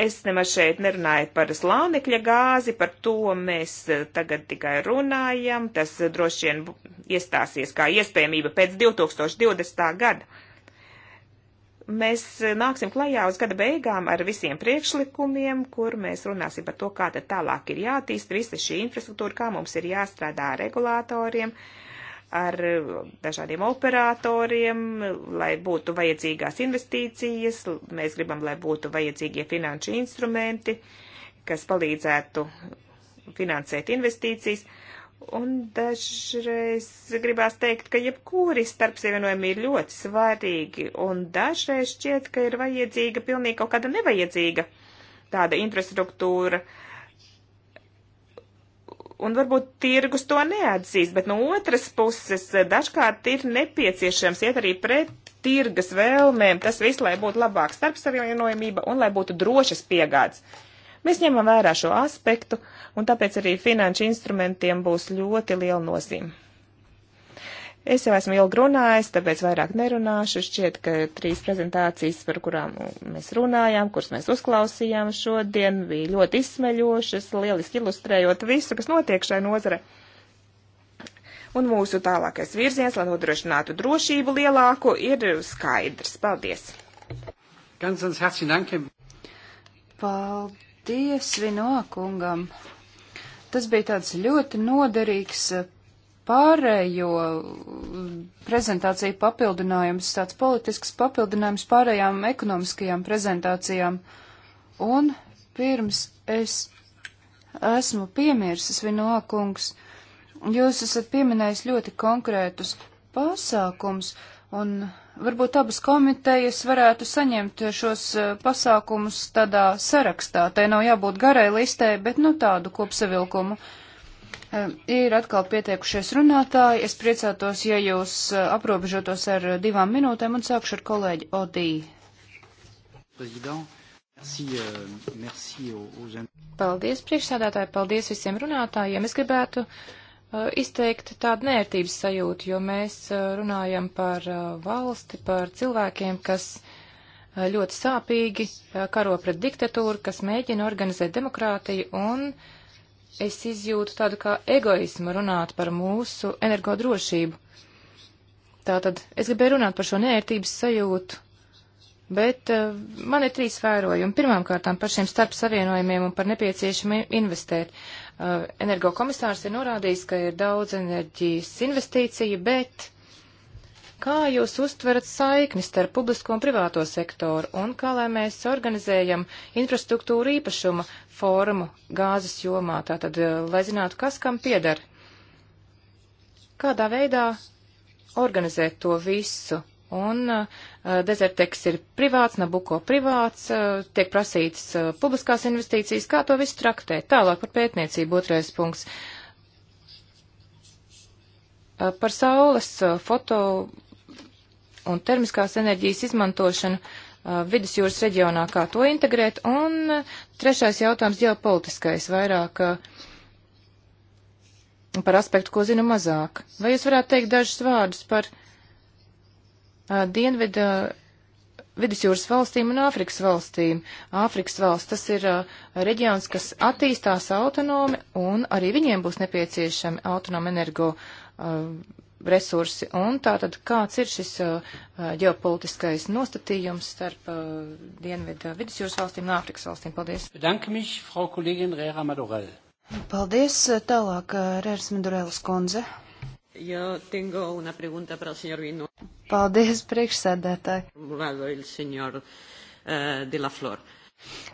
Es nemaz šeit nerunāju par slānekļa gāzi, par to mēs e, tagad tikai runājam. Tas e, droši vien iestāsies kā iespējamība pēc 2020. gada. Mēs e, nāksim klajā uz gada beigām ar visiem priekšlikumiem, kur mēs runāsim par to, kā tad tālāk ir jātīst visa šī infrastruktūra, kā mums ir jāstrādā ar regulātoriem. Uh, ar dažādiem operatoriem, lai būtu vajadzīgās investīcijas, mēs gribam, lai būtu vajadzīgie finanšu instrumenti, kas palīdzētu finansēt investīcijas. Un dažreiz gribās teikt, ka jebkuri starpsievienojumi ir ļoti svarīgi, un dažreiz šķiet, ka ir vajadzīga pilnīgi kaut kāda nevajadzīga tāda infrastruktūra, uh, Un varbūt tirgus to neatzīs, bet no otras puses eh, dažkārt ir nepieciešams iet arī pret tirgas vēlmēm, tas viss, lai būtu labāka starpsavienojumība un lai būtu drošas piegādes. Mēs ņemam vērā šo aspektu, un tāpēc arī finanšu instrumentiem būs ļoti liela nozīme. Es jau esmu ilgi runājis, tāpēc vairāk nerunāšu. Šķiet, ka trīs prezentācijas, par kurām mēs runājām, kuras mēs uzklausījām šodien, bija ļoti izsmeļošas, lieliski ilustrējot visu, kas notiek šai nozare. Un mūsu tālākais virziens, lai nodrošinātu drošību lielāku, ir skaidrs. Paldies! Ganz, ganz herzlichen Dank. Paldies Vino kungam! Tas bija tāds ļoti noderīgs pārējo prezentāciju papildinājums, tāds politisks papildinājums pārējām ekonomiskajām prezentācijām. Un pirms es esmu piemirsis, Vinokungs, jūs esat pieminējis ļoti konkrētus pasākums, un varbūt abas komitejas varētu saņemt šos eh, pasākumus tādā sarakstā. Tai nav jābūt garai listē, bet nu tādu kopsavilkumu. Uh, Ir atkal pieteikušies runātāji. Es priecātos, ja jūs eh, aprobežotos ar eh, divām minūtēm un sākšu ar kolēģi Odī. Eh, paldies, priekšsādātāji, paldies visiem runātājiem. Es gribētu izteikt tādu nērtības sajūtu, jo mēs runājam par valsti, par cilvēkiem, kas ļoti sāpīgi karo pret diktatūru, kas mēģina organizēt demokrātiju un uh, es izjūtu tādu kā egoismu runāt par mūsu energodrošību. Tātad es gribēju runāt par šo neērtības sajūtu, bet uh, man ir trīs vērojumi. Pirmām kārtām par šiem starp savienojumiem un par nepieciešamību investēt. Uh, eh, energo komisārs ir norādījis, ka ir daudz enerģijas investīcija, bet Kā jūs uztverat saikni starp publisko un privāto sektoru un kā lai mēs organizējam infrastruktūra īpašuma formu gāzes jomā, tātad, eh, lai zinātu, kas kam piedara? Kādā veidā organizēt to visu? Un uh, eh, dezerteks ir privāts, nabuko privāts, uh, tiek prasīts uh, publiskās investīcijas, kā to visu traktēt. Tālāk par pētniecību otrais punkts. Uh, par saules uh, foto un termiskās enerģijas izmantošanu uh, vidusjūras reģionā, kā to integrēt, un uh, trešais jautājums ģeopolitiskais vairāk uh, par aspektu, ko zinu mazāk. Vai jūs varētu teikt dažus vārdus par uh, dienvidu uh, vidusjūras valstīm un Āfrikas valstīm. Āfrikas valsts tas ir uh, reģions, kas attīstās autonomi, un arī viņiem būs nepieciešami autonomi energo uh, resursi. Un tātad kāds ir šis uh, uh, ģeopolitiskais nostatījums starp uh, Dienvidu vidusjūras valstīm un Āfrikas valstīm? Paldies! Mich, Frau Paldies! Tālāk Rērs Madurēlas kundze. Yo tengo una pregunta para el señor Vino. Paldies, priekšsēdētāji. El señor, uh, de la Flor.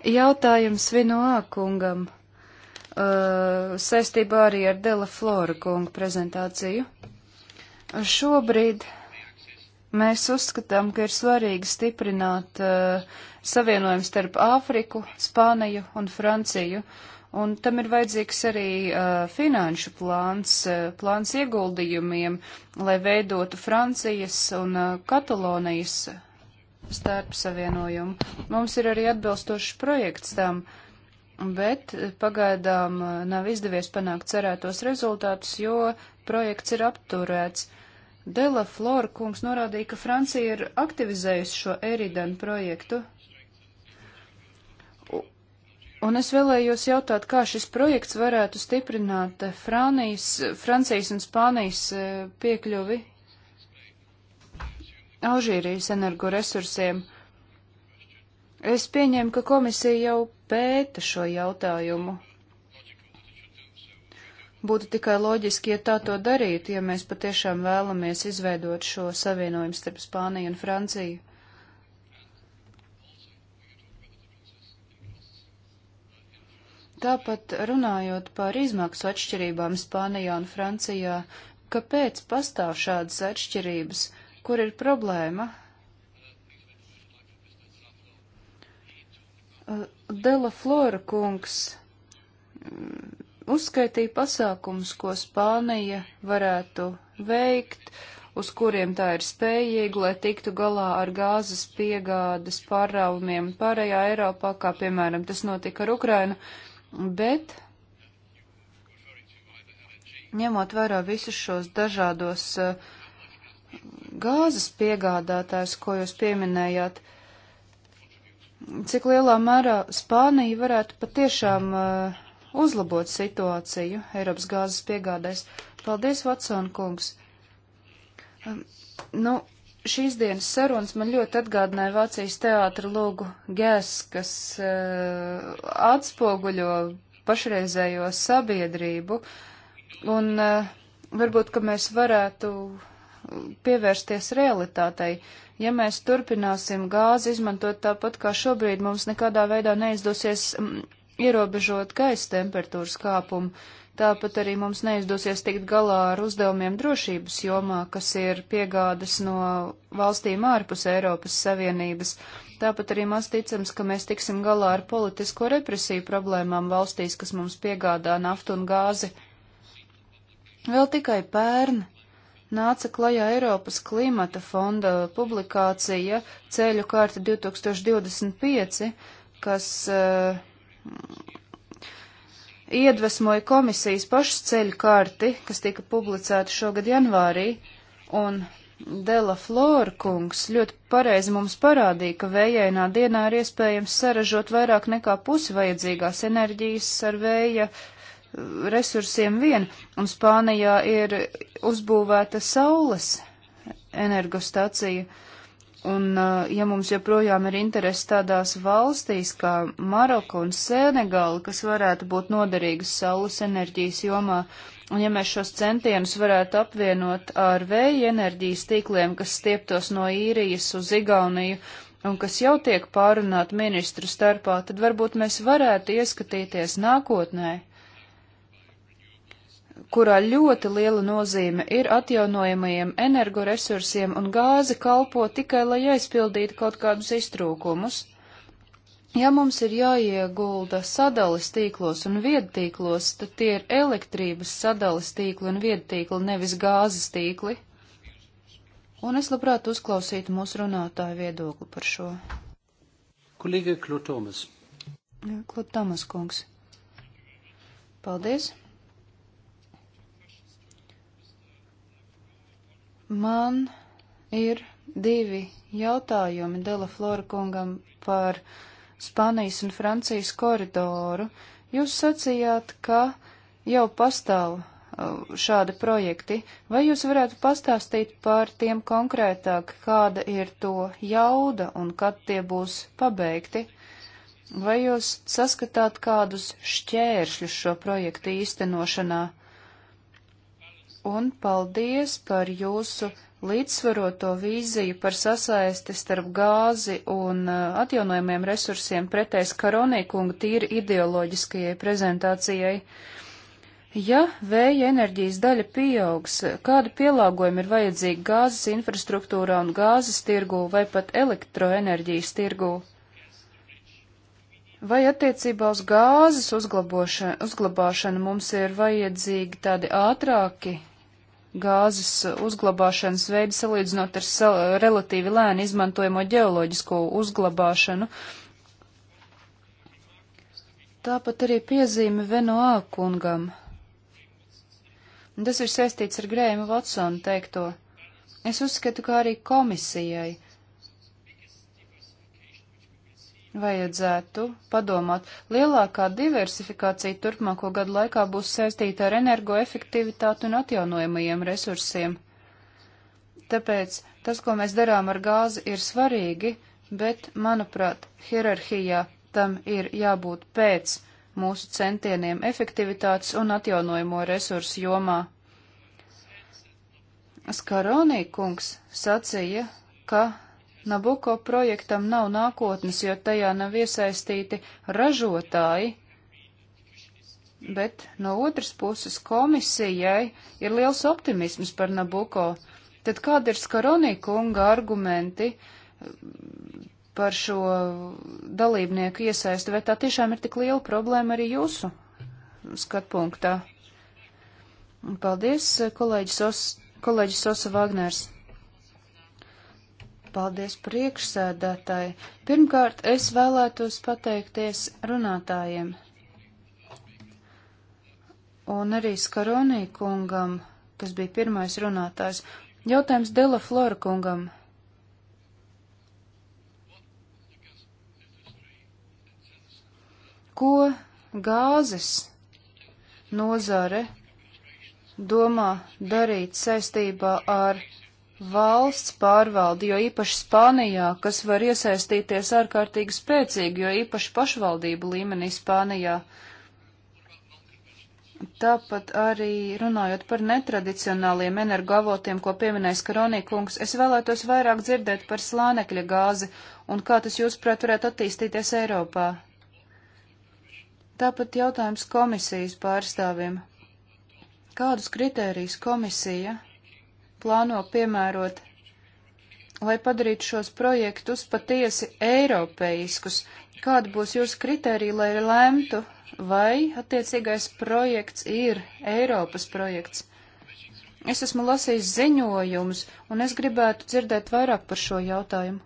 Jautājums Vino Ākungam uh, saistībā arī ar Dela Flora kunga prezentāciju. Šobrīd mēs uzskatām, ka ir svarīgi stiprināt uh, eh, savienojumu starp Āfriku, Spāniju un Franciju. Un tam ir vajadzīgs arī uh, finanšu plāns, uh, plāns ieguldījumiem, lai veidotu Francijas un uh, Katalonijas starp savienojumu. Mums ir arī atbilstošs projekts tam, bet pagaidām uh, nav izdevies panākt cerētos rezultātus, jo projekts ir apturēts. Uh, Dela Flora kungs norādīja, ka Francija ir aktivizējusi šo Eridan projektu. Un es vēlējos jautāt, kā šis projekts varētu stiprināt eh, Frānijas, Francijas un Spānijas eh, piekļuvi Alžīrijas energoresursiem. Es pieņēmu, ka komisija jau pēta šo jautājumu. Būtu tikai loģiski, ja tā to darītu, ja mēs patiešām vēlamies izveidot šo savienojumu starp Spāniju un Franciju. Tāpat runājot par izmaksu atšķirībām Spānijā un Francijā, kāpēc pastāv šādas atšķirības, kur ir problēma? Dela Flora kungs uzskaitīja pasākums, ko Spānija varētu veikt, uz kuriem tā ir spējīga, lai tiktu galā ar gāzes piegādes pārraumiem pārējā Eiropā, kā piemēram tas notika ar Ukrainu, bet ņemot vērā visus šos dažādos eh, gāzes piegādātājs, ko jūs pieminējāt, cik lielā mērā Spānija varētu patiešām uh, uzlabot situāciju Eiropas gāzes piegādēs. Paldies, Vatsona kungs! Um, nu, šīs dienas sarunas man ļoti atgādināja Vācijas teātra lūgu gēs, kas uh, atspoguļo pašreizējo sabiedrību, un uh, varbūt, ka mēs varētu pievērsties realitātei. Ja mēs turpināsim gāzi izmantot tāpat kā šobrīd, mums nekādā veidā neizdosies mm, ierobežot gaisa temperatūras kāpumu. Tāpat arī mums neizdosies tikt galā ar uzdevumiem drošības jomā, kas ir piegādas no valstīm ārpus Eiropas Savienības. Tāpat arī maz ticams, ka mēs tiksim galā ar politisko represiju problēmām valstīs, kas mums piegādā naftu un gāzi. Vēl tikai pērn nāca klajā Eiropas klimata fonda publikācija Ceļu kārta 2025, kas uh, iedvesmoja komisijas pašas ceļu karti, kas tika publicēta šogad janvārī, un Dela Flora kungs ļoti pareizi mums parādīja, ka vējainā dienā ir iespējams saražot vairāk nekā pusi vajadzīgās enerģijas ar vēja eh, resursiem vien, un Spānijā ir uzbūvēta saules energostacija. Uh, Un, uh, ja mums joprojām ir interesi tādās valstīs kā Maroka un Senegāla, kas varētu būt noderīgas saules enerģijas jomā, un ja mēs šos centienus varētu apvienot ar vēja enerģijas tīkliem, kas stieptos no īrijas uz Igauniju un kas jau tiek pārunāt ministru starpā, tad varbūt mēs varētu ieskatīties nākotnē kurā ļoti liela nozīme ir atjaunojamajiem energoresursiem, un gāze kalpo tikai, lai aizpildītu kaut kādus iztrūkumus. Ja mums ir jāiegulda sadales tīklos un viedtīklos, tad tie ir elektrības sadales tīkli un viedtīkli, nevis gāzes tīkli. Un es labprāt uzklausītu mūsu runātāju viedokli par šo. Kolēģi Klotomas. Klotomas kungs. Paldies. Man ir divi jautājumi Dela Flora kungam par Spānijas un Francijas koridoru. Jūs sacījāt, ka jau pastāv uh, šādi projekti. Vai jūs varētu pastāstīt par tiem konkrētāk, kāda ir to jauda un kad tie būs pabeigti? Vai jūs saskatāt kādus šķēršļus šo projektu īstenošanā? un paldies par jūsu līdzsvaroto vīziju par sasaisti starp gāzi un uh, atjaunojumiem resursiem pretēs Karonīkunga tīri ideoloģiskajai prezentācijai. Ja vēja enerģijas daļa pieaugs, kādi pielāgojumi ir vajadzīgi gāzes infrastruktūrā un gāzes tirgū vai pat elektroenerģijas tirgū? Vai attiecībā uz gāzes uzglabāšanu mums ir vajadzīgi tādi ātrāki gāzes uzglabāšanas veidi salīdzinot ar sal relatīvi lēni izmantojamo ģeoloģisko uzglabāšanu. Tāpat arī piezīme Venoā kungam. Un tas ir saistīts ar Grēmu Vatsonu teikto. Es uzskatu, kā arī komisijai vajadzētu padomāt. Lielākā diversifikācija turpmāko gadu laikā būs saistīta ar energoefektivitāti un atjaunojamajiem resursiem. Tāpēc tas, ko mēs darām ar gāzi, ir svarīgi, bet, manuprāt, hierarhijā tam ir jābūt pēc mūsu centieniem efektivitātes un atjaunojamo resursu jomā. Skaronī kungs sacīja, ka Nabuko projektam nav nākotnes, jo tajā nav iesaistīti ražotāji, bet no otras puses komisijai ir liels optimisms par Nabuko. Tad kāda ir Skaronī kunga argumenti mm, par šo dalībnieku iesaistu, vai tā tiešām ir tik liela problēma arī jūsu skatpunktā? Paldies, kolēģis, Os, kolēģis Osa Vagners. Paldies priekšsēdētāji. Pirmkārt, es vēlētos pateikties runātājiem un arī Skaronī kungam, kas bija pirmais runātājs. Jautājums Dela Flora kungam. Ko gāzes nozare domā darīt saistībā ar valsts pārvaldi, jo īpaši Spānijā, kas var iesaistīties ārkārtīgi spēcīgi, jo īpaši pašvaldību līmenī Spānijā. Tāpat arī runājot par netradicionāliem energoavotiem, ko pieminēs Karonīkungs, es vēlētos vairāk dzirdēt par slānekļa gāzi un kā tas, jūsuprāt, varētu attīstīties Eiropā. Tāpat jautājums komisijas pārstāvim. Kādus kritērijus komisija plāno piemērot, lai padarītu šos projektus patiesi eiropeiskus? Kāda būs jūsu kriterija, lai lemtu, vai attiecīgais projekts ir Eiropas projekts? Es esmu lasījis ziņojumus, un es gribētu dzirdēt vairāk par šo jautājumu.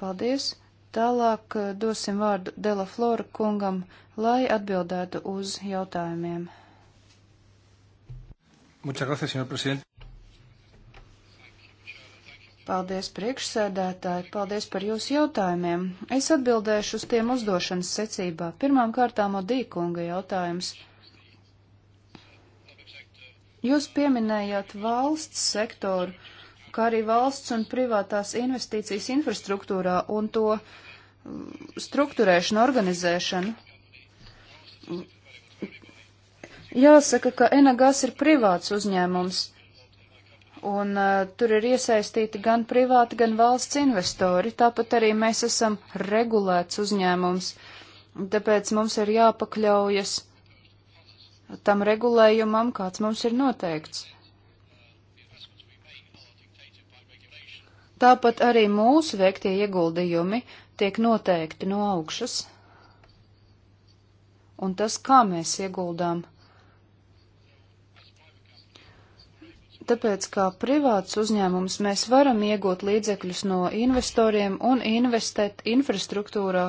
Paldies! Tālāk eh, dosim vārdu Dela Flora kungam, lai atbildētu uz jautājumiem. Muchas gracias, señor presidente. Paldies priekšsēdētāji, paldies par jūsu jautājumiem. Es atbildēšu uz tiem uzdošanas secībā. Pirmām kārtām Odīkunga jautājums. Jūs pieminējāt valsts sektoru, kā arī valsts un privātās investīcijas infrastruktūrā un to mm, struktūrēšanu, organizēšanu. Jāsaka, ka NGS ir privāts uzņēmums un uh, tur ir iesaistīti gan privāti, gan valsts investori. Tāpat arī mēs esam regulēts uzņēmums, tāpēc mums ir jāpakļaujas tam regulējumam, kāds mums ir noteikts. Tāpat arī mūsu veiktie ieguldījumi tiek noteikti no augšas, un tas, kā mēs ieguldām, uh, tāpēc, kā privāts uzņēmums, mēs varam iegūt līdzekļus no investoriem un investēt infrastruktūrā.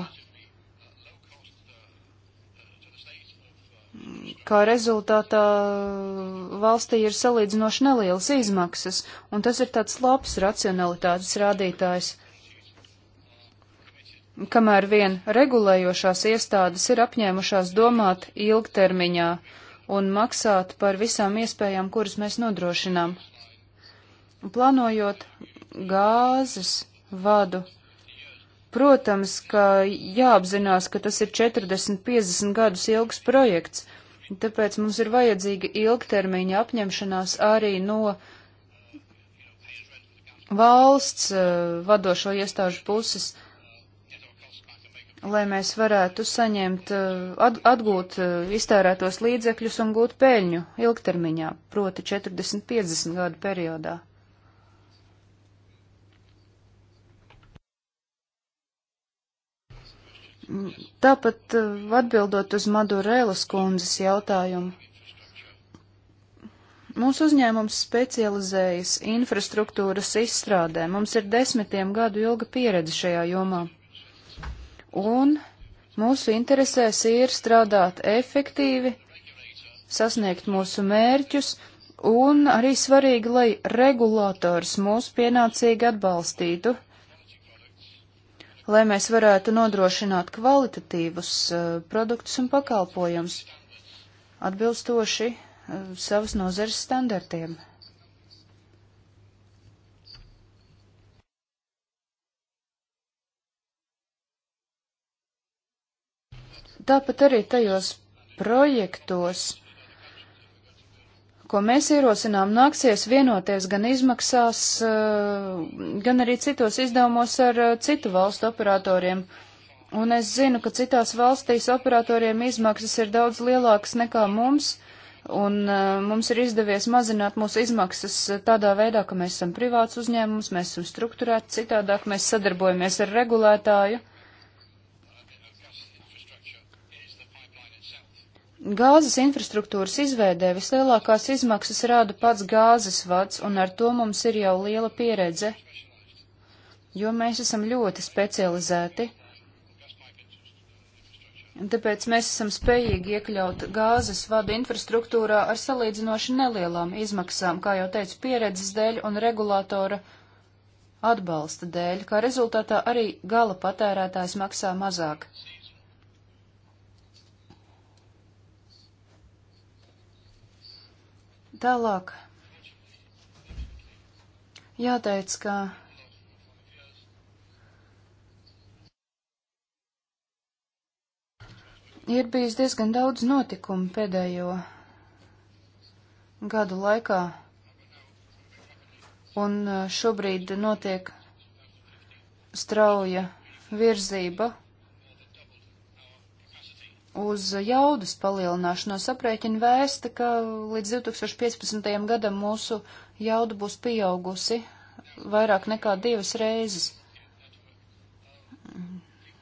Kā rezultātā valstī ir salīdzinoši nelielas izmaksas, un tas ir tāds labs racionalitātes rādītājs kamēr vien regulējošās iestādes ir apņēmušās domāt ilgtermiņā, un maksāt par visām iespējām, kuras mēs nodrošinām. Plānojot gāzes vadu, protams, ka jāapzinās, ka tas ir 40-50 gadus ilgs projekts, tāpēc mums ir vajadzīga ilgtermiņa apņemšanās arī no valsts eh, vadošo iestāžu puses. Uh, lai mēs varētu saņemt, eh, atgūt eh, iztērētos līdzekļus un gūt peļņu ilgtermiņā, proti 40-50 gadu periodā. Mm, tāpat eh, atbildot uz Madurēlas kundzes jautājumu. Mūsu uzņēmums specializējas infrastruktūras izstrādē. Mums ir desmitiem gadu ilga pieredze šajā jomā un mūsu interesēs ir strādāt efektīvi, sasniegt mūsu mērķus, un arī svarīgi, lai regulators mūs pienācīgi atbalstītu, lai mēs varētu nodrošināt kvalitatīvus uh, produktus un pakalpojumus atbilstoši uh, savas nozares standartiem. Tāpat arī tajos projektos, ko mēs ierosinām, nāksies vienoties gan izmaksās, eh, gan arī citos izdevumos ar eh, citu valstu operatoriem. Un es zinu, ka citās valstīs operatoriem izmaksas ir daudz lielākas nekā mums, un eh, mums ir izdevies mazināt mūsu izmaksas tādā veidā, ka mēs esam privāts uzņēmums, mēs esam struktūrēti citādāk, mēs sadarbojamies ar regulētāju. Gāzes infrastruktūras izveidē vislielākās izmaksas rāda pats gāzes vads, un ar to mums ir jau liela pieredze, jo mēs esam ļoti specializēti. Tāpēc mēs esam spējīgi iekļaut gāzes vadu infrastruktūrā ar salīdzinoši nelielām izmaksām, kā jau teicu, pieredzes dēļ un regulātora atbalsta dēļ, kā rezultātā arī gala patērētājs maksā mazāk. Tālāk jāteic, ka ir bijis diezgan daudz notikumu pēdējo gadu laikā, un eh, šobrīd notiek strauja virzība uz jaudas palielināšanos aprēķina vēsta, ka līdz 2015. gadam mūsu jauda būs pieaugusi vairāk nekā divas reizes.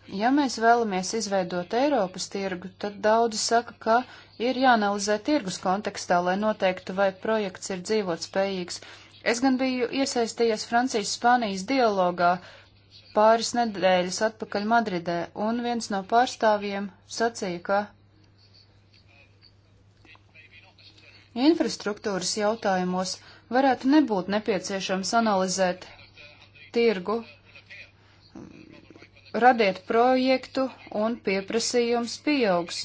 Ja mēs vēlamies izveidot Eiropas tirgu, tad daudzi saka, ka ir jāanalizē tirgus kontekstā, lai noteiktu, vai projekts ir dzīvot spējīgs. Es gan biju iesaistījies Francijas-Spānijas dialogā, uh, pāris nedēļas atpakaļ Madridē, un viens no pārstāvjiem sacīja, ka infrastruktūras jautājumos varētu nebūt nepieciešams analizēt tirgu, radiet projektu un pieprasījums pieaugs.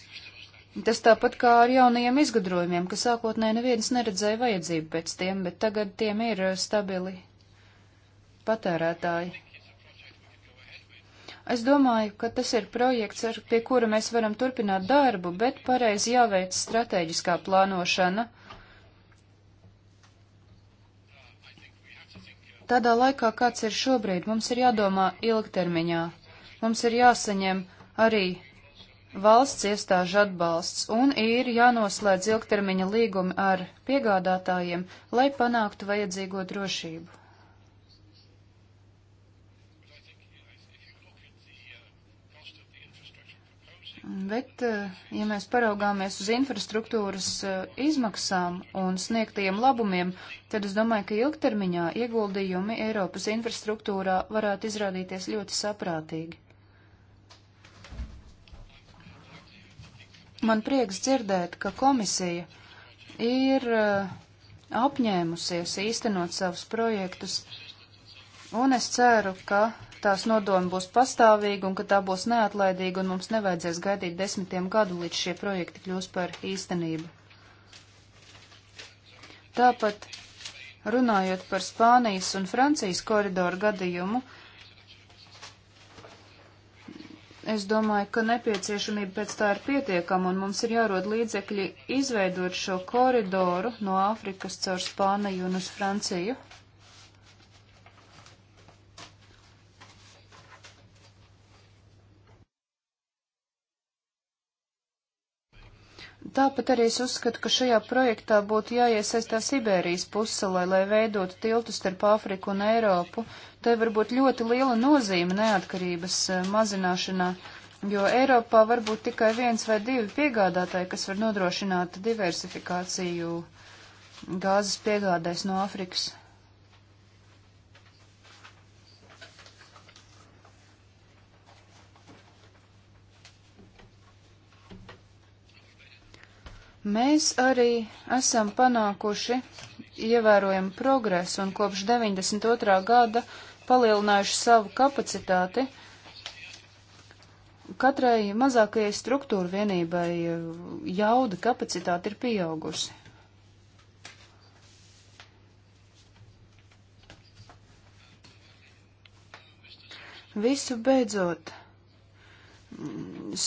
Tas tāpat kā ar jaunajiem izgudrojumiem, ka sākotnēji neviens neredzēja vajadzību pēc tiem, bet tagad tiem ir stabili patērētāji. Es domāju, ka tas ir projekts, ar, pie kura mēs varam turpināt darbu, bet pareizi jāveic strateģiskā plānošana. Tādā laikā, kāds ir šobrīd, mums ir jādomā ilgtermiņā. Mums ir jāsaņem arī valsts iestāžu atbalsts un ir jānoslēdz ilgtermiņa līgumi ar piegādātājiem, lai panāktu vajadzīgo drošību. Bet, eh, ja mēs paraugāmies uz infrastruktūras eh, izmaksām un sniegtajiem labumiem, tad es domāju, ka ilgtermiņā ieguldījumi Eiropas infrastruktūrā varētu izrādīties ļoti saprātīgi. Man prieks dzirdēt, ka komisija ir eh, apņēmusies īstenot savus projektus, un es ceru, ka tās nodoma būs pastāvīga un ka tā būs neatlaidīga un mums nevajadzēs gaidīt desmitiem gadu, līdz šie projekti kļūs par īstenību. Tāpat, runājot par Spānijas un Francijas koridoru gadījumu, es domāju, ka nepieciešamība pēc tā ir pietiekama un mums ir jārod līdzekļi izveidot šo koridoru no Āfrikas caur Spāniju un uz Franciju. Tāpat arī es uzskatu, ka šajā projektā būtu jāiesaistās Iberijas pussalē, lai veidotu tiltu starp Āfriku un Eiropu. Te var būt ļoti liela nozīme neatkarības eh, mazināšanā, jo Eiropā var būt tikai viens vai divi piegādātāji, kas var nodrošināt diversifikāciju gāzes piegādēs no Āfrikas. Mēs arī esam panākuši ievērojumu progresu un kopš 92. gada palielinājuši savu kapacitāti. Katrai mazākajai struktūra vienībai jauda kapacitāte ir pieaugusi. Visu beidzot,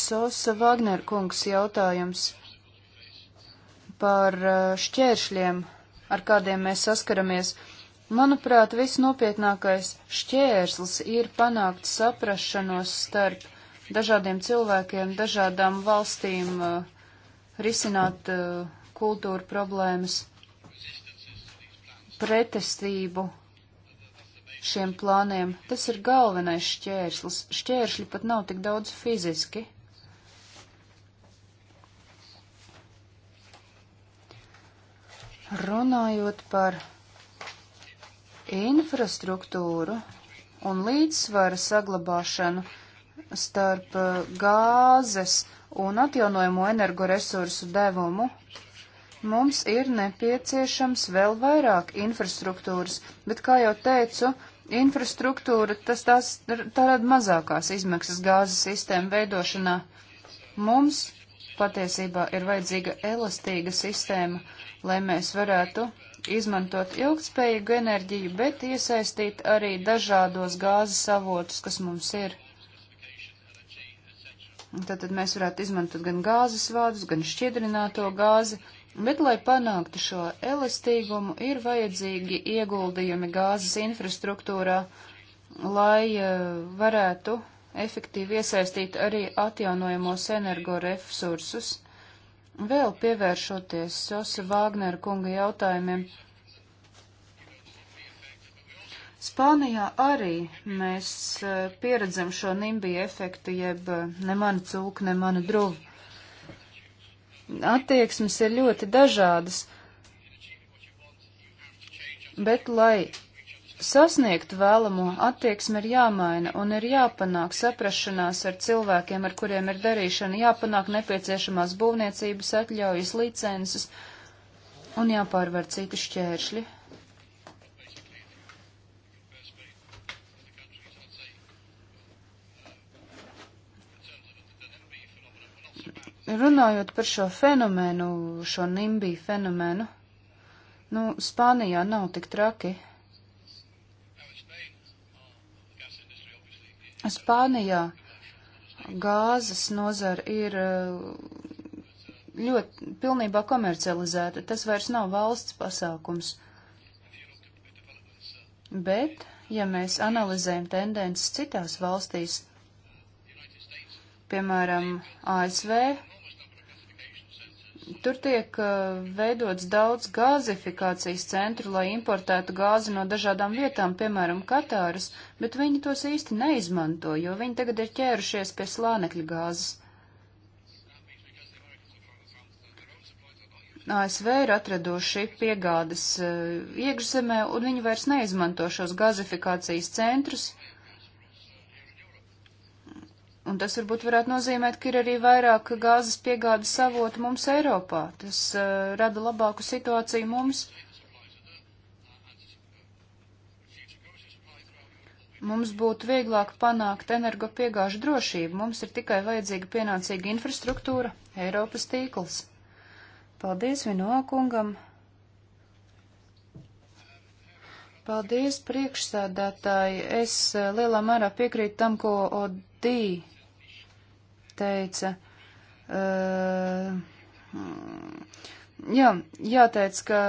Sosa Vagner kungs jautājums par eh, šķēršļiem, ar kādiem mēs saskaramies. Manuprāt, visnopietnākais šķērslis ir panākt saprašanos starp dažādiem cilvēkiem, dažādām valstīm, eh, risināt eh, kultūra problēmas, pretestību šiem plāniem. Tas ir galvenais šķērslis. Šķēršļi pat nav tik daudz fiziski. Runājot par infrastruktūru un līdzsvara saglabāšanu starp eh, gāzes un atjaunojamo energoresursu devumu, mums ir nepieciešams vēl vairāk infrastruktūras, bet, kā jau teicu, infrastruktūra, tas tās, tā rada mazākās izmaksas gāzes sistēmu veidošanā. Mums patiesībā ir vajadzīga elastīga sistēma, lai mēs varētu izmantot ilgspējīgu enerģiju, bet iesaistīt arī dažādos gāzes avotus, kas mums ir. Tad, tad mēs varētu izmantot gan gāzes vādus, gan šķidrināto gāzi, bet, lai panāktu šo elastīgumu, ir vajadzīgi ieguldījumi gāzes infrastruktūrā, lai uh, varētu efektīvi iesaistīt arī atjaunojamos energoresursus. Vēl pievēršoties Sosa Vāgnera kunga jautājumiem. Spānijā arī mēs eh, pieredzam šo nimbija efektu, jeb eh, ne mana cūka, ne mana druva. Attieksmes ir ļoti dažādas, bet, lai sasniegt vēlamo, attieksme ir jāmaina un ir jāpanāk saprašanās ar cilvēkiem, ar kuriem ir darīšana, jāpanāk nepieciešamās būvniecības atļaujas, licences un jāpārvar citi šķēršļi. Runājot par šo fenomenu, šo nimbī fenomenu, nu, Spānijā nav tik traki. Spānijā gāzes nozara ir eh, ļoti pilnībā komercializēta. Tas vairs nav valsts pasākums. Bet, ja mēs analizējam tendences citās valstīs, piemēram, ASV, Tur tiek uh, veidots daudz gāzifikācijas centru, lai importētu gāzi no dažādām vietām, piemēram, Katāras, bet viņi tos īsti neizmanto, jo viņi tagad ir ķērušies pie slānekļa gāzes. ASV ir atraduši piegādes uh, iekšzemē, un viņi vairs neizmanto šos gāzifikācijas centrus, Un tas varbūt varētu nozīmēt, ka ir arī vairāk gāzes piegādes avotu mums Eiropā. Tas uh, rada labāku situāciju mums. Mums būtu vieglāk panākt energopiegāžu drošību. Mums ir tikai vajadzīga pienācīga infrastruktūra, Eiropas tīkls. Paldies Vinokungam. Paldies priekšsēdētāji. Es uh, lielā mērā piekrītu tam, ko Odī teica, uh, jā, jāteic, ka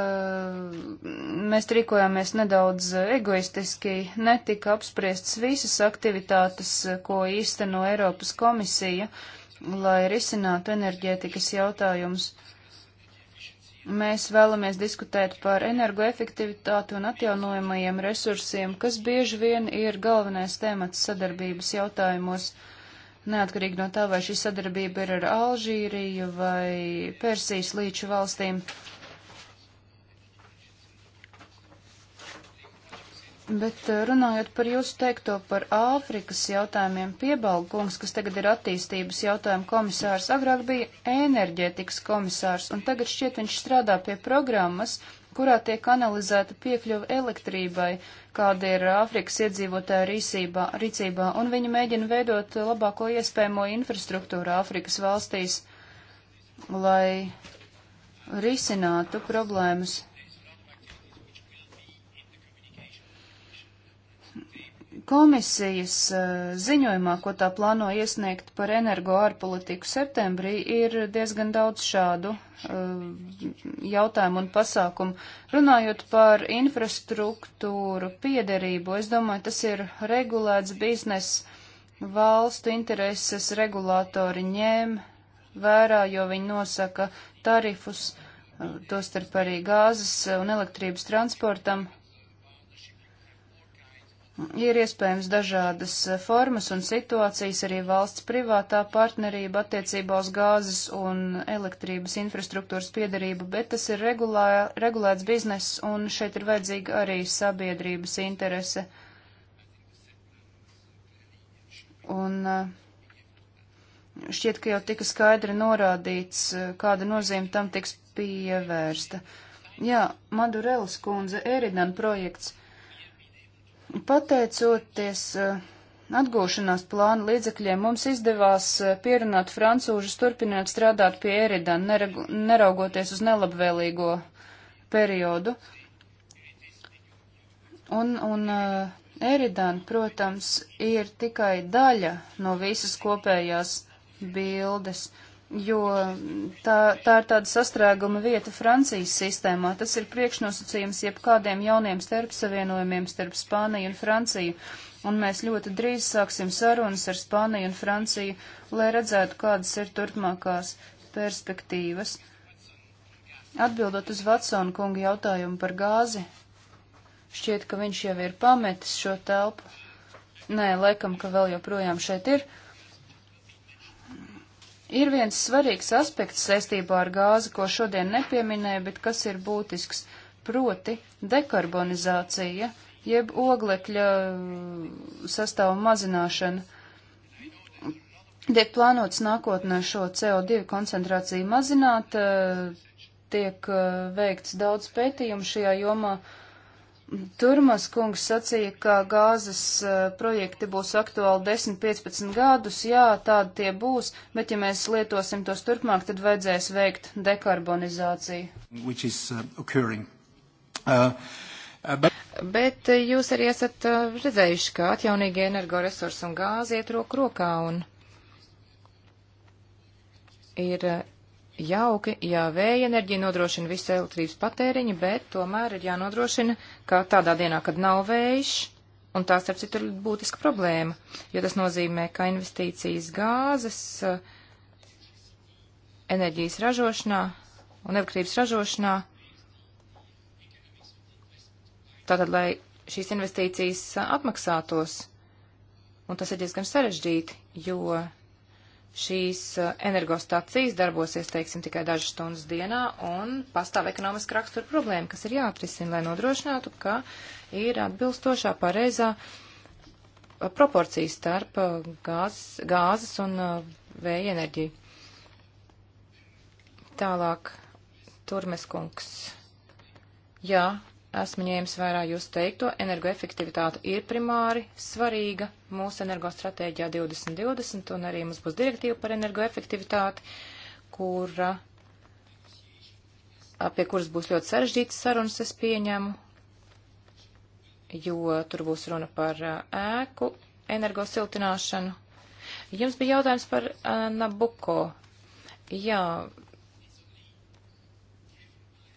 mēs rīkojāmies nedaudz egoistiski, netika apspriestas visas aktivitātes, ko īsteno Eiropas komisija, lai risinātu enerģētikas jautājumus. Mēs vēlamies diskutēt par energoefektivitāti un atjaunojamajiem resursiem, kas bieži vien ir galvenais temats sadarbības jautājumos. Uh, neatkarīgi no tā, vai šī sadarbība ir ar Alžīriju vai Persijas līču valstīm. Bet eh, runājot par jūsu teikto par Āfrikas jautājumiem, piebalgums, kas tagad ir attīstības jautājuma komisārs, agrāk bija enerģētikas komisārs, un tagad šķiet viņš strādā pie programmas, uh, kurā tiek analizēta piekļuva elektrībai, kāda ir Āfrikas iedzīvotāja rīcībā, rīcībā, un viņi mēģina veidot labāko iespējamo infrastruktūru Āfrikas valstīs, lai risinātu problēmas. Komisijas eh, ziņojumā, ko tā plāno iesniegt par energo ārpolitiku septembrī, ir diezgan daudz šādu eh, jautājumu un pasākumu. Runājot par infrastruktūru piederību, es domāju, tas ir regulēts biznes valstu intereses regulātori ņēm vērā, jo viņi nosaka tarifus, eh, tostarp arī gāzes un elektrības transportam Ir iespējams dažādas eh, formas un situācijas arī valsts privātā partnerība attiecībā uz gāzes un elektrības infrastruktūras piedarību, bet tas ir regulā, regulēts bizness un šeit ir vajadzīga arī sabiedrības interese. Un eh, šķiet, ka jau tika skaidri norādīts, eh, kāda nozīme tam tiks pievērsta. Jā, Madurelas kundze, Eridan projekts. Pateicoties eh, atgūšanās plāna līdzekļiem, mums izdevās eh, pierunāt francūžus turpināt strādāt pie Eridana, neraugoties uz nelabvēlīgo periodu. Un, un eh, Eridana, protams, ir tikai daļa no visas kopējās bildes. Uh, jo tā, tā ir tāda sastrēguma vieta Francijas sistēmā. Tas ir priekšnosacījums jebkādiem jauniem starp savienojumiem starp Spāniju un Franciju. Un mēs ļoti drīz sāksim sarunas ar Spāniju un Franciju, lai redzētu, kādas ir turpmākās perspektīvas. Atbildot uz Vatsona kunga jautājumu par gāzi, šķiet, ka viņš jau ir pametis šo telpu. Nē, laikam, ka vēl joprojām šeit ir. Uh, Ir viens svarīgs aspekts saistībā ar gāzi, ko šodien nepieminēja, bet kas ir būtisks, proti dekarbonizācija, jeb oglekļa uh, sastāvu mazināšana. Tiek plānots nākotnē šo CO2 koncentrāciju mazināt, uh, tiek uh, veikts daudz pētījumu šajā jomā. Uh, Turmas kungs sacīja, ka gāzes uh, projekti būs aktuāli 10-15 gadus, jā, tādi tie būs, bet ja mēs lietosim tos turpmāk, tad vajadzēs veikt dekarbonizāciju. Is, uh, uh, uh, but... bet jūs arī esat uh, redzējuši, ka atjaunīgie energoresursi un gāzi iet roku rokā un ir uh, jauki, ja vēja enerģija nodrošina visu elektrības patēriņu, bet tomēr ir jānodrošina, ka tādā dienā, kad nav vējš, un tā starp citu ir būtiska problēma, jo tas nozīmē, ka investīcijas gāzes eh, enerģijas ražošanā un elektrības ražošanā, tātad, lai šīs investīcijas eh, atmaksātos, un tas ir diezgan sarežģīti, jo šīs uh, energostacijas darbosies, teiksim, tikai dažas stundas dienā, un pastāv ekonomiski rakstura problēma, kas ir jāatrisina, lai nodrošinātu, ka ir atbilstošā pareizā uh, proporcija starp uh, gāz, gāzes un vēja enerģiju. Tālāk, Turmes kungs. Jā, esmu ņēmis vērā jūs teikto, energoefektivitāte ir primāri svarīga mūsu energostratēģijā 2020, un arī mums būs direktīva par energoefektivitāti, kura, pie kuras būs ļoti sarežģītas sarunas, es pieņemu, jo tur būs runa par ēku energosiltināšanu. Jums bija jautājums par Nabuko. Jā,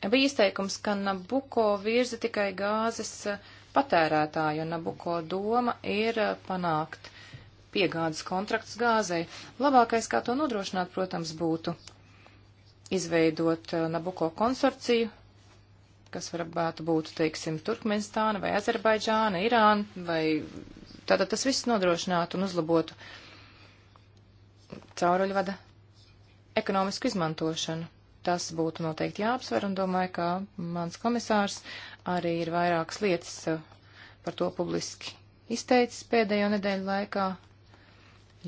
Bija izteikums, ka Nabuko virza tikai gāzes eh, patērētāju, un Nabuko doma ir eh, panākt piegādes kontrakts gāzei. Labākais, kā to nodrošināt, protams, būtu izveidot eh, Nabuko konsorciju, kas varētu būt, teiksim, Turkmenistāna vai Azerbaidžāna, Irāna, vai tātad tas viss nodrošinātu un uzlabotu cauruļvada ekonomisku izmantošanu tas būtu noteikti jāapsver un domāju, ka mans komisārs arī ir vairākas lietas eh, par to publiski izteicis pēdējo nedēļu laikā,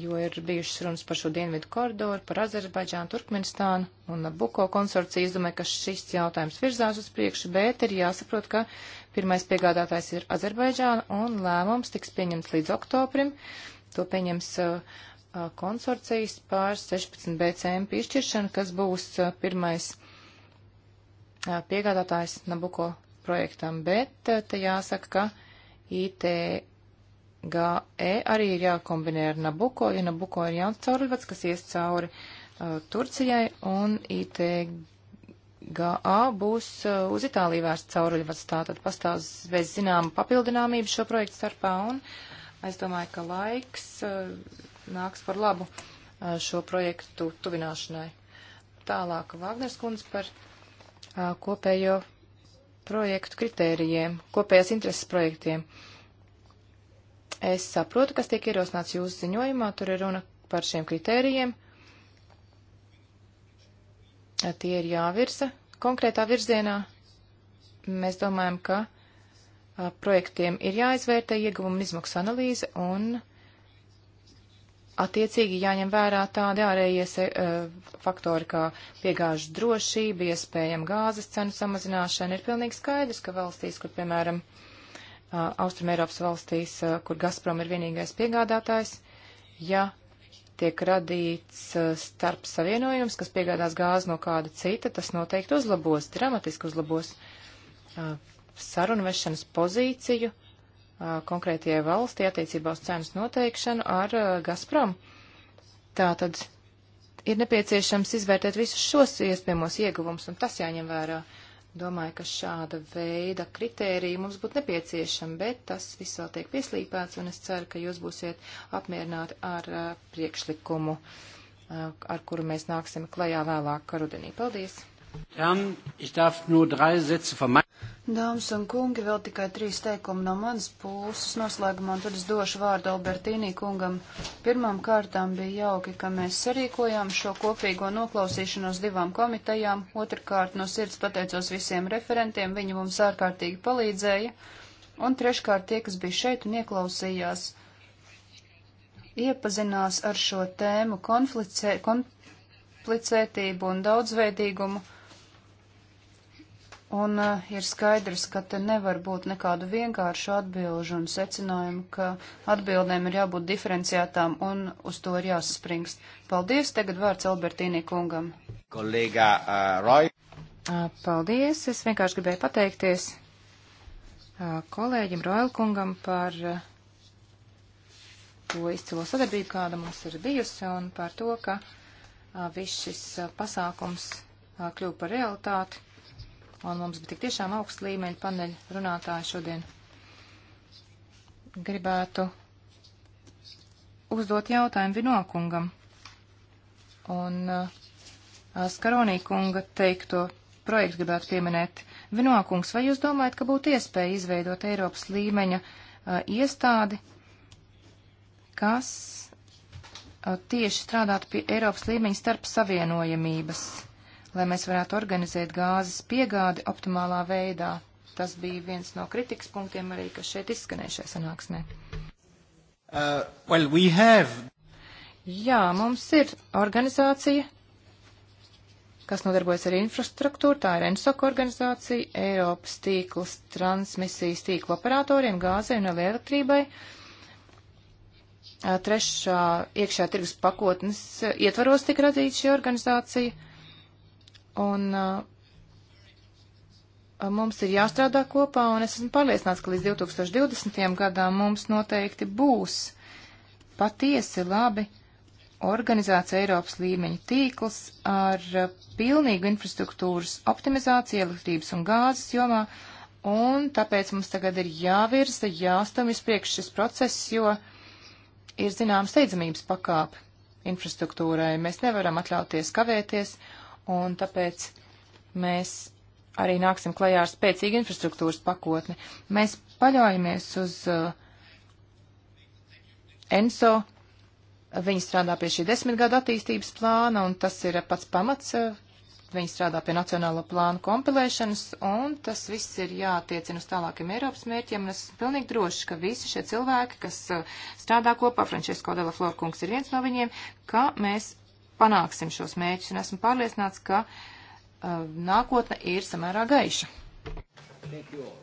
jo ir bijušas runas par šo dienvidu koridoru, par Azerbaidžānu, Turkmenistānu un Buko konsorciju. Es domāju, ka šis jautājums virzās uz priekšu, bet ir jāsaprot, ka pirmais piegādātājs ir Azerbaidžāna un lēmums tiks pieņemts līdz oktobrim. To pieņems uh, Uh, konsorcijas pār 16 BCM piešķiršanu, kas būs uh, pirmais uh, piegādātājs Nabuko projektam, bet te jāsaka, ka ITGE arī ir jākombinē ar Nabuko, jo Nabuko ir jauns caurulvads, kas ies cauri uh, Turcijai, un ITGA būs uh, uz Itāliju vērsts caurulvads, tātad pastāv bez zināma papildināmība šo projektu starpā, un es domāju, ka laiks. Uh, nāks par labu šo projektu tuvināšanai. Tālāk Vāgners kundze par kopējo projektu kritērijiem, kopējās intereses projektiem. Es saprotu, kas tiek ierosināts jūsu ziņojumā, tur ir runa par šiem kritērijiem. Tie ir jāvirza konkrētā virzienā. Mēs domājam, ka projektiem ir jāizvērtē ieguvuma izmaksu analīze un Attiecīgi jāņem vērā tādi ārējie uh, faktori kā piegāžu drošība, iespējama gāzes cenu samazināšana. Ir pilnīgi skaidrs, ka valstīs, kur, piemēram, uh, Austrum Eiropas valstīs, uh, kur Gazprom ir vienīgais piegādātājs, ja tiek radīts starp savienojums, kas piegādās gāzi no kāda cita, tas noteikti uzlabos, dramatiski uzlabos sarunvešanas pozīciju konkrētie valsti attiecībā uz cenas noteikšanu ar Gazprom. Tātad ir nepieciešams izvērtēt visus šos iespējamos ieguvumus, un tas jāņem vērā. Domāju, ka šāda veida kritērija mums būtu nepieciešama, bet tas viss vēl tiek pieslīpēts, un es ceru, ka jūs būsiet apmierināti ar uh, priekšlikumu, uh, ar kuru mēs nāksim klajā vēlāk rudenī. Paldies! Um, Dāmas un kungi, vēl tikai trīs teikumi no manas puses noslēgumā, un tad es došu vārdu Albertīnī kungam. Pirmām kārtām bija jauki, ka mēs sarīkojām šo kopīgo noklausīšanos divām komitejām. Otrkārt, no sirds pateicos visiem referentiem, viņi mums ārkārtīgi palīdzēja. Un treškārt, tie, kas bija šeit un ieklausījās iepazinās ar šo tēmu konflicē, konflicētību un daudzveidīgumu, Un uh, ir skaidrs, ka te nevar būt nekādu vienkāršu atbilžu un secinājumu, ka atbildēm ir jābūt diferenciētām un uz to ir jāsaspringst. Paldies, tagad vārds Albertīnī kungam. Kolēga uh, Roy. Uh, paldies, es vienkārši gribēju pateikties uh, kolēģim Roilkungam par uh, to izcilo sadarbību, kāda mums ir bijusi, un par to, ka uh, viss šis uh, pasākums uh, kļūpa par realitāti Un mums bija tik tiešām augsts līmeņa paneļa runātāji šodien. Gribētu uzdot jautājumu Vinokungam un uh, Skaronīkunga teikto projektu gribētu pieminēt. Vinokungs, vai jūs domājat, ka būtu iespēja izveidot Eiropas līmeņa uh, iestādi, kas uh, tieši strādātu pie Eiropas līmeņa starp savienojamības lai mēs varētu organizēt gāzes piegādi optimālā veidā. Tas bija viens no kritikas punktiem arī, kas šeit izskanējušajā sanāksmē. Uh, well, we have... Jā, mums ir organizācija, kas nodarbojas ar infrastruktūru, tā ir ENSOK organizācija, Eiropas tīkls transmisijas tīklu operatoriem, gāzei un elektrībai. Uh, trešā iekšā tirgus pakotnes uh, ietvaros tika radīta šī organizācija. Un uh, mums ir jāstrādā kopā, un es esmu pārliecināts, ka līdz 2020. gadām mums noteikti būs patiesi labi organizēts Eiropas līmeņa tīkls ar uh, pilnīgu infrastruktūras optimizāciju elektrības un gāzes jomā, un tāpēc mums tagad ir jāvirza, jāstumj uz priekšu šis process, jo ir zināms steidzamības pakāpe infrastruktūrai. Mēs nevaram atļauties kavēties, uh, un tāpēc mēs arī nāksim klajā ar spēcīgu infrastruktūras pakotni. Mēs paļaujamies uz uh, ENSO. Viņi strādā pie šī desmitgada attīstības plāna, un tas ir pats pamats. Uh, viņi strādā pie nacionālo plānu kompilēšanas, un tas viss ir jātiecina uz tālākiem Eiropas mērķiem, un es esmu pilnīgi droši, ka visi šie cilvēki, kas uh, strādā kopā, Frančesko Dela Florkungs ir viens no viņiem, ka mēs panāksim šos mēģus, un esmu pārliecināts, ka uh, nākotne ir samērā gaiša. Thank you all.